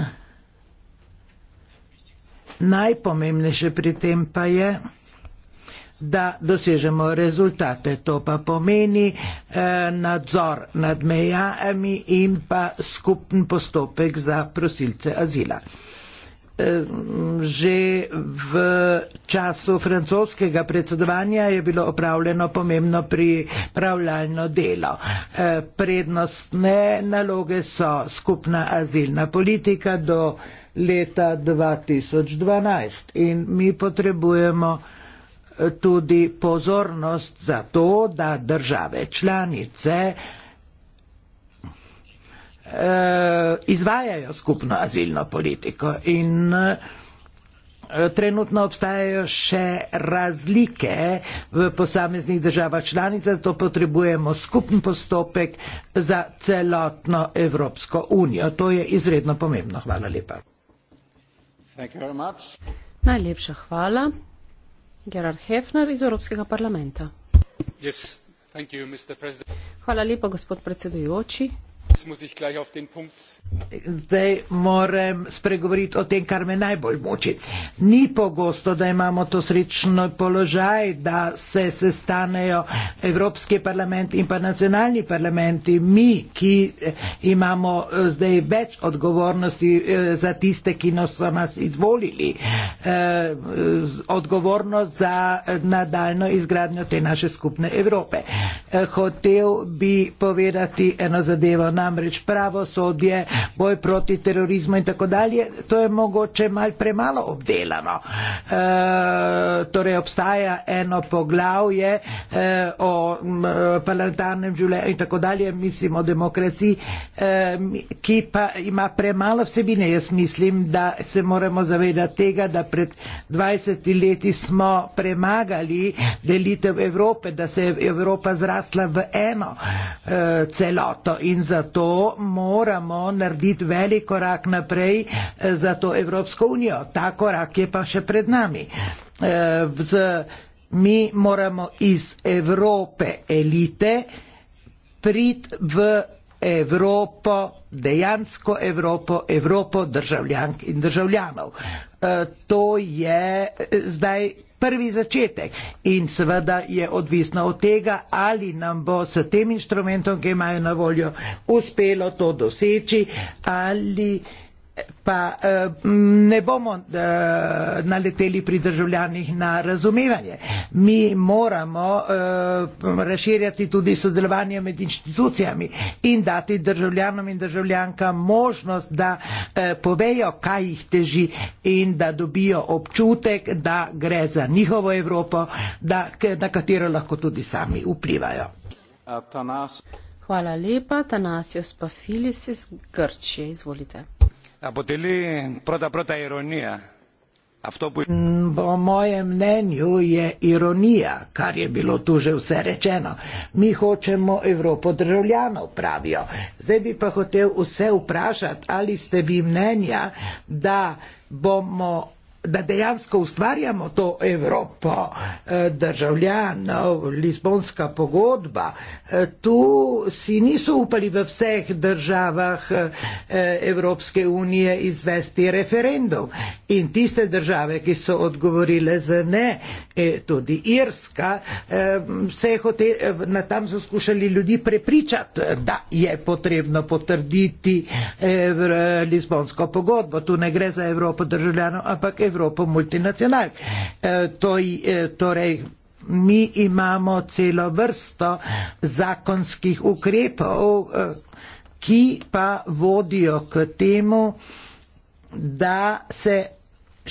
najpomembnejše pri tem pa je, da dosežemo rezultate. To pa pomeni eh, nadzor nad mejami in pa skupen postopek za prosilce azila. Eh, že v času francoskega predsedovanja je bilo opravljeno pomembno pripravljalno delo. Eh, prednostne naloge so skupna azilna politika do leta 2012 in mi potrebujemo tudi pozornost za to, da države članice eh, izvajajo skupno azilno politiko in eh, trenutno obstajajo še razlike v posameznih državah članicah, zato potrebujemo skupen postopek za celotno Evropsko unijo. To je izredno pomembno. Hvala lepa. Najlepša hvala hvala lepa gospod predsedujoči spoštovani komisar gospod oettinger spoštovane kolegice in kolegi. Zdaj moram spregovoriti o tem, kar me najbolj muči. Ni pogosto, da imamo to srečno položaj, da se sestanejo Evropski parlament in pa nacionalni parlamenti. Mi, ki eh, imamo eh, zdaj več odgovornosti eh, za tiste, ki nas so nas izvolili, odgovornost za nadaljno izgradnjo te naše skupne Evrope. Hotev bi povedati eno zadevo namreč pravosodje, boj proti terorizmu in tako dalje, to je mogoče mal premalo obdelano. E, torej obstaja eno poglavje e, o m, parlamentarnem življenju in tako dalje, mislim o demokraciji, e, ki pa ima premalo vsebine. Jaz mislim, da se moramo zavedati tega, da pred 20 leti smo premagali delitev Evrope, da se je Evropa zrasla v eno e, celoto in zato zato moramo narediti velik korak naprej eh, za to Evropsko unijo. Ta korak je pa še pred nami. Eh, z, mi moramo iz Evrope elite prid v Evropo, dejansko Evropo, Evropo državljank in državljanov. Eh, to je zdaj prvi začetek. In seveda je odvisno od tega, ali nam bo s tem inštrumentom, ki imajo na voljo, uspelo to doseči ali. Pa eh, ne bomo eh, naleteli pri državljanih na razumevanje. Mi moramo eh, razširjati tudi sodelovanje med inštitucijami in dati državljanom in državljankam možnost, da povejo, kaj jih teži in da dobijo občutek, da gre za njihovo Evropo, da, na katero lahko tudi sami vplivajo. Hvala lepa. Tanasios Pafilis iz Grčije. Izvolite αποτελεί πρώτα πρώτα ηρωνία. Αυτό που... Po mojem mnenju je ironija, kar je bilo tu že vse rečeno. Mi hočemo Evropo državljanov, pravijo. Zdaj bi pa hotel vse vprašati, ali ste vi mnenja, da bomo da dejansko ustvarjamo to Evropo eh, državljanov, Lizbonska pogodba. Eh, tu si niso upali v vseh državah eh, Evropske unije izvesti referendum. In tiste države, ki so odgovorile z ne, tudi Irska, se je hotel, na tam so skušali ljudi prepričati, da je potrebno potrditi Lizbonsko pogodbo. Tu ne gre za Evropo državljanov, ampak Evropo. Evropo multinacional. E, torej, e, torej, mi imamo celo vrsto zakonskih ukrepov, e, ki pa vodijo k temu, da se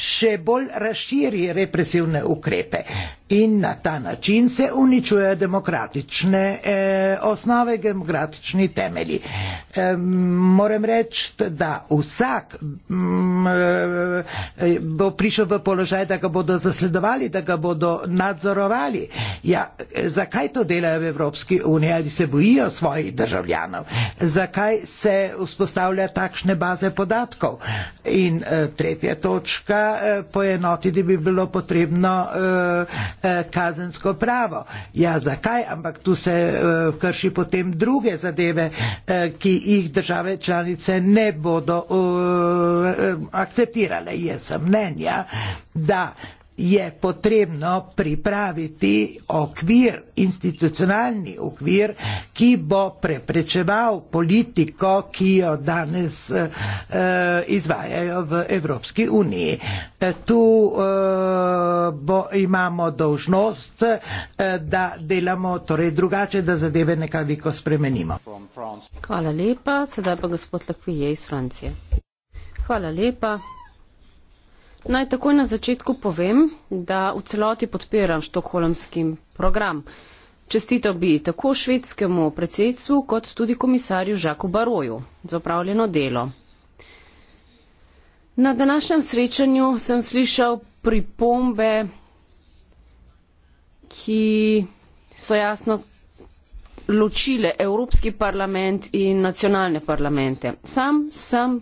še bolj razširi represivne ukrepe. In na ta način se uničujejo demokratične eh, osnove, demokratični temelji. Eh, moram reči, da vsak mm, eh, bo prišel v položaj, da ga bodo zasledovali, da ga bodo nadzorovali. Ja, zakaj to delajo v Evropski uniji? Ali se bojijo svojih državljanov? Zakaj se vzpostavlja takšne baze podatkov? In eh, tretja točka, eh, poenotiti bi bilo potrebno. Eh, Eh, kazensko pravo. Ja, zakaj? Ampak tu se eh, krši potem druge zadeve, eh, ki jih države članice ne bodo akceptirale. Jaz sem mnenja, da je potrebno pripraviti okvir, institucionalni okvir, ki bo preprečeval politiko, ki jo danes e, izvajajo v Evropski uniji. E, tu e, bo, imamo dožnost, e, eh, da delamo torej drugače, da zadeve nekako spremenimo. Hvala lepa. Sedaj pa gospod Lakvije iz Francije. Hvala lepa. Naj takoj na začetku povem, da v celoti podpiram štokholmski program. Čestitev bi tako švedskemu predsedstvu kot tudi komisarju Žaku Baroju za upravljeno delo. Na današnjem srečanju sem slišal pripombe, ki so jasno ločile Evropski parlament in nacionalne parlamente. Sam sem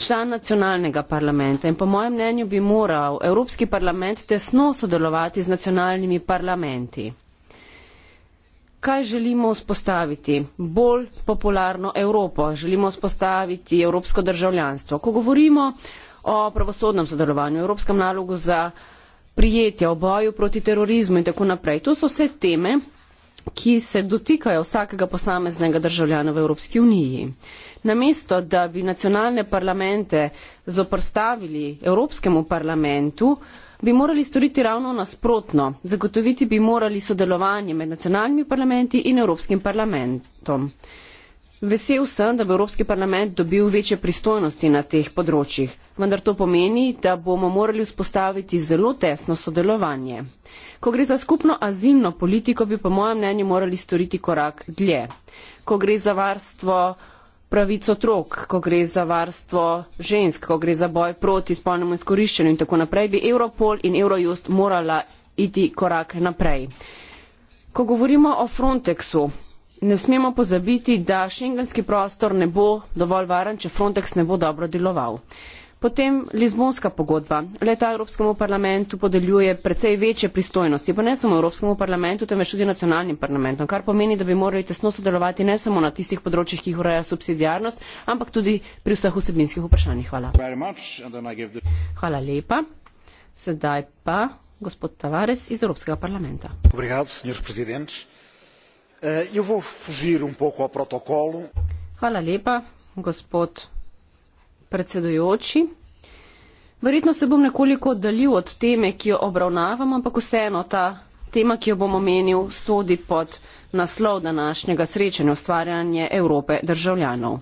član nacionalnega parlamenta in po mojem mnenju bi moral Evropski parlament tesno sodelovati z nacionalnimi parlamenti. Kaj želimo vzpostaviti? Bolj popularno Evropo. Želimo vzpostaviti evropsko državljanstvo. Ko govorimo o pravosodnem sodelovanju, evropskem nalogu za prijetje, o boju proti terorizmu in tako naprej, to so vse teme, ki se dotikajo vsakega posameznega državljana v Evropski uniji namesto da bi nacionalne parlamente zoprstavili Evropskemu parlamentu, bi morali storiti ravno nasprotno. Zagotoviti bi morali sodelovanje med nacionalnimi parlamenti in Evropskim parlamentom. Vesel sem, da bo Evropski parlament dobil večje pristojnosti na teh področjih, vendar to pomeni, da bomo morali vzpostaviti zelo tesno sodelovanje. Ko gre za skupno azilno politiko, bi po mojem mnenju morali storiti korak dlje. Ko gre za varstvo pravic otrok, ko gre za varstvo žensk, ko gre za boj proti spolnemu izkoriščenju in tako naprej, bi Europol in Eurojust morala iti korak naprej. Ko govorimo o Frontexu, ne smemo pozabiti, da šengenski prostor ne bo dovolj varen, če Frontex ne bo dobro deloval. Potem Lizbonska pogodba. Leta Evropskemu parlamentu podeljuje precej večje pristojnosti, pa ne samo Evropskemu parlamentu, temveč tudi nacionalnim parlamentom, kar pomeni, da bi morali tesno sodelovati ne samo na tistih področjih, ki jih ureja subsidijarnost, ampak tudi pri vseh vsebinskih vprašanjih. Hvala. Hvala lepa. Sedaj pa gospod Tavares iz Evropskega parlamenta. Eh, um Hvala lepa, gospod predsedujoči. Verjetno se bom nekoliko oddaljil od teme, ki jo obravnavam, ampak vseeno ta tema, ki jo bom omenil, sodi pod naslov današnjega srečanja ustvarjanje Evrope državljanov.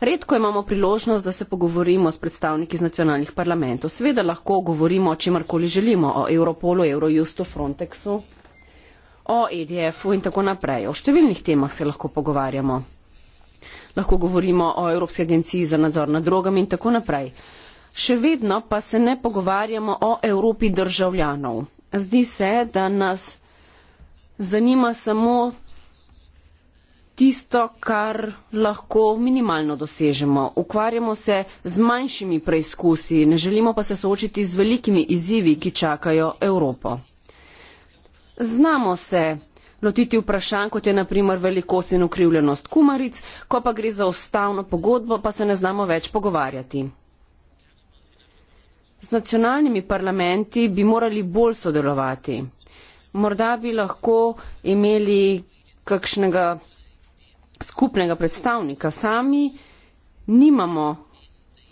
Redko imamo priložnost, da se pogovorimo s predstavniki z nacionalnih parlamentov. Seveda lahko govorimo o čemarkoli želimo, o Europolu, Eurojustu, Frontexu, o EDF-u in tako naprej. O številnih temah se lahko pogovarjamo lahko govorimo o Evropski agenciji za nadzor nad drogami in tako naprej. Še vedno pa se ne pogovarjamo o Evropi državljanov. Zdi se, da nas zanima samo tisto, kar lahko minimalno dosežemo. Ukvarjamo se z manjšimi preizkusi, ne želimo pa se soočiti z velikimi izzivi, ki čakajo Evropo. Znamo se lotiti vprašanj, kot je na primer velikost in ukrivljenost kumaric, ko pa gre za ustavno pogodbo, pa se ne znamo več pogovarjati. Z nacionalnimi parlamenti bi morali bolj sodelovati. Morda bi lahko imeli kakšnega skupnega predstavnika. Sami nimamo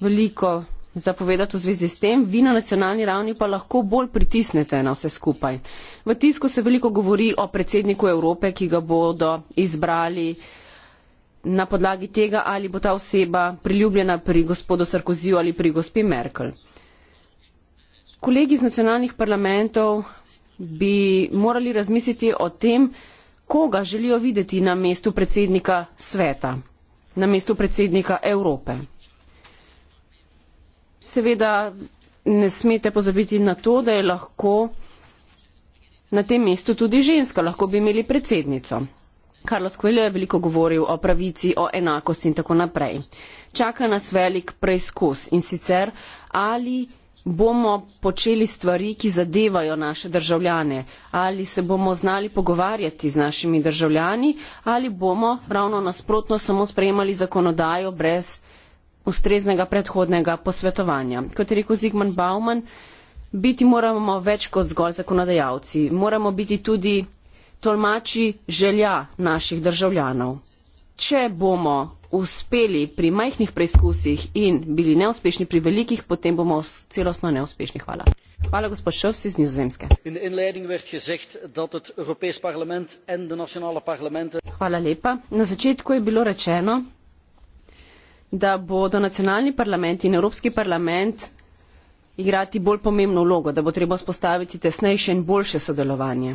veliko zapovedati v zvezi s tem, vi na nacionalni ravni pa lahko bolj pritisnete na vse skupaj. V tisku se veliko govori o predsedniku Evrope, ki ga bodo izbrali na podlagi tega, ali bo ta oseba priljubljena pri gospodu Sarkoziju ali pri gospi Merkel. Kolegi iz nacionalnih parlamentov bi morali razmisliti o tem, koga želijo videti na mestu predsednika sveta, na mestu predsednika Evrope seveda ne smete pozabiti na to, da je lahko na tem mestu tudi ženska, lahko bi imeli predsednico. Carlos Coelho je veliko govoril o pravici, o enakosti in tako naprej. Čaka nas velik preizkus in sicer ali bomo počeli stvari, ki zadevajo naše državljane, ali se bomo znali pogovarjati z našimi državljani, ali bomo ravno nasprotno samo sprejemali zakonodajo brez ustreznega predhodnega posvetovanja. Kot je rekel Zigmund Bauman, biti moramo več kot zgolj zakonodajalci, moramo biti tudi tolmači želja naših državljanov. Če bomo uspeli pri majhnih preizkusih in bili neuspešni pri velikih, potem bomo celostno neuspešni. Hvala. Hvala, gospod Šovs iz Nizozemske. Hvala lepa. Na začetku je bilo rečeno, da bodo nacionalni parlament in Evropski parlament igrati bolj pomembno vlogo, da bo treba spostaviti tesnejše in boljše sodelovanje.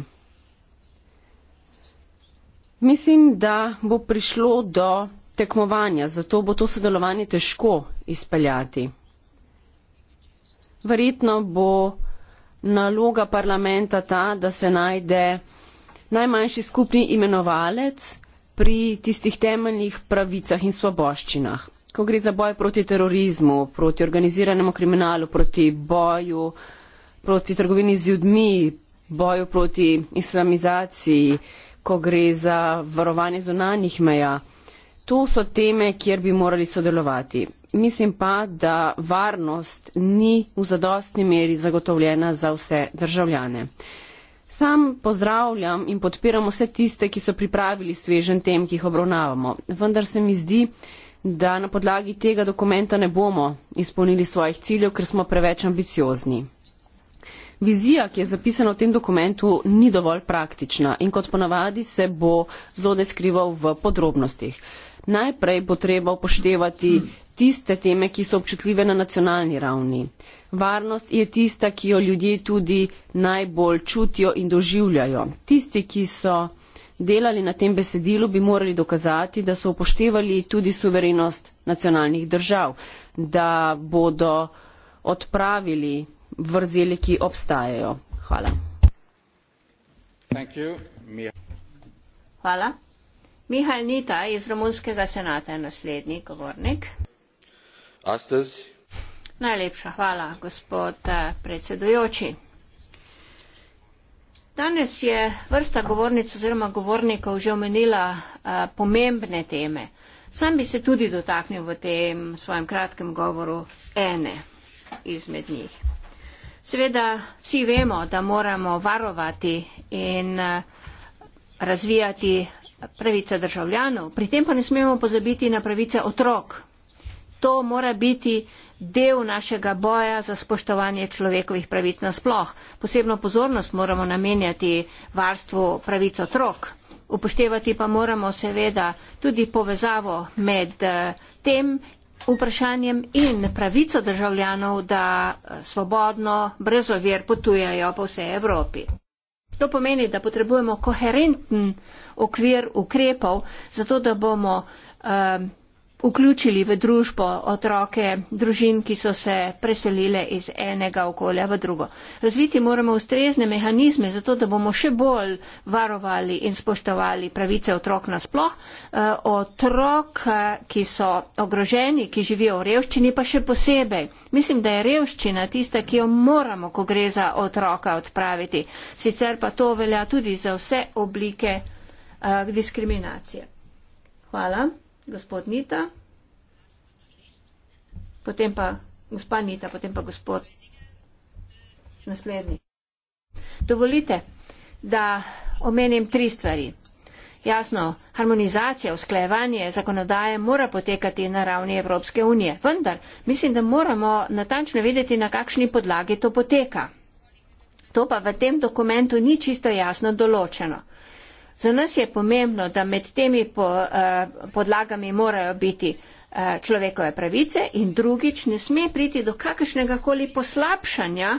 Mislim, da bo prišlo do tekmovanja, zato bo to sodelovanje težko izpeljati. Verjetno bo naloga parlamenta ta, da se najde najmanjši skupni imenovalec pri tistih temeljnih pravicah in svoboščinah ko gre za boj proti terorizmu, proti organiziranemu kriminalu, proti boju, proti trgovini z ljudmi, boju proti islamizaciji, ko gre za varovanje zunanjih meja. To so teme, kjer bi morali sodelovati. Mislim pa, da varnost ni v zadostni meri zagotovljena za vse državljane. Sam pozdravljam in podpiram vse tiste, ki so pripravili svežen tem, ki jih obravnavamo. Vendar se mi zdi, da na podlagi tega dokumenta ne bomo izpolnili svojih ciljev, ker smo preveč ambiciozni. Vizija, ki je zapisana v tem dokumentu, ni dovolj praktična in kot ponavadi se bo zelo deskrival v podrobnostih. Najprej bo treba upoštevati tiste teme, ki so občutljive na nacionalni ravni. Varnost je tista, ki jo ljudje tudi najbolj čutijo in doživljajo. Tisti, ki so delali na tem besedilu, bi morali dokazati, da so upoštevali tudi suverenost nacionalnih držav, da bodo odpravili vrzeli, ki obstajajo. Hvala. Hvala. Mihajl Nita iz Romunskega senata je naslednji govornik. Astazi. Najlepša hvala, gospod eh, predsedujoči. Danes je vrsta govornic oziroma govornikov že omenila uh, pomembne teme. Sam bi se tudi dotaknil v tem svojem kratkem govoru ene izmed njih. Seveda vsi vemo, da moramo varovati in eh, razvijati pravice državljanov. Pri tem pa ne smemo pozabiti na pravice otrok. To mora biti del našega boja za spoštovanje človekovih pravic nasploh. Posebno pozornost moramo namenjati varstvu pravic otrok. Upoštevati pa moramo seveda tudi povezavo med eh, tem vprašanjem in pravico državljanov, da eh, svobodno, brez ovir potujajo po vsej Evropi. To pomeni, da potrebujemo koherenten okvir ukrepov, zato da bomo eh, vključili v družbo otroke, družin, ki so se preselile iz enega okolja v drugo. Razviti moramo ustrezne mehanizme, zato da bomo še bolj varovali in spoštovali pravice otrok nasploh. Eh, otrok, ki so ogroženi, ki živijo v revščini, pa še posebej. Mislim, da je revščina tista, ki jo moramo, ko gre za otroka, odpraviti. Sicer pa to velja tudi za vse oblike eh, diskriminacije. Hvala gospod Nita, potem pa gospa Nita, potem pa gospod naslednji. Dovolite, da omenim tri stvari. Jasno, harmonizacija, usklajevanje zakonodaje mora potekati na ravni Evropske unije, vendar mislim, da moramo natančno vedeti, na kakšni podlagi to poteka. To pa v tem dokumentu ni čisto jasno določeno. Za nas je pomembno, da med temi po, uh, podlagami morajo biti uh, človekove pravice in drugič ne sme priti do kakršnega koli poslabšanja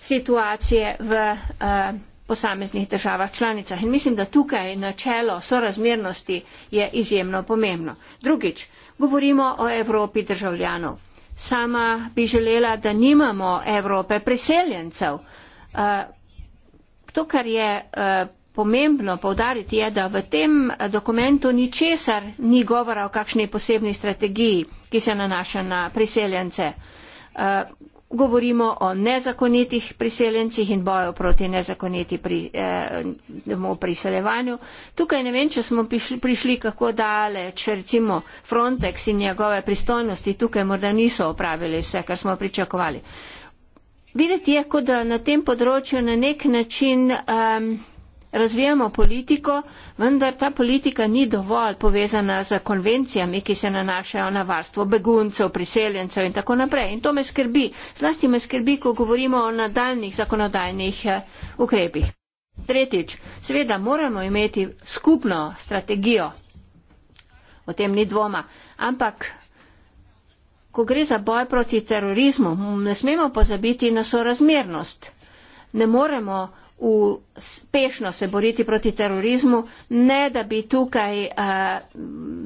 situacije v uh, posameznih državah članicah. In mislim, da tukaj načelo sorazmernosti je izjemno pomembno. Drugič, govorimo o Evropi državljanov. Sama bi želela, da nimamo Evrope priseljencev. Uh, to, kar je uh, pomembno povdariti je, da v tem dokumentu ni česar, ni govora o kakšni posebni strategiji, ki se nanaša na priseljence. Uh, govorimo o nezakonitih priseljencih in boju proti nezakoniti pri, eh, priseljevanju. Tukaj ne vem, če smo prišli, prišli kako dale, če recimo Frontex in njegove pristojnosti tukaj morda niso opravili vse, kar smo pričakovali. Videti je, kot da na tem področju na nek način. Um, razvijamo politiko, vendar ta politika ni dovolj povezana z konvencijami, ki se nanašajo na varstvo beguncev, priseljencev in tako naprej. In to me skrbi, zlasti me skrbi, ko govorimo o nadaljnih zakonodajnih eh, ukrepih. Tretjič, seveda moramo imeti skupno strategijo, o tem ni dvoma, ampak ko gre za boj proti terorizmu, ne smemo pozabiti na sorazmernost. Ne moremo uspešno se boriti proti terorizmu, ne da bi tukaj uh,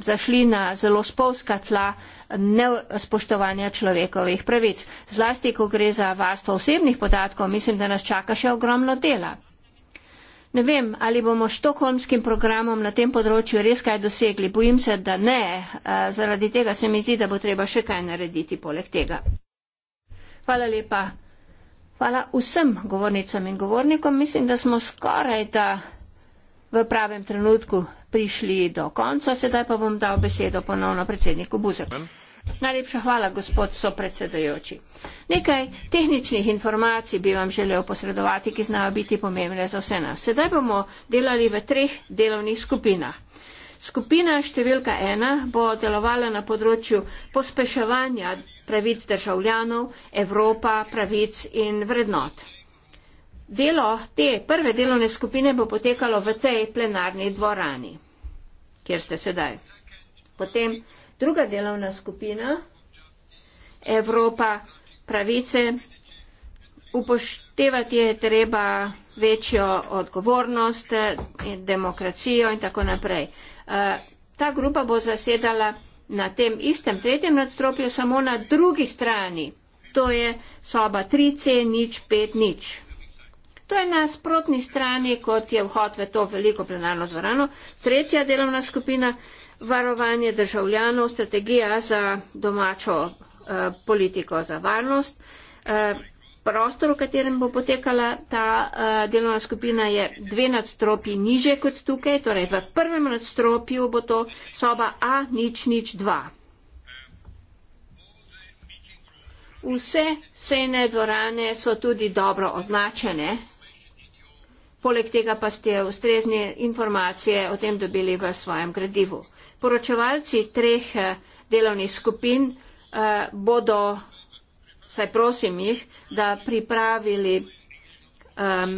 zašli na zelo spolska tla nespoštovanja človekovih pravic. Zlasti, ko gre za varstvo osebnih podatkov, mislim, da nas čaka še ogromno dela. Ne vem, ali bomo štokholmskim programom na tem področju res kaj dosegli. Bojim se, da ne. Eh, zaradi tega se mi zdi, da bo treba še kaj narediti poleg tega. Hvala lepa. Hvala vsem govornicam in govornikom. Mislim, da smo skoraj da v pravem trenutku prišli do konca. Sedaj pa bom dal besedo ponovno predsedniku Buzeku. Najlepša hvala, gospod sopredsedujoči. Nekaj tehničnih informacij bi vam želel posredovati, ki znajo biti pomembne za vse nas. Sedaj bomo delali v treh delovnih skupinah. Skupina številka ena bo delovala na področju pospeševanja pravic državljanov, Evropa pravic in vrednot. Delo te prve delovne skupine bo potekalo v tej plenarni dvorani, kjer ste sedaj. Potem druga delovna skupina, Evropa pravice, upoštevati je treba večjo odgovornost, demokracijo in tako naprej. Eh, ta grupa bo zasedala na tem istem tretjem nadstropju, samo na drugi strani. To je soba 3C, nič, 5, nič. To je na sprotni strani, kot je vhod v to veliko plenarno dvorano. Tretja delovna skupina, varovanje državljanov, strategija za domačo eh, politiko, za varnost. Eh, prostor, v katerem bo potekala ta uh, delovna skupina, je dve nadstropji niže kot tukaj. Torej, v prvem nadstropju bo to soba A002. Vse sejne dvorane so tudi dobro označene. Poleg tega pa ste ustrezne informacije o tem dobili v svojem gradivu. Poročevalci treh eh, delovnih skupin uh, bodo saj prosim jih, da pripravili um,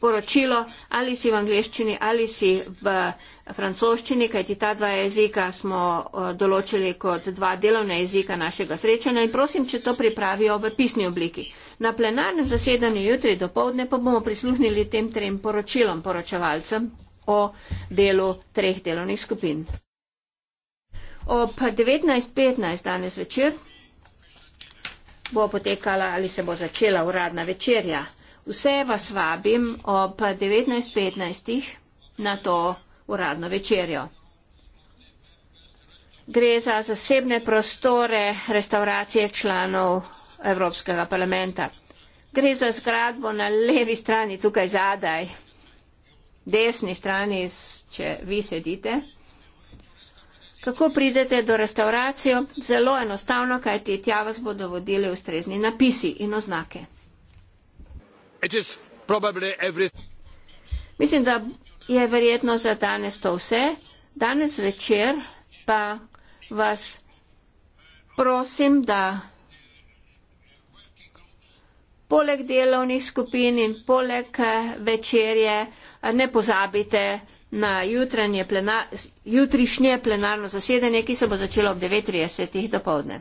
poročilo ali si v angleščini ali si v francoščini, kajti ta dva jezika smo uh, določili kot dva delovna jezika našega srečanja in prosim, če to pripravijo v pisni obliki. Na plenarnem zasedanju jutri do povdne pa bomo prisluhnili tem trem poročilom poročevalcem o delu treh delovnih skupin. Ob 19.15 danes večer bo potekala ali se bo začela uradna večerja. Vse vas vabim ob 19.15. na to uradno večerjo. Gre za zasebne prostore restauracije članov Evropskega parlamenta. Gre za zgradbo na levi strani, tukaj zadaj, desni strani, če vi sedite. Kako pridete do restauracijo? Zelo enostavno, kaj ti tja vas bodo vodili ustrezni napisi in oznake. Mislim, da je verjetno za danes to vse. Danes večer pa vas prosim, da poleg delovnih skupin in poleg eh, večerje eh, ne pozabite, na jutranje plenar, jutrišnje plenarno zasedanje, ki se bo začelo ob 9.30 do povdne.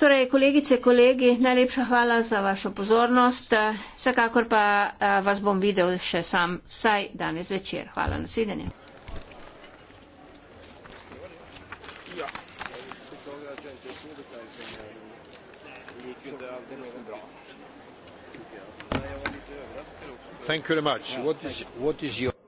Torej, kolegice, kolegi, najlepša hvala za vašo pozornost. Vsekakor pa eh, vas bom videl še sam vsaj danes večer. Hvala, nasvidenje. Ja. Ja, what is your